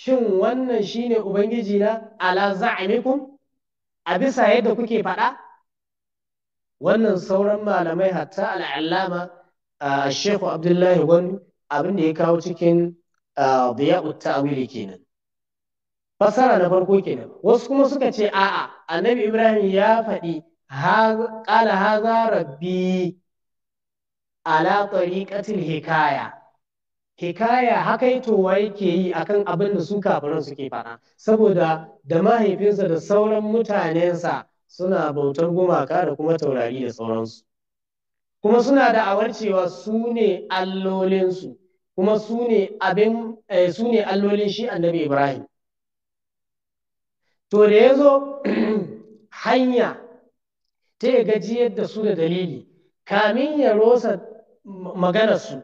shin wannan shine ubangiji na ala za'imikum a bisa yadda kuke faɗa wannan sauran malamai hatta al'alama a shehu abdullahi wani abin ya kawo cikin diya'ut ta'wili kenan fasara na farko kenan wasu kuma suka ce a'a annabi ibrahim ya faɗi ƙala haza rabbi ala tariqatil hikaya hikaya hakaitowa ke yi akan abin da su kafiran suke faɗa saboda da mahaifinsa da sauran mutanensa suna bautar gumaka da kuma taurari da sauransu kuma suna awar cewa su ne allolinsu kuma su ne eh, allolin shi annabi ibrahim to da ya zo hanya ta ya gajiyar da su da dalili kamin ya rosa maganarsu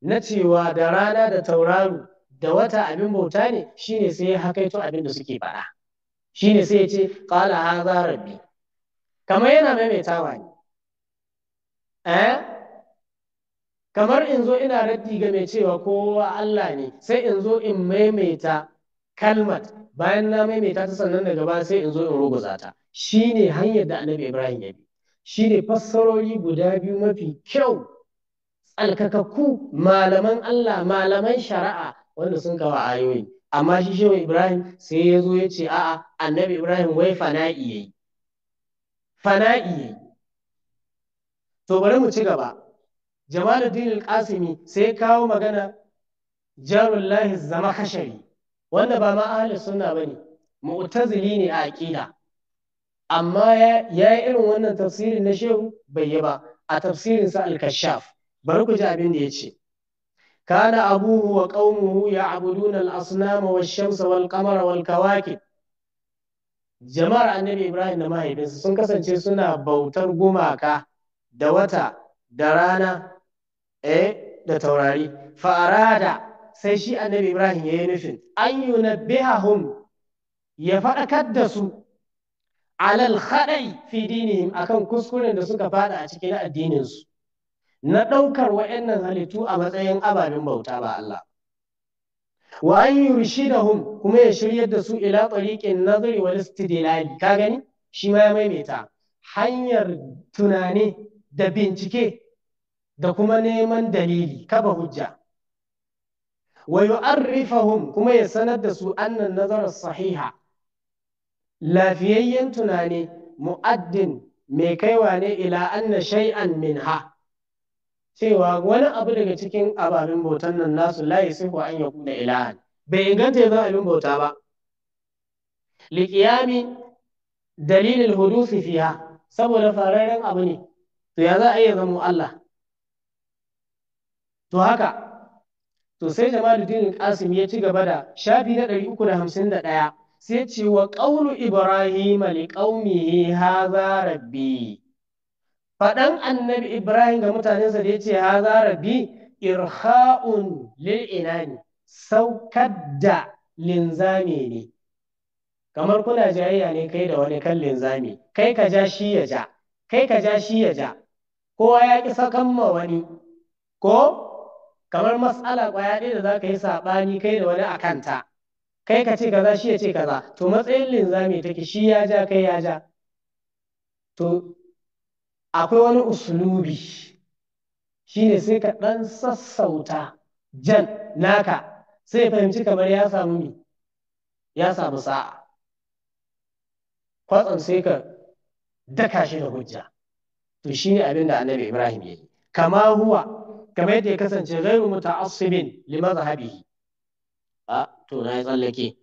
na cewa da rana da tauraru da wata abin bauta ne shine sai ya hakaito abin da suke faɗa shine sai ya ce ha hadha rabbi kamar yana maimaitawa ne eh kamar in zo ina raddi ga mai cewa kowa Allah ne sai in zo in maimaita kalmat bayan na maimaita ta sannan daga gaba sai in zo in ruguza ta ne hanyar da annabi ibrahim ya bi shine fassarori guda biyu mafi kyau tsalkakakku malaman Allah malaman shari'a wanda sun kawo ayoyi amma shi shehu ibrahim sai ya zo ya ce a'a annabi ibrahim wai fana'i yayi fana'i yayi to bari mu ci gaba jamaluddin al-qasimi sai kawo magana jarullahi zama kashari wanda ba ma ahalin sunna ba ne mu'tazili ne a aƙida amma ya yi irin wannan tafsirin na shehu bai yi ba a tafsirinsa al-kashaf bari ku ji abin da ya ce al-asnama wa Shamsa wal qamara wal kawakib jama'ar annabi ibrahim da mahaifinsa sun kasance suna bautar gumaka da wata da rana eh da taurari fa'arada sai shi annabi Ibrahim ya yi nufin an Hum ya faɗakar da su alal haɗai fi dinihim akan kuskuren da suka faɗa a cikin addininsu na ɗaukar wa'annan halittu a matsayin ababen bauta ba Allah wa an Hum kuma ya shirya da su ila tariqin nazari wal istidlali ka gani shi ma ya maimaita hanyar tunani da bincike da kuma neman dalili kaba hujja wa yu'arrifahum kuma ya sanar da su annan nazarar sahiha lafiyayyen tunani mu'addin mai kaiwa ne ila anna shay'an minha cewa wani abu daga cikin ababen bautan nan nasu la yasihu an yakuna ilahan bai inganta ya zama bauta ba liqiyami dalilin hudusi fiha saboda fararen abu ne to ya za a iya zamo Allah to haka to sai Jamaluddin Qasim ya ci gaba da shafi na 351 sai ce wa qawlu Ibrahim li qaumihi hadha rabbi Faɗan annabi Ibrahim ga mutanensa da yace hadha rabbi irha'un lil inani saukar da linzami ne kamar kuna jayayya ne kai da wani kan linzami kai ka ja shi ya ja kai ka ja shi ya ja kowa ya ƙi sakan ma wani ko kamar matsala kwaya ɗaya da za ka yi saɓani kai da wani a kanta kai ka ce kaza shi ya ce kaza to matsayin linzami take shi ya ja kai ya ja to akwai wani usulubi shine sai ka ɗan sassauta jan naka sai fahimci kamar ya samu mi ya samu sa'a kwatsan sai ka daka shi da hujja to shine abin da annabi ibrahim ya yi kama huwa kamar ya kasance ghairu muta'assibin li madhhabihi a to na tsallake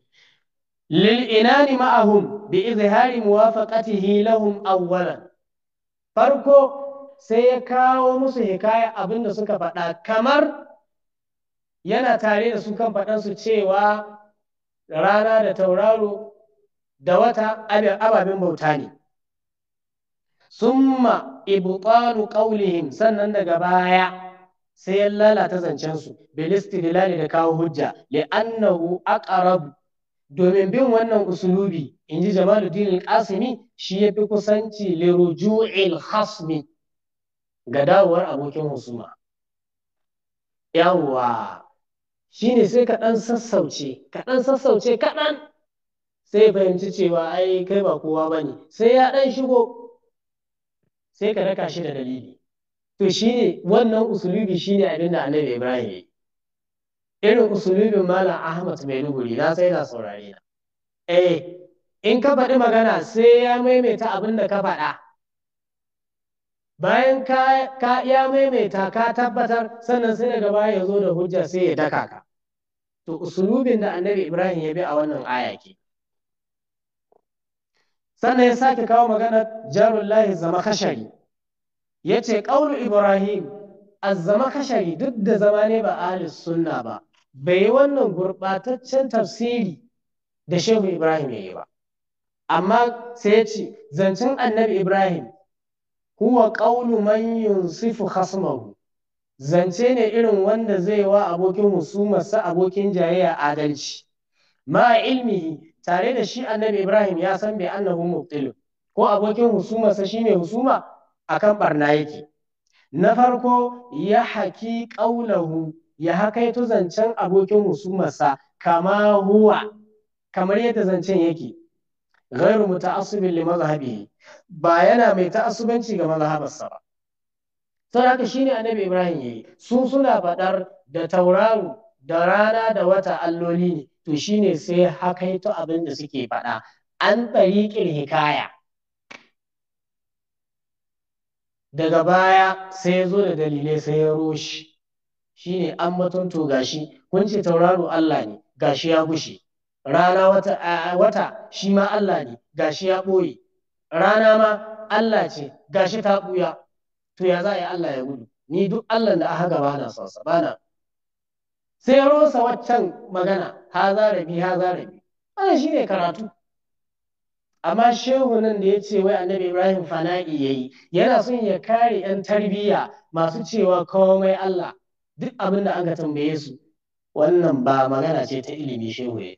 lil inani ma'ahum bi izhari muwafaqatihi lahum awwalan farko sai ya kawo musu hikaya abin da suka faɗa kamar yana tare da su kan su cewa rana da tauraro da wata ababen bauta ne summa ibtalu qawlihim sannan daga baya sai ya lalata zancensu bilistidilali da kawo hujja li'annahu aqrab domin bin wannan usulubi inji ji jamaluddin al-qasimi shi ya fi kusanci ruju'il hasmi ga dawowar abokin husuma yawa shine sai ka dan sassauce ka dan sassauce kaɗan sai fahimci cewa ai kai ba kowa bane sai ya ɗan shigo sai ka raka shi da dalili to ne wannan usulubi shine abin da annabi ibrahim ya yi irin usulubin malam ahmad maiduguri na sai na saurare na eh in ka faɗi magana sai ya maimaita abin da ka faɗa bayan ka ya maimaita ka tabbatar sannan sai daga baya ya zo da hujja sai ya daka ka to usulubin da annabi ibrahim ya bi a wannan aya ke sannan ya sake kawo maganar jarullahi zama kashari ya ce ƙaunar ibrahim zama kashari duk da zama ne ba ahalis suna ba bai yi wannan gurɓataccen tafsiri da shehu ibrahim ya yi ba amma sai ya ce zancen annabi ibrahim huwa ƙaunu man yunsifu khasmahu zance ne irin wanda zai wa abokin husumarsa abokin jayayya adalci ma ilmi tare da shi annabi ibrahim ya san bai annahu mubtilun ko abokin husumarsa shine husuma akan barna yake na farko ya haki ƙaunahu ya hakaito zancen abokin husumarsa kama huwa kamar yadda zancen yake ghairu muta'assibin li mazhabihi ba yana mai ta'asubanci ga mazhabarsa ba sai haka ne annabi Ibrahim ya yi su suna faɗar da tauraro da rana da wata alloli ne to ne sai hakaito abin da suke faɗa. an ƙin hikaya daga baya sai ya zo da dalilai sai ya roshi shi ne an matunto gashi kun ce tauraro Allah ne gashi ya gushe rana wata, shi ma Allah ne gashi ya ɓoye rana ma Allah ce gashi ta ɓuya to ya za a yi Allah ya gudu ni duk Allah da aka gaba na sonsa bana sai ya rosa waccan magana ha za rabi ha za rabi wannan shine karatu amma shehu nan da ya ce wai annabi ibrahim fana'i ya yi yana son ya kare 'yan tarbiyya masu cewa komai allah duk abin da aka tambaye su wannan ba magana ce ta ilimi shehu ya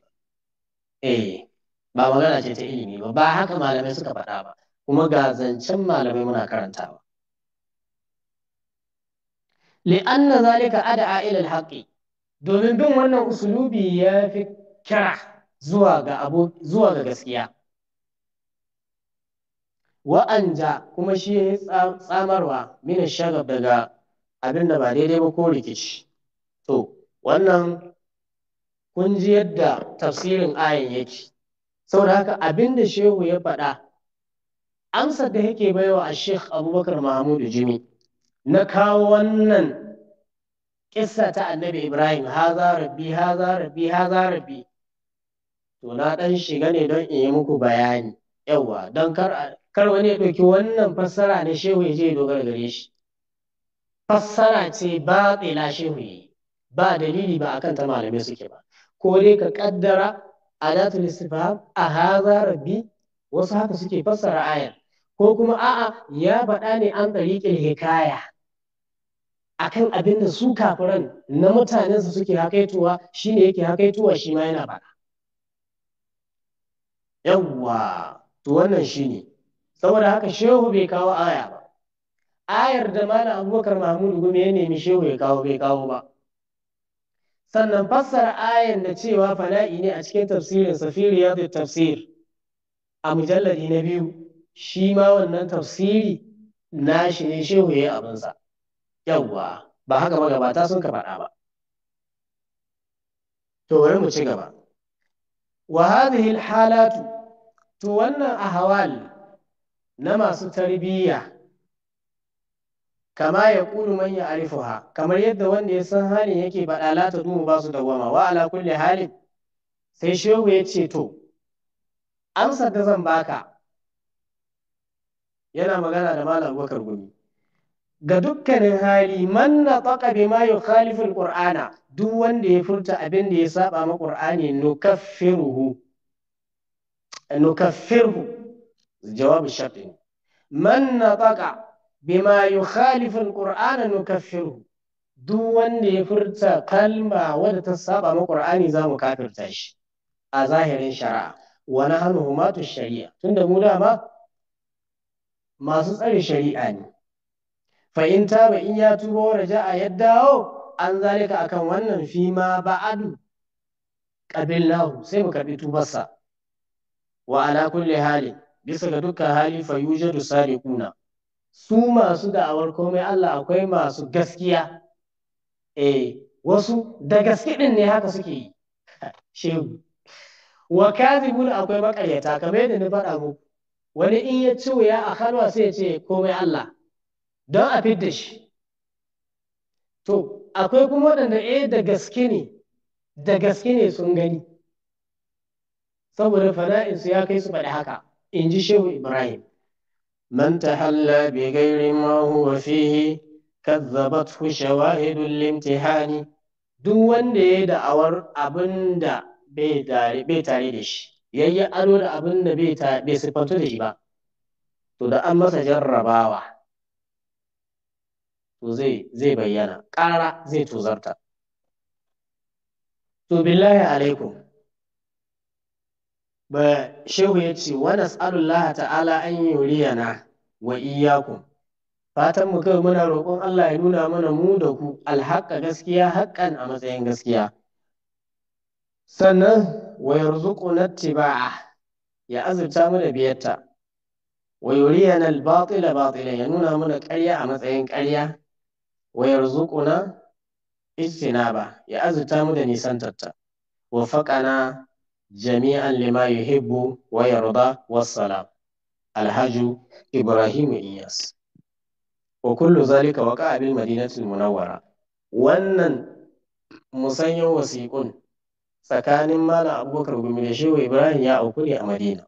eh ba magana ce ta ilimi ba ba haka malamai suka faɗa ba kuma ga zancen malamai muna karantawa li'anna zalika ada'a ila alhaqi domin bin wannan usulubi ya fi kira zuwa ga abu zuwa ga gaskiya wa'anja kuma shi ya yi tsamarwa mina shagab daga abin da ba daidai ba ko rikici to wannan kun ji yadda tafsirin ayan yake saboda haka abin da shehu ya faɗa amsar da yake baiwa a sheikh abubakar mahmudu jimi na kawo wannan kissa ta annabi ibrahim haza rabbi haza rabbi haza rabbi to na ɗan shiga ne don in yi muku bayani yawa don kar a. kar wani ya ɗauki wannan fassara na shehu ya je dogara gare shi fassara ce ba tsela shehu yi ba dalili ba akan ta malamai suke ba ko dai ka kaddara adatul istifham a haza rabbi wasu haka suke fassara ayar ko kuma a'a ya faɗa ne an tsariƙin hikaya akan abin da su kafiran na mutanensu suke hakaituwa shi ne yake hakaituwa shi ma yana faɗa yawwa to wannan shi ne saboda haka shehu bai kawo aya ba ayar da mana abubakar mahmud gumi ya nemi shehu ya kawo bai kawo ba sannan fassara ayan da cewa fana'i ne a cikin tafsirin safiri ya tafsir a mujalladi na biyu shi ma wannan tafsiri na shi ne shehu ya yi abinsa yawwa ba haka magabata sun ka faɗa ba to mu ci gaba wa hadhihi halatu to wannan ahwal na masu tarbiyya kama ya ƙulu man ya arifuha kamar yadda wanda ya san halin yake baɗa la ta dumu ba su goma. wa ala kulli halin sai shehu ya ce to amsar da zan baka yana magana da malam abubakar gumi ga dukkanin hali man na tsaka bi ma duk wanda ya furta abin da ya saba ma qur'ani nukaffiruhu jawabu shafi man nataka bima yukhalifu alqur'ana nukaffiru duk wanda ya furta kalma wadda ta saba ma qur'ani za mu kafirta shi a zahirin shari'a wa nahnu humatu shari'a tunda mu dama masu tsare shari'a ne fa in taba in ya tuba wa raja'a ya dawo an zalika akan wannan fi ma ba'adu qabilnahu sai mu karbi tubarsa wa ala kulli halin bisa ga dukkan hali fa yujadu sariquna su masu da'awar komai Allah akwai masu gaskiya eh wasu da gaske din ne haka suke yi shehu wa kadhibun akwai makaryata kamar yadda na faɗa muku wani in ya ci wuya a halwa sai ya ce komai Allah don a fidda shi to akwai kuma waɗanda eh da gaske ne da gaske ne sun gani saboda fana'insu ya kai su faɗi haka in ji shehu ibrahim man tahalla bi gairi ma huwa fihi kazzabathu shawahidul limtihani duk wanda ya da'awar abin da bai tare da shi yayi ado da abin da bai siffantu da shi ba to da an masa jarrabawa to zai bayyana ƙara zai tuzarta to billahi alaikum ba shehu ya ce wa nas'alullaha ta'ala an yi na, wa iyakun. fatan mu kai muna roƙon Allah ya nuna mana mu da ku Alhaka gaskiya haƙƙan a matsayin gaskiya sannan wa yarzuquna Tiba'a ya azurta mu da biyarta wa yuriyana al-batila ya nuna mana ƙarya a matsayin ƙarya wa yarzuquna ba ya azurta mu da nisan nisantarta wa faqana jami'an lima yuhibbu wa yarda wassalam alhaju ibrahim iyas wa kullu zalika waqa'a bil madinati munawwara wannan musanyan wasiqun tsakanin malam abubakar gumi da shehu ibrahim ya auku ne a madina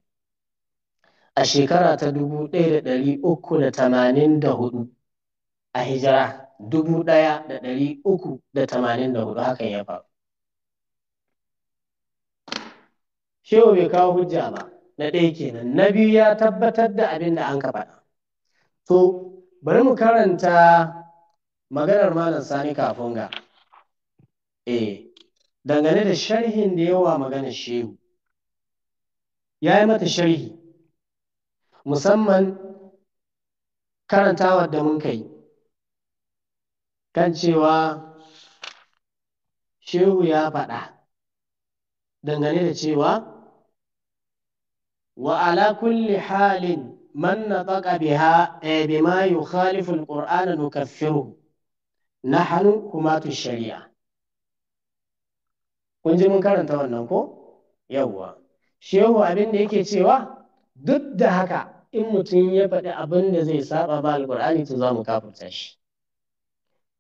a shekara ta dubu ɗaya da ɗari uku da tamanin da hudu a hijira dubu ɗaya da ɗari uku da tamanin da hudu hakan ya faru shehu bai kawo hujja ba na ɗaya kenan na biyu ya tabbatar da abin da an ka faɗa to bari mu karanta maganar malam sani kafin ga eh dangane da sharhin da yawa magana shehu ya yi mata sharhi musamman karantawa da mun kai kan cewa shehu ya faɗa dangane da cewa وعلى كل حال من نطق بها بما يخالف القرآن نكفره نحن هما الشريعة kun ji mun karanta wannan ko yawwa shehu abin da yake cewa duk da haka in mutum ya faɗi abin da zai saba ba Alƙur'ani to za mu kafurta shi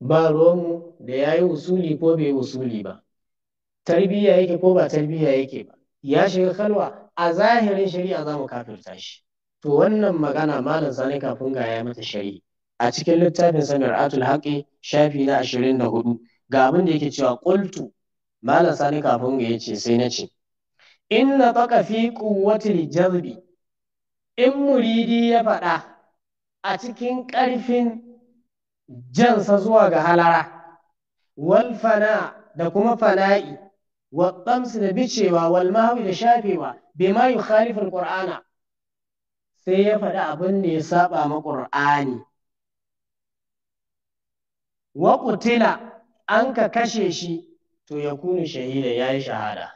ba ruwanmu da ya yi usuli ko bai usuli ba tarbiyya yake ko ba tarbiyya yake ba ya shiga kalwa a zahirin shari'a za mu kafirta shi to wannan magana malam sani kafin ga ya mata shari'a a cikin littafin samir atul haƙi shafi na ashirin da hudu ga abin da yake cewa ƙultu malam sani kafin ga ya ce sai na ce inna faka fi quwwatil jazbi in muridi ya faɗa a cikin ƙarfin jansa zuwa ga halara wal fana da kuma fana'i wa da bicewa wal da shafewa bai ma yi khalifin ƙur'ana sai ya faɗi abin da ya saba ma ƙur'ani wa kutila an ka kashe shi to ya kunu shahida ya yi shahada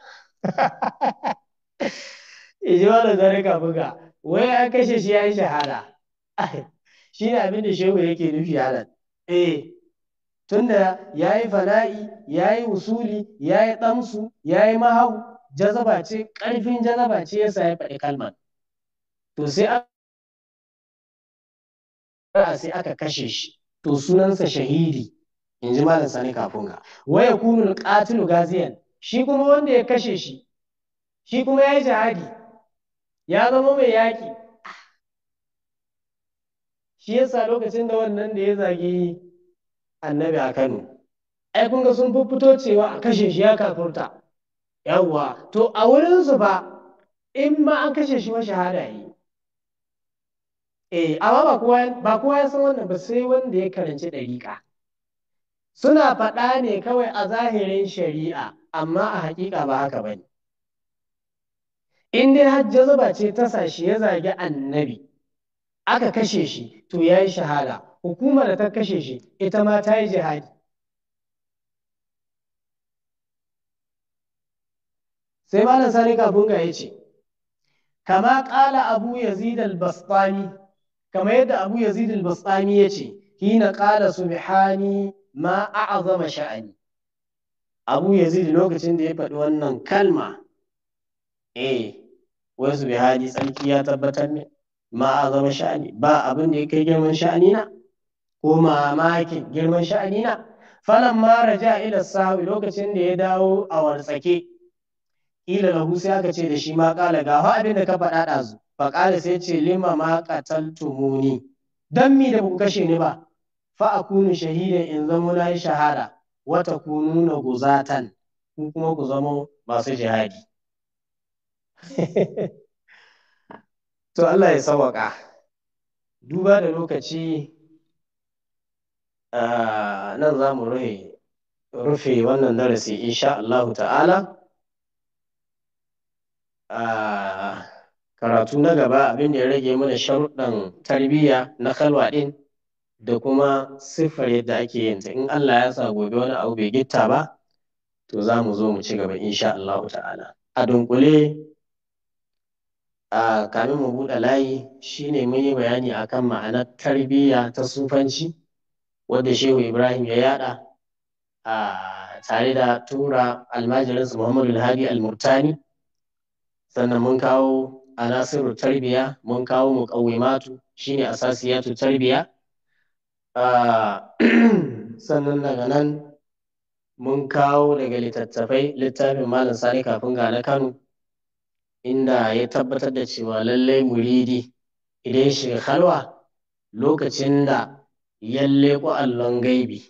iji wani zarika buga wai an kashe shi ya yi shahada shi ne abin da shehu yake nufi halan eh tunda ya yi fana'i ya yi usuli ya yi ɗansu ya yi mahau jazaba ce ƙarfin jazaba ce ya sa ya faɗi kalman to sai aka sai aka kashe shi to sunansa shahidi in ji malam sani kafin wa waya kunu ƙatilu gaziyan shi kuma wanda ya kashe shi shi kuma ya yi jihadi ya zama mai yaƙi shi yasa lokacin da wannan da ya zagi annabi a Kano ai kun ga sun fito cewa a kashe shi ya kafurta yawwa to a wurinsu ba in ma an kashe shi wa shahada yi eh amma ba kowa ya san wannan ba sai wanda ya karanci ɗariƙa. suna faɗa ne kawai a zahirin shari'a amma a haƙiƙa ba haka bane in dai Hajja zuba ce ta sashi ya zagi annabi aka kashe shi to yayi shahada hukumar da ta kashe shi ita ma ta yi jihadi sai malam sani kabunga ya ce kama ƙala abu yazid al-bastami kama yadda abu yazid al-bastami ya ce hina kala hani ma a azama sha'ani abu yazid lokacin da ya faɗi wannan kalma eh wasu subhani tsarki ya tabbatar ne, ma a zama sha'ani ba abin da ya kai girman sha'ani na ko mamakin girman sha'ani na falan ma raja ila sahabi lokacin da ya dawo a wartsake ila lahu sai aka ce da shi ma kala ga fa abin da ka faɗa ɗazu fa kala sai ce lima ma tumuni dan mi da ku kashe ni ba fa akunu shahidan in zamo na yi shahada wata na guzatan ku kuma ku zamo masu jihadi to Allah ya sawaka duba da lokaci Ah, nan za mu rufe wannan darasi insha Allah ta'ala ah, karatu na gaba abin da ya rage mana sharuɗan tarbiyya na kalwa ɗin da kuma siffar yadda ake yin ta in Allah ya sa gobe wani abu bai gitta ba to za mu zo mu ci gaba insha Allah ta'ala a dunkule a ah, kamin mu buɗe layi shine mun yi bayani akan ma'anar tarbiyya ta sufanci wadda shehu ibrahim ya yada a tare da tura almajirinsu muhammadu alhadi almurtani sannan mun kawo a nasiru tarbiya mun kawo mu shi shine asasiyatu tarbiya sannan daga nan mun kawo daga littattafai littafin malam sani kafin ga na kano inda ya tabbatar da cewa lallai muridi idan shiga halwa lokacin da yalle ku allon gaibi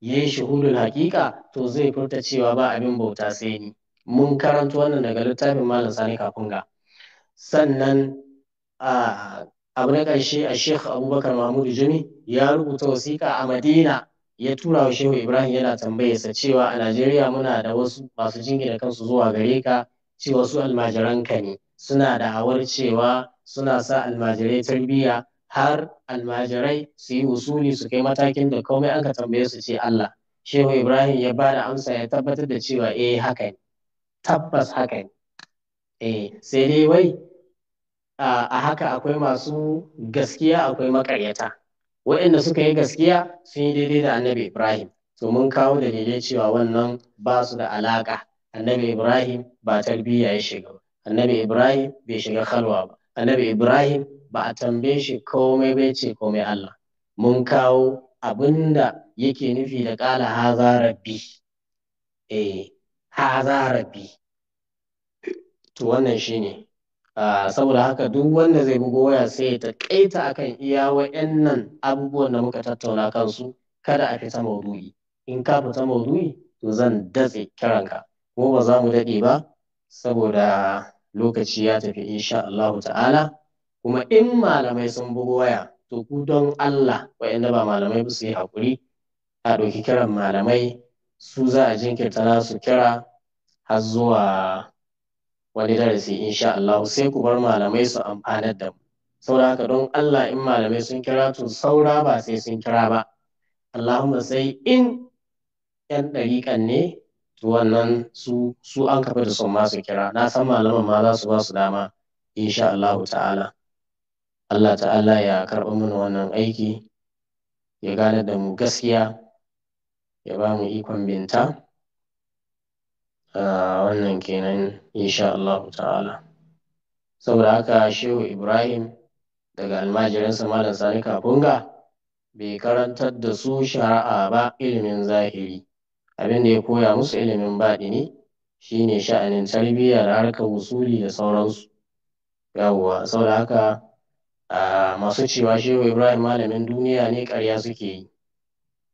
yayi shuhudul haƙiƙa to zai furta cewa ba abin bauta sai ni mun karanta wannan daga littafin malam sani kafin ga sannan abu na ƙarshe a sheikh abubakar mahmudu jumi ya rubuta wasiƙa a madina ya tura wa shehu ibrahim yana tambayarsa cewa a najeriya muna da wasu masu jingina kansu zuwa gare ka cewa su almajiranka ne suna da awar cewa suna sa almajirai tarbiyya har almajirai su yi wusuli su kai matakin da komai an ka tambaye su ce Allah shehu Ibrahim ya bada amsa ya tabbatar da cewa eh haka ne tabbas haka ne eh sai dai wai a haka akwai masu gaskiya akwai makaryata waɗanda suka yi gaskiya sun yi daidai da annabi Ibrahim to mun kawo dalilai cewa wannan ba su da alaka annabi Ibrahim ba tarbiyya ya shiga annabi Ibrahim bai shiga khalwa ba annabi Ibrahim ba a tambaye shi komai bai ce komai Allah mun kawo abinda yake nufi da ƙala haza rabbi eh haza rabbi to wannan shi ne. Ah, saboda haka duk wanda zai bugo waya sai ya taƙaita akan iya wayannan abubuwan da muka tattauna kansu kada a fita maudu'i in ka fita maudu'i to zan datse kiranka Ko ba za mu daɗe ba saboda lokaci ya tafi insha Allah ta'ala kuma in malamai sun bugo waya to ku don Allah waɗanda ba malamai ba su yi haƙuri a ɗauki kiran malamai su za a jinkirta su kira har zuwa wani darasi insha Allah sai ku bar malamai su amfanar da mu saboda haka don Allah in malamai sun kira to saura ba sai sun kira ba Allahumma sai in yan ɗariƙan ne to wannan su su an kafa da ma su kira na san malaman ma za su ba su dama insha Allah ta'ala Allah ta'ala ya karɓa mana wannan aiki ya gane da mu gaskiya ya ba mu ikon binta ah, wannan kenan insha Allah ta'ala saboda haka shehu ibrahim daga almajirinsa malam sani kafunga bai karantar da su shari'a ba ilimin zahiri abin da ya koya musu ilimin baɗi baɗini shine sha'anin tarbiyya da harkar wusuli da sauransu yawwa saboda haka masu cewa shehu ibrahim malamin duniya ne ƙarya suke yi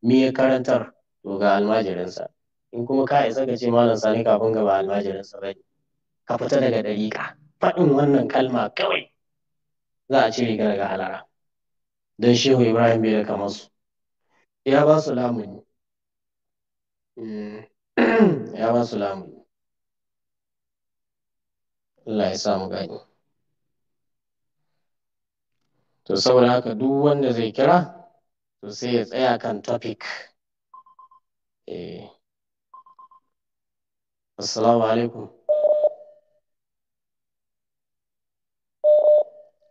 mi ya karantar to ga almajirinsa in kuma ka isa ka ce malam sani kafin gaba almajirinsa ba ka fita daga ɗariƙa faɗin wannan kalma kawai za a cire ka daga halara don shehu ibrahim bai da kamar su ya ba su lamuni mm. ya ba su lamuni Allah ya samu gani to saboda haka duk wanda zai kira to sai ya tsaya kan topic eh assalamu alaikum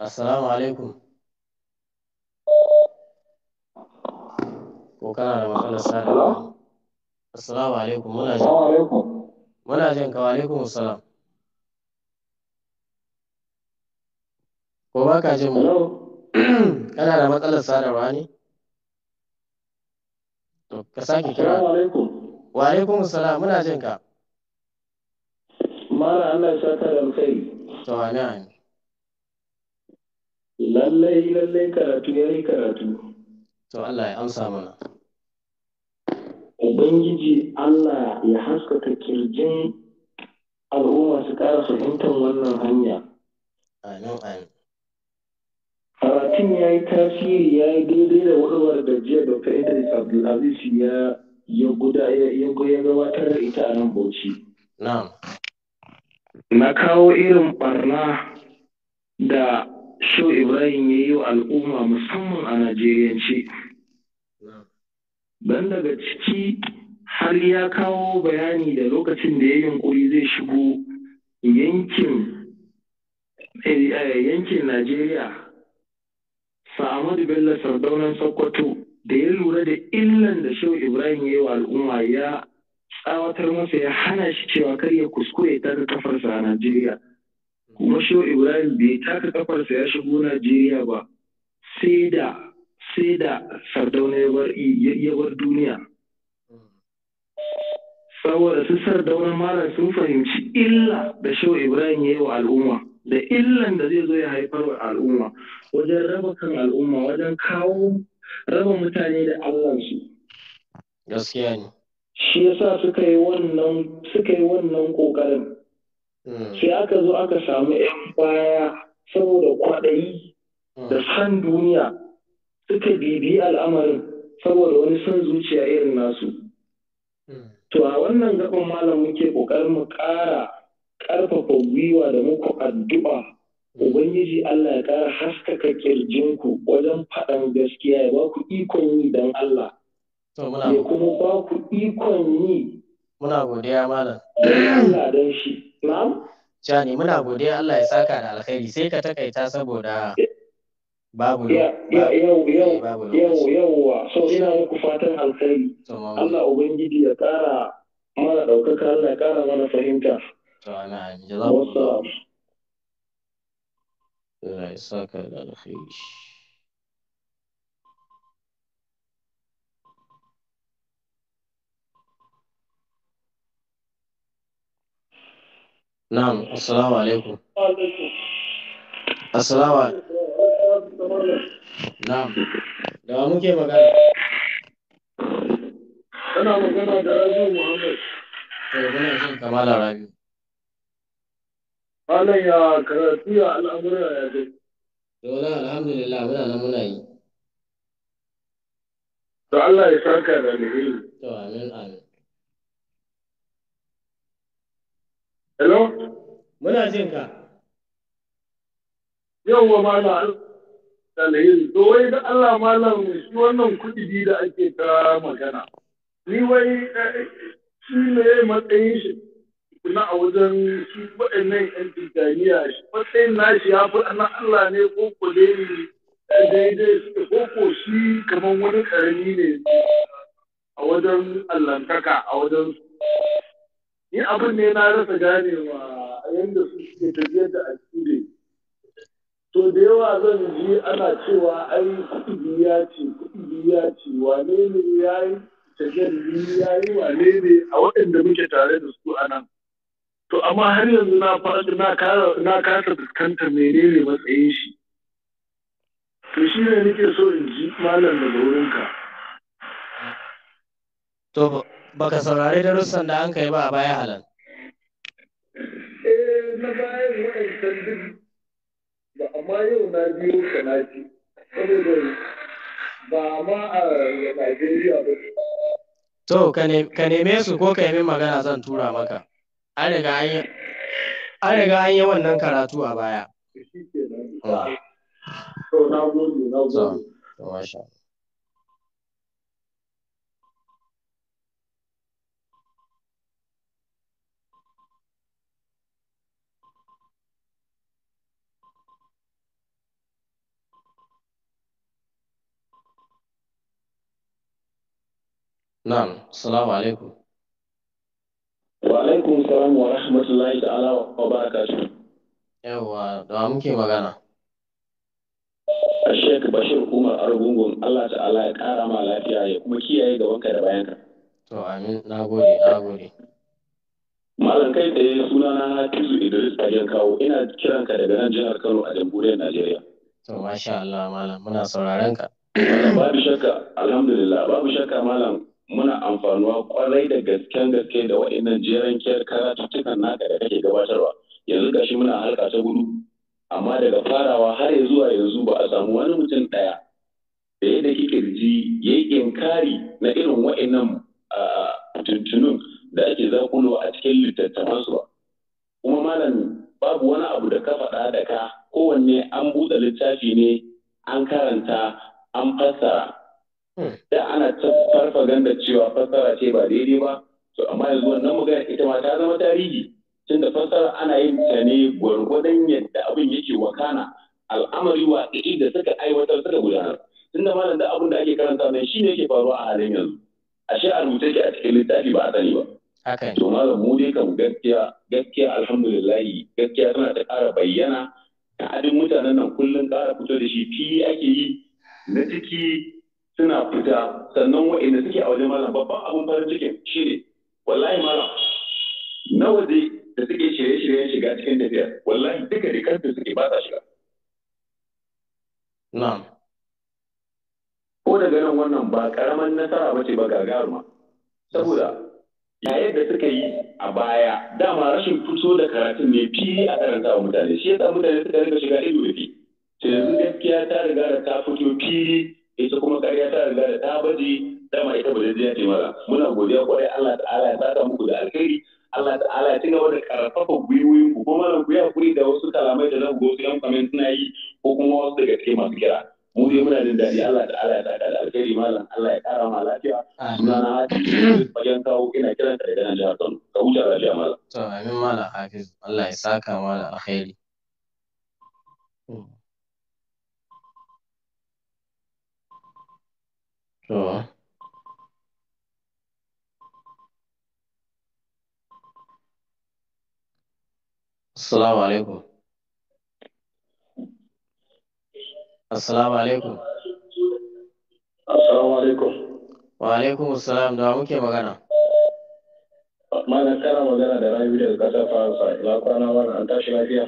assalamu alaikum ko kana da matsalar sadarwa assalamu alaikum muna jin muna jin ka wa alaikum assalam ko baka jin mu kana da matsalar sadarwa ne to ka sake kira wa alaikum salam muna jin ka Mara ana ya saka da alkhairi to amin lallai lallai karatu Ya yi karatu to Allah ya amsa mana Ubangiji Allah ya haskaka kirjin al'umma su ƙara fahimtar wannan hanya. Amin, amin. karatun ya yi tasiri ya yi daidai da warwar da jiya da idris abdulaziz ya ya guda ya gabatar da ita a nan bauchi na kawo irin barna da sho ibrahim ya yi wa al'umma musamman a najeriyance ban daga ciki har ya kawo bayani da lokacin da ya yunkuri zai shigo yankin eh, yankin najeriya Sa'amadu Bello Sardaunan Sokoto da ya lura da illan da Shehu Ibrahim ya yi wa al'umma ya tsawatar masa ya hana shi cewa kar ya kuskure taka kafarsa a Najeriya. Kuma Shehu Ibrahim bai taka kafarsa ya shigo Najeriya ba sai da sai da Sardauna ya bar duniya. Saboda su Sardaunan Malam sun fahimci illa da Shehu Ibrahim ya yi wa al'umma. da illan da zai zo ya haifar wa al'umma wajen raba kan al'umma wajen kawo raba mutane da allansu gaskiya ne shi yasa suka yi wannan suka yi wannan kokarin hmm. sai aka zo aka samu yan baya saboda kwaɗayi hmm. da san duniya suka bibi al'amarin saboda wani son zuciya irin nasu hmm. to a wannan gaban malam muke kokarin mu ƙara ƙarfafa gwiwa da muku addu'a Ubangiji Allah ya ƙara haskaka ƙirjinku wajen faɗan gaskiya ya ba ku ikon yi don Allah. Ya kuma ba ku ikon yi. Muna godiya malam. Allah don shi. Na'am? Jani muna godiya Allah ya saka da alkhairi sai ka takaita saboda babu yawwa so ina muku fatan alkhairi. Allah Ubangiji ya ƙara mana ɗaukaka Allah ya ƙara mana fahimta. نعم السلام عليكم السلام عليكم نعم نعم ممكن مكان انا مكان عبد العزيز محمد ربنا طيب، يجزيك كمال العبيد Malam ya karatu ya al'amura ya dai. Yau alhamdulillah muna nan muna yi. To Allah ya saka da alheri. To amin amin. Hello? Muna jin ka. Yawwa malam alheri. To wai da Allah malam shi wannan kuɗi da ake ta magana. Ni wai eh, shi ne matsayin shi tukuna a wajen shi waɗannan 'yan tijjaniya matsayin nashi ya fi ana Allah ne ko ko daidai suke ko shi kamar wani ƙarami ne a wajen Allahnkaka, a wajen su. Ni abin ne na rasa ganewa a yadda su suke tafiyar da addini. To da yawa zan ji ana cewa ai kuɗi biya ce kuɗi biya ce wane ne ya yi tafiyar ya yi wane ne a waɗanda muke tare da su a nan. to amma har yanzu na na kasa fuskanta menene matsayin shi to shi ne nake so in ji malam daga wurinka to baka saurari darussan da an kai ba a baya halal eh na bayan wa'ancan duk ba amma yau na biyo ka na saboda ba ma a Najeriya ba to ka neme su ko ka yi min magana zan tura maka an riga an yi wannan karatu a baya Na'am, salamu alaikum. Wa alaikum salam wa rahmatullahi ta'ala wa barakatu. Yawwa, da muke magana. Sheikh Bashir Umar Argungun Allah ta'ala ya ƙara ma lafiya ya kuma kiyaye gabanka da bayanka. To amin, na gode, na gode. Malam kai tsaye suna na Hafizu Idris Agen Kawo, ina kiran ka daga nan jihar Kano a jamhuriyar Najeriya. To masha Allah malam, muna sauraron ka. Babu shakka, alhamdulillah, babu shakka malam muna amfanuwa kwarai da gasken gaske da wa'annan jeren kiyar karatuttukan naka da kake gabatarwa yanzu gashi muna halka ta gudu amma daga farawa har ya zuwa yanzu ba a samu wani mutum ɗaya da yadda kike ji ya yi inkari na irin wa'annan tuntunun da ake zakulo a cikin littattafansu ba kuma malam babu wani abu da ka faɗa da ka kowanne an buɗe littafi ne an karanta an fassara Hmm. da ana ganda cewa fassara ce ba daidai ba to amma yanzu wannan magana ita ma ta zama tarihi tun fassara ana yin ta ne gwargwadon yadda abin yake wakana al'amari ɗaya da suka aiwatar suka gudanar tun da malam da abin da ake karanta nan shine yake faruwa a halin yanzu ashe a rubuce ke a cikin littafi ba a sani ba to malam mu dai kam gaskiya gaskiya alhamdulillah gaskiya tana ta ƙara bayyana adin mutanen nan kullum ƙara fito da shi fili ake yi na ciki suna fita sannan wa'inda suke a wajen malam babban abin farin cikin ne. wallahi malam na waje da suke shirye-shiryen shiga cikin tafiya wallahi duka da kansu suke ba sa shiga. Na'am. Ko daga nan wannan ba karaman nasara ba ce ba gagaruma. Saboda yayin da suka yi a baya dama rashin fito da karatun ne fili a karanta wa mutane shi yasa mutane suka rika shiga ido da fi. Yanzu gaskiya ta riga da ta fito fili ita kuma kariya ta riga da ta baje dama ita ba zai ce mara muna godiya kwarai Allah ta'ala ya saka muku da alkhairi Allah ta'ala ya cigaba da karfafa gwiwoyin ku kuma mana ku kuri da wasu kalamai da zan gosu yan kwamen suna yi ko kuma wasu daga cikin masu kira mu dai muna jin daɗi Allah ta'ala ya saka da alkhairi malam Allah ya kara ma lafiya suna na fagen kawo ina kiran ka da ganin jihar Kano ka huta lafiya malam to amin malam Hafiz Allah ya saka malam alkhairi hmm. Ja. alaikum. alaikum. alaikum. Wa da muke magana. kana magana da Rabiu daga ƙasar Faransa, ina kwana mana an tashi lafiya.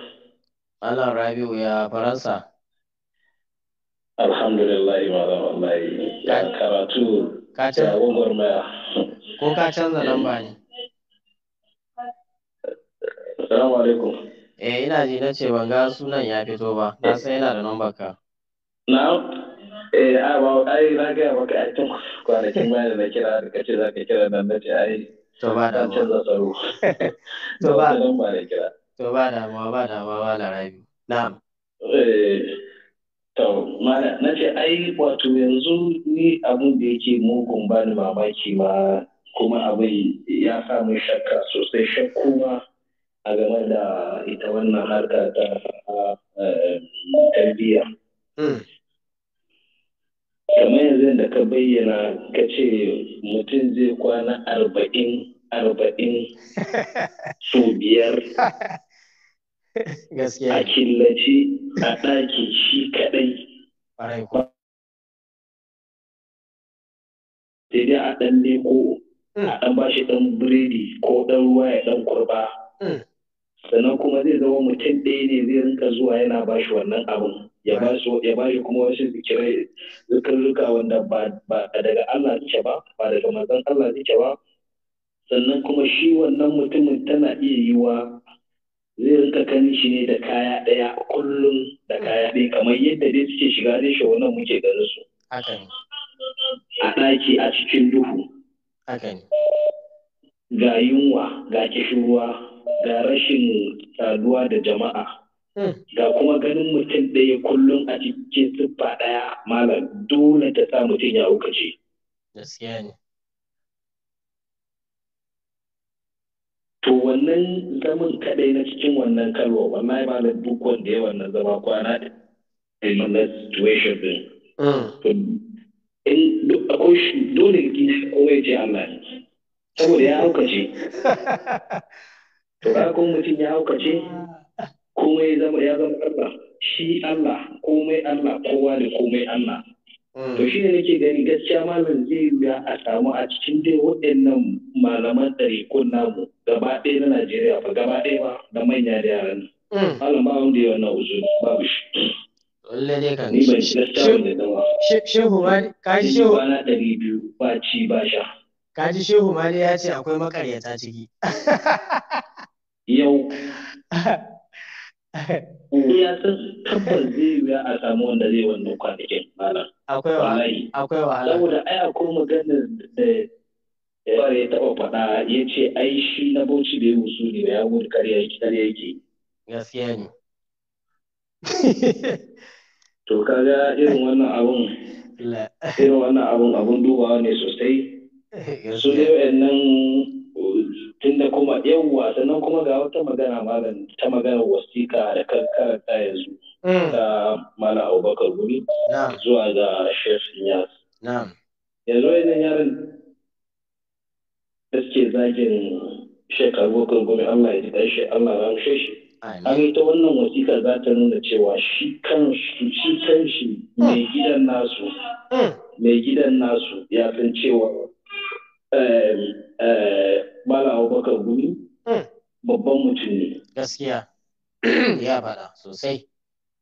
Allah Rabiu ya Faransa. Alhamdulillah malam Yan karatu ka da maya. Ko ka canza lamba ne? Assalamu alaikum. Eh ina ji na ce ban ga sunan ya fito ba, na san yana da nan baka. Na'am. Eh a ba ai na ga maka ai tun kwanakin bayan da na kira da kace za ka kira nan da ce ai to ba da canza tsaro. To ba da lamba da kira. To ba da ma ba da ma ba la rabi. Na'am. Eh To, mana na ce ai wato yanzu ni abin da yake mugun bani mamaki ma kuma abin ya samu shakka sosai shakku ma a game da ita wannan harka ta eh, tarbiyya. Hmm. Kamar yanzu da ka bayyana ka ce mutum zai kwana arba'in arba'in so biyar a killace a ɗaki shi kaɗai sai dai a ɗan neko hmm. a ɗan ba shi ɗan biredi ko ɗan ruwa ya ɗan kurba hmm. sannan kuma zai zama mutum ɗaya ne zai rinka zuwa yana ba shi wannan abin ya ba shi kuma wasu zikirai zikirrika wanda ba daga Allah suke ba ba daga manzon Allah suke ba sannan kuma shi wannan mutumin tana iya yiwa zai rika kan shi ne da kaya ɗaya kullum da kaya ɗaya kamar yadda dai suke shiga zai shi wannan muke gani su a ɗaki a cikin duhu ga yunwa ga kishirwa ga rashin saduwa da jama'a hmm. ga kuma ganin mutum ɗaya kullum a cikin siffa ɗaya malam dole ta sa mutum ya wukace gaskiya ne to wannan zaman kadai na cikin wannan kalwa wallahi ba da duk wanda ya wannan zama kwana da wannan situation din mm. in akwai shi dole ki ne kawai ce Allah ne saboda ya hauka ce. to ba kun mutum ya hauka ce komai ya zama ya zama Allah shi Allah komai Allah kowa da komai Allah Mm. To shi ne nake gani gaskiya malam zai wuya a samu a cikin dai waɗannan malaman kun namu gaba ɗaya na Najeriya ba gaba ɗaya ba da manya da yaran. Mm. Malam ba wanda ya wannan uzuri babu shi. Lalle ne ka Ni shi gaskiya ban Shehu ma ka ji shehu. na ɗari biyu ba ci ba sha. Ka ji shehu ma ya ce akwai makaryata ciki. Yau. Iya eh, tabbas zai wuya a samu wanda zai wannan kwanakin Akwai wahala. Akwai wahala. Saboda ai akwai maganar da ya fara ya taɓa faɗa ya ce ai shi na bauchi bai musu ne ya gudu karya yake karya yake. Gaskiya ne. To kaga irin wannan abun irin wannan abun abun dubawa ne sosai. Su dai wa'annan tunda kuma yawwa sannan kuma ga wata magana malam ta magana wasiƙa da karkarta yanzu mm. ta mala abubakar gumi zuwa ga shef yas yanzu wannan yaran da suke zagin shekaru abubakar gumi allah ya ji shi allah ya shi an yi ta wannan wasiƙa za ta nuna cewa shi kan shi mm. mai gidan nasu mm. mai gidan nasu ya san cewa eh, eh, Mala Abubakar Gumi hmm. babban mutum ne. Gaskiya ya bada sosai.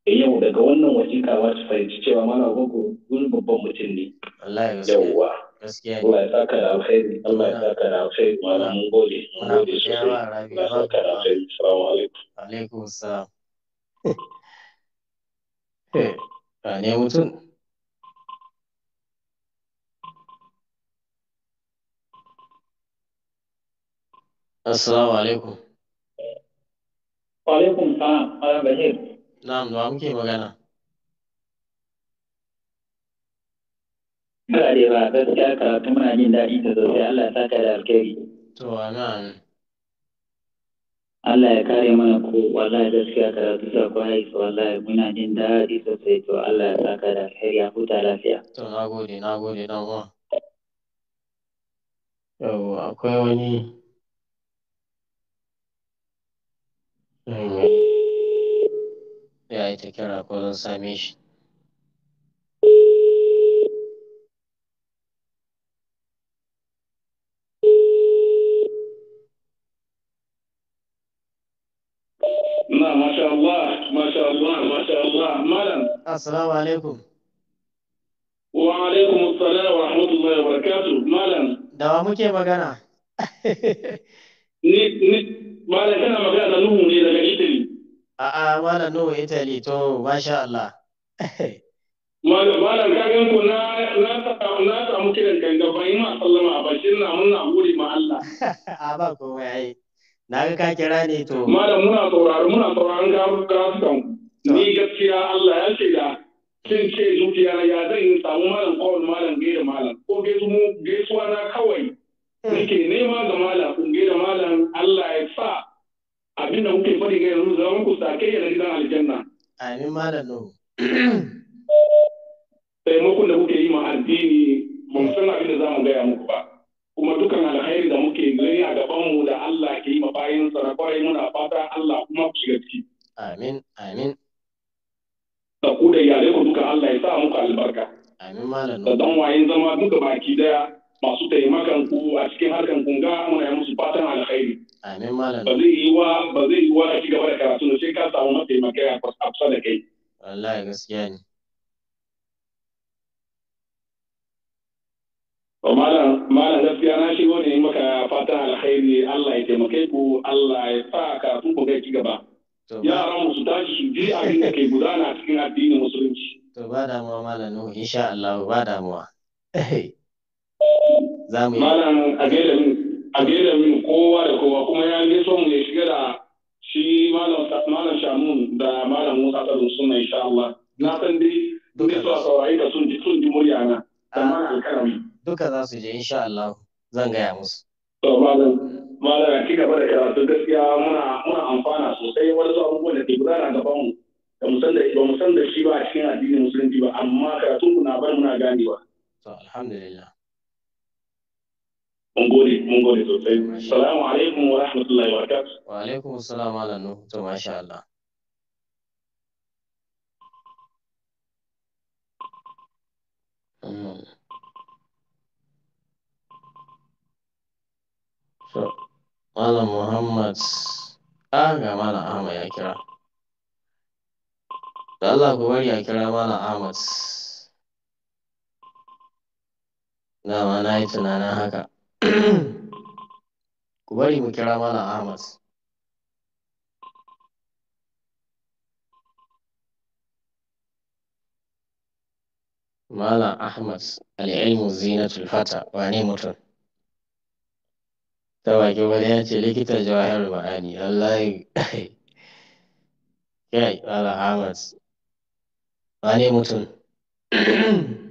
Eh, yau daga wannan wasiƙa ba su fahimci cewa Mala Abubakar Gumi babban mutum ne. Wallahi gaskiya. Yawwa. Gaskiya ne. Allah ya saka da alkhairi. Allah ya saka da alkhairi. Malam mun gode. Mun gode sosai. Allah ya saka da alkhairi. Assalamu alaikum. Alaikum salam. Eh, ne mutum. Assalamu alaikum. Alaikum salam, Ala Bashir. Na'am, da muke magana. Kada dai ba gaskiya karatu muna jin daɗi da sosai Allah ya saka da alkhairi. To anan. Allah ya kare mana ko wallahi gaskiya karatu da kwai wallahi muna jin daɗi sosai to Allah ya saka da alkhairi a huta lafiya. To nagode, nagode dan uwa. Yawwa akwai wani ya yi ta kira ko zan same shi na masha Allah masha Allah masha Allah malam assalamu alaikum wa alaikum assalam wa rahmatullahi wa barakatuh malam da muke magana ni Malam kana magana da Nuhu ne daga Italy. A'a Malam Nuhu Italy to masha Allah. Malam malam ka gan ku na na na samu kiran ganga ba ina sallama a bashin na muna gode ma Allah. A ba komai ai. Na ga ka kira ne to. Malam muna sauraron muna sauraron gafukan. Ni gaskiya Allah ya ce da Kin ce zuciya ya zan samu malam kawai malam gaira malam ko gaisu gaisuwa na kawai. Nake nema ga malam kunge da malam Allah ya sa abinda kuke faɗi ga yanzu zaman ku sake yana gidan aljanna. Amin malam no. Taimakon da kuke yi ma addini mun san abin da za mu gaya muku ba. Kuma dukan alkhairi da muke gani a gabanmu da Allah ke yi ma bayan sa kwarai muna fata Allah kuma ku shiga ciki. Amin amin. Da ku da iyalai ku duka Allah ya sa muku albarka. Amin malam. Da dan wayin zama duka baki daya masu taimakan ku a cikin harkan kunga muna yi musu fatan alkhairi amin malam ba zai yi wa ba zai yi wa a ci gaba da karatu da sai ka samu mataimakai a kusa da kai wallahi gaskiya ne malam malam gaskiya na shigo ne maka fatan alkhairi Allah ya taimake ku Allah ya sa ka tun ku kai gaba yaran mu su tashi su je abin da ke gudana cikin addinin musulunci to ba damuwa malam Nuhu insha Allah ba damuwa za mu malam a gaida min a gaida min kowa da kowa kuma ya gaiso mu ya shiga da shi malam malam shamun da malam musa kadun sunna insha Allah na san dai duka su saurayi da sun ji sun ji murya na amma alkarami ah. duka za su je insha Allah zan gaya musu to malam malam ki gaba da karatu gaskiya muna muna amfana sosai wani abubuwan da ke gudana gaban mu da mu san da ba mu san da shi ba cikin addinin musulunci ba amma karatu na bar muna ganewa to alhamdulillah Mun gode, mun gode sosai. Salamu alaikum wa rahmatullahi wa barakatuh. Wa alaikum salam ala nuhu, to masha Allah. Malam Muhammad a ga Malam Ahmad ya kira. Da Allah ku bari ya kira Malam Ahmad. Dama na yi tunanin haka. ku bari mu kira malam Ahmad Malam Ahmad al'ilmu zinatul fata wane mutum ta baki wani ya ce likita jawahar ma'ani wallahi kai Malam Ahmad wane mutum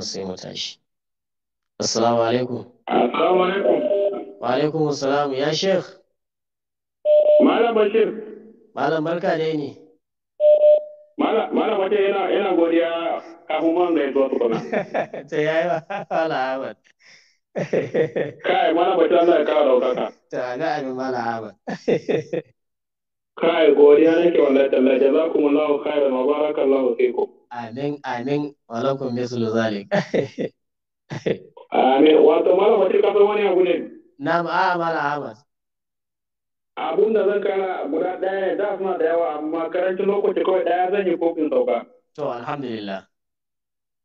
mu sai mu tashi assalamu alaikum assalamu alaikum wa alaikum assalam ya sheikh malam bashir malam barka dai ne malam wace yana yana godiya kafin man da yazo tukuna Ta yayi wala Ahmad kai malam bashir Allah ya kawo daukaka ta na abin malam Ahmad kai godiya nake wallahi tallahi jazakumullahu khairan wa barakallahu fiikum Amin, amin, walakun mislu zalik. Amin, wato mala wata kafin wani abu ne. Na ma'a mala Ahmad. Abun da zan kara guda ɗaya da suna da yawa amma karancin lokaci kawai ɗaya zan yi kofin sauka. To, alhamdulillah.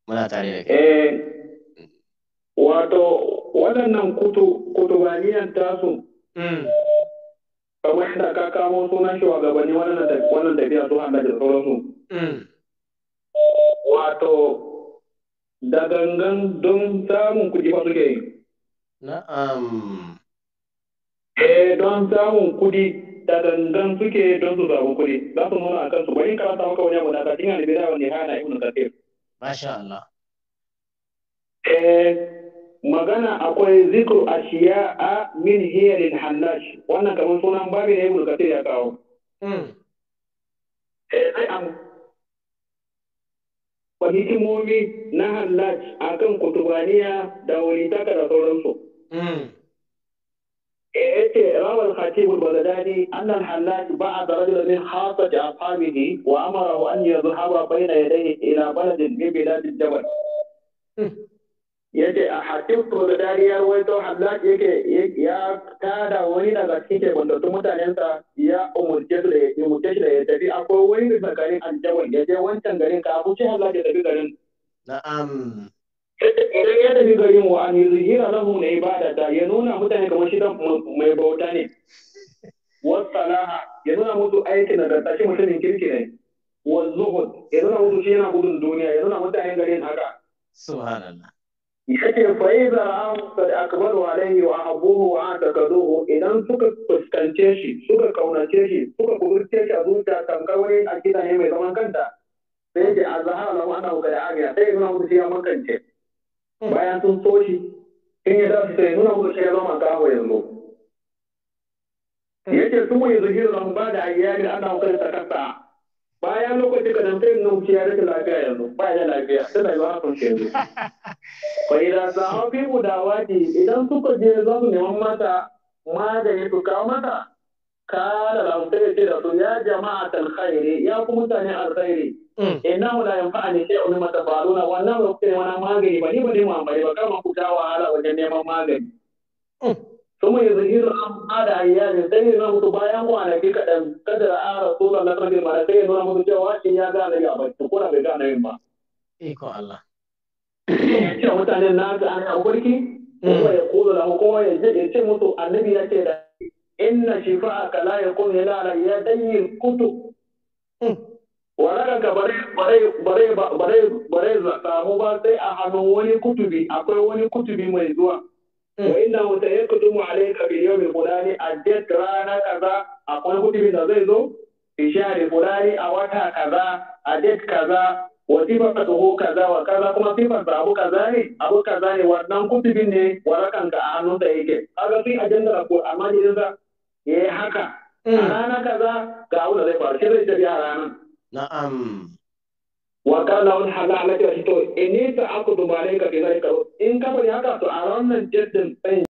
Muna tare da kai. Eh, wato, waɗannan kutu, kutubaniyan tasu. Mm. Kamar yadda ka kamo sunan gabani wannan tafiya su hana da sauransu. Mm. wato da gangan don samun kuɗi ba suke yi. Na'am. Eh don samun kuɗi da gangan suke don su samu kuɗi za su nuna a kansu bari in samu kawai wani abu na kasin a libya ne hana ibn kasir. Masha Allah. Eh magana akwai zikru ashiya a min hiyarin hannash wannan kamar sunan babi ne ibn kasir ya kawo. Hmm. Eh sai hikimomi na Hallaj a kan kutubaniya da walitaka da sauransu. Hmm. E eh, ya ce, Rawar Khatibul Baladani, annan Hallaj ba a zara da min hasa da famili wa amara wa an yanzu haba bai na yadda ila baladin bibi da jabal. Hmm. ya ce a hatim proletari wai to hallak yake ya tada wani daga cikin kebantattun mutanensa ya umurce su da ya umurce shi da ya tafi akwai wani daga garin aljawal ya je wancan garin ka abu ce hallak ya tafi garin na'am idan ya tafi garin wa an yi lahu na ibadata ya nuna mutane kamar shi mai bauta ne wasalaha ya nuna musu aikin da gasashi mutumin kirki ne wa zuhud ya nuna musu shi yana gudun duniya ya nuna mutanen garin haka subhanallah yake fa'iza an kad akbaru alaihi wa abuhu wa zuhu idan suka fuskance shi suka kaunace shi suka kuburce shi a zuciya tamkar wani a gida ne mai zaman kanta sai ce a azhara lahu annahu da amiya sai nuna wani shi ya makance hmm. bayan sun so shi in ya dace sai nuna musu shi ya zama gawo yanzu hmm. yake sun yi zuhiru lahu ba da ayyami annahu da takassa bayan lokaci ka dan kai nuki ya rike lafiya yanzu ba da lafiya tana ba hakan ke yanzu fa idan sa'u da mudawati idan suka je za su neman mata magani su kawo mata da lamta ya ce da su ya jama'a alkhairi ya ku mutane alkhairi mm. inna la yanfa'ani shay'un mimma tafaluna wannan ba ne wani magani ba ni ba ne mu amfani ba kama ku ta wahala wajen neman magani mm. ثم يظهرهم an أيام سيد نمت بايام وانا كي كدن قدر آ رسول الله صلى الله عليه وسلم سيد نمت جواشي يا غانا يا بس bai gane yin ba. Iko Allah. Ina mutane na ga ana gurki kuma ya kula da kuma ya je ya ce mutu annabi ya ce da inna shifa'a kala ya kun ya lara ya danyi kutu waraka bare bare bare samu ba sai a bare wani kutubi akwai wani kutubi mai zuwa wa mm. inna hu sayaqdumu alayka bi yawmi fulani jet rana kaza akwai hutumin da zai zo sha shahri fulani a wata kaza a jet kaza wa tuho kaza wa kaza kuma sifar ba abu kaza ne abu kaza ne wannan kutubin ne warakan ka a hannun da yake kaga sai da ko amma ne ya yi haka mm. a rana kaza ga abu da zai faru ke zai tafi a ranan na'am wa kana wani hala alaka shi to eh, in ta aku dubare ka ke zai karo in kafa bari haka to a ranar jaddin ɗin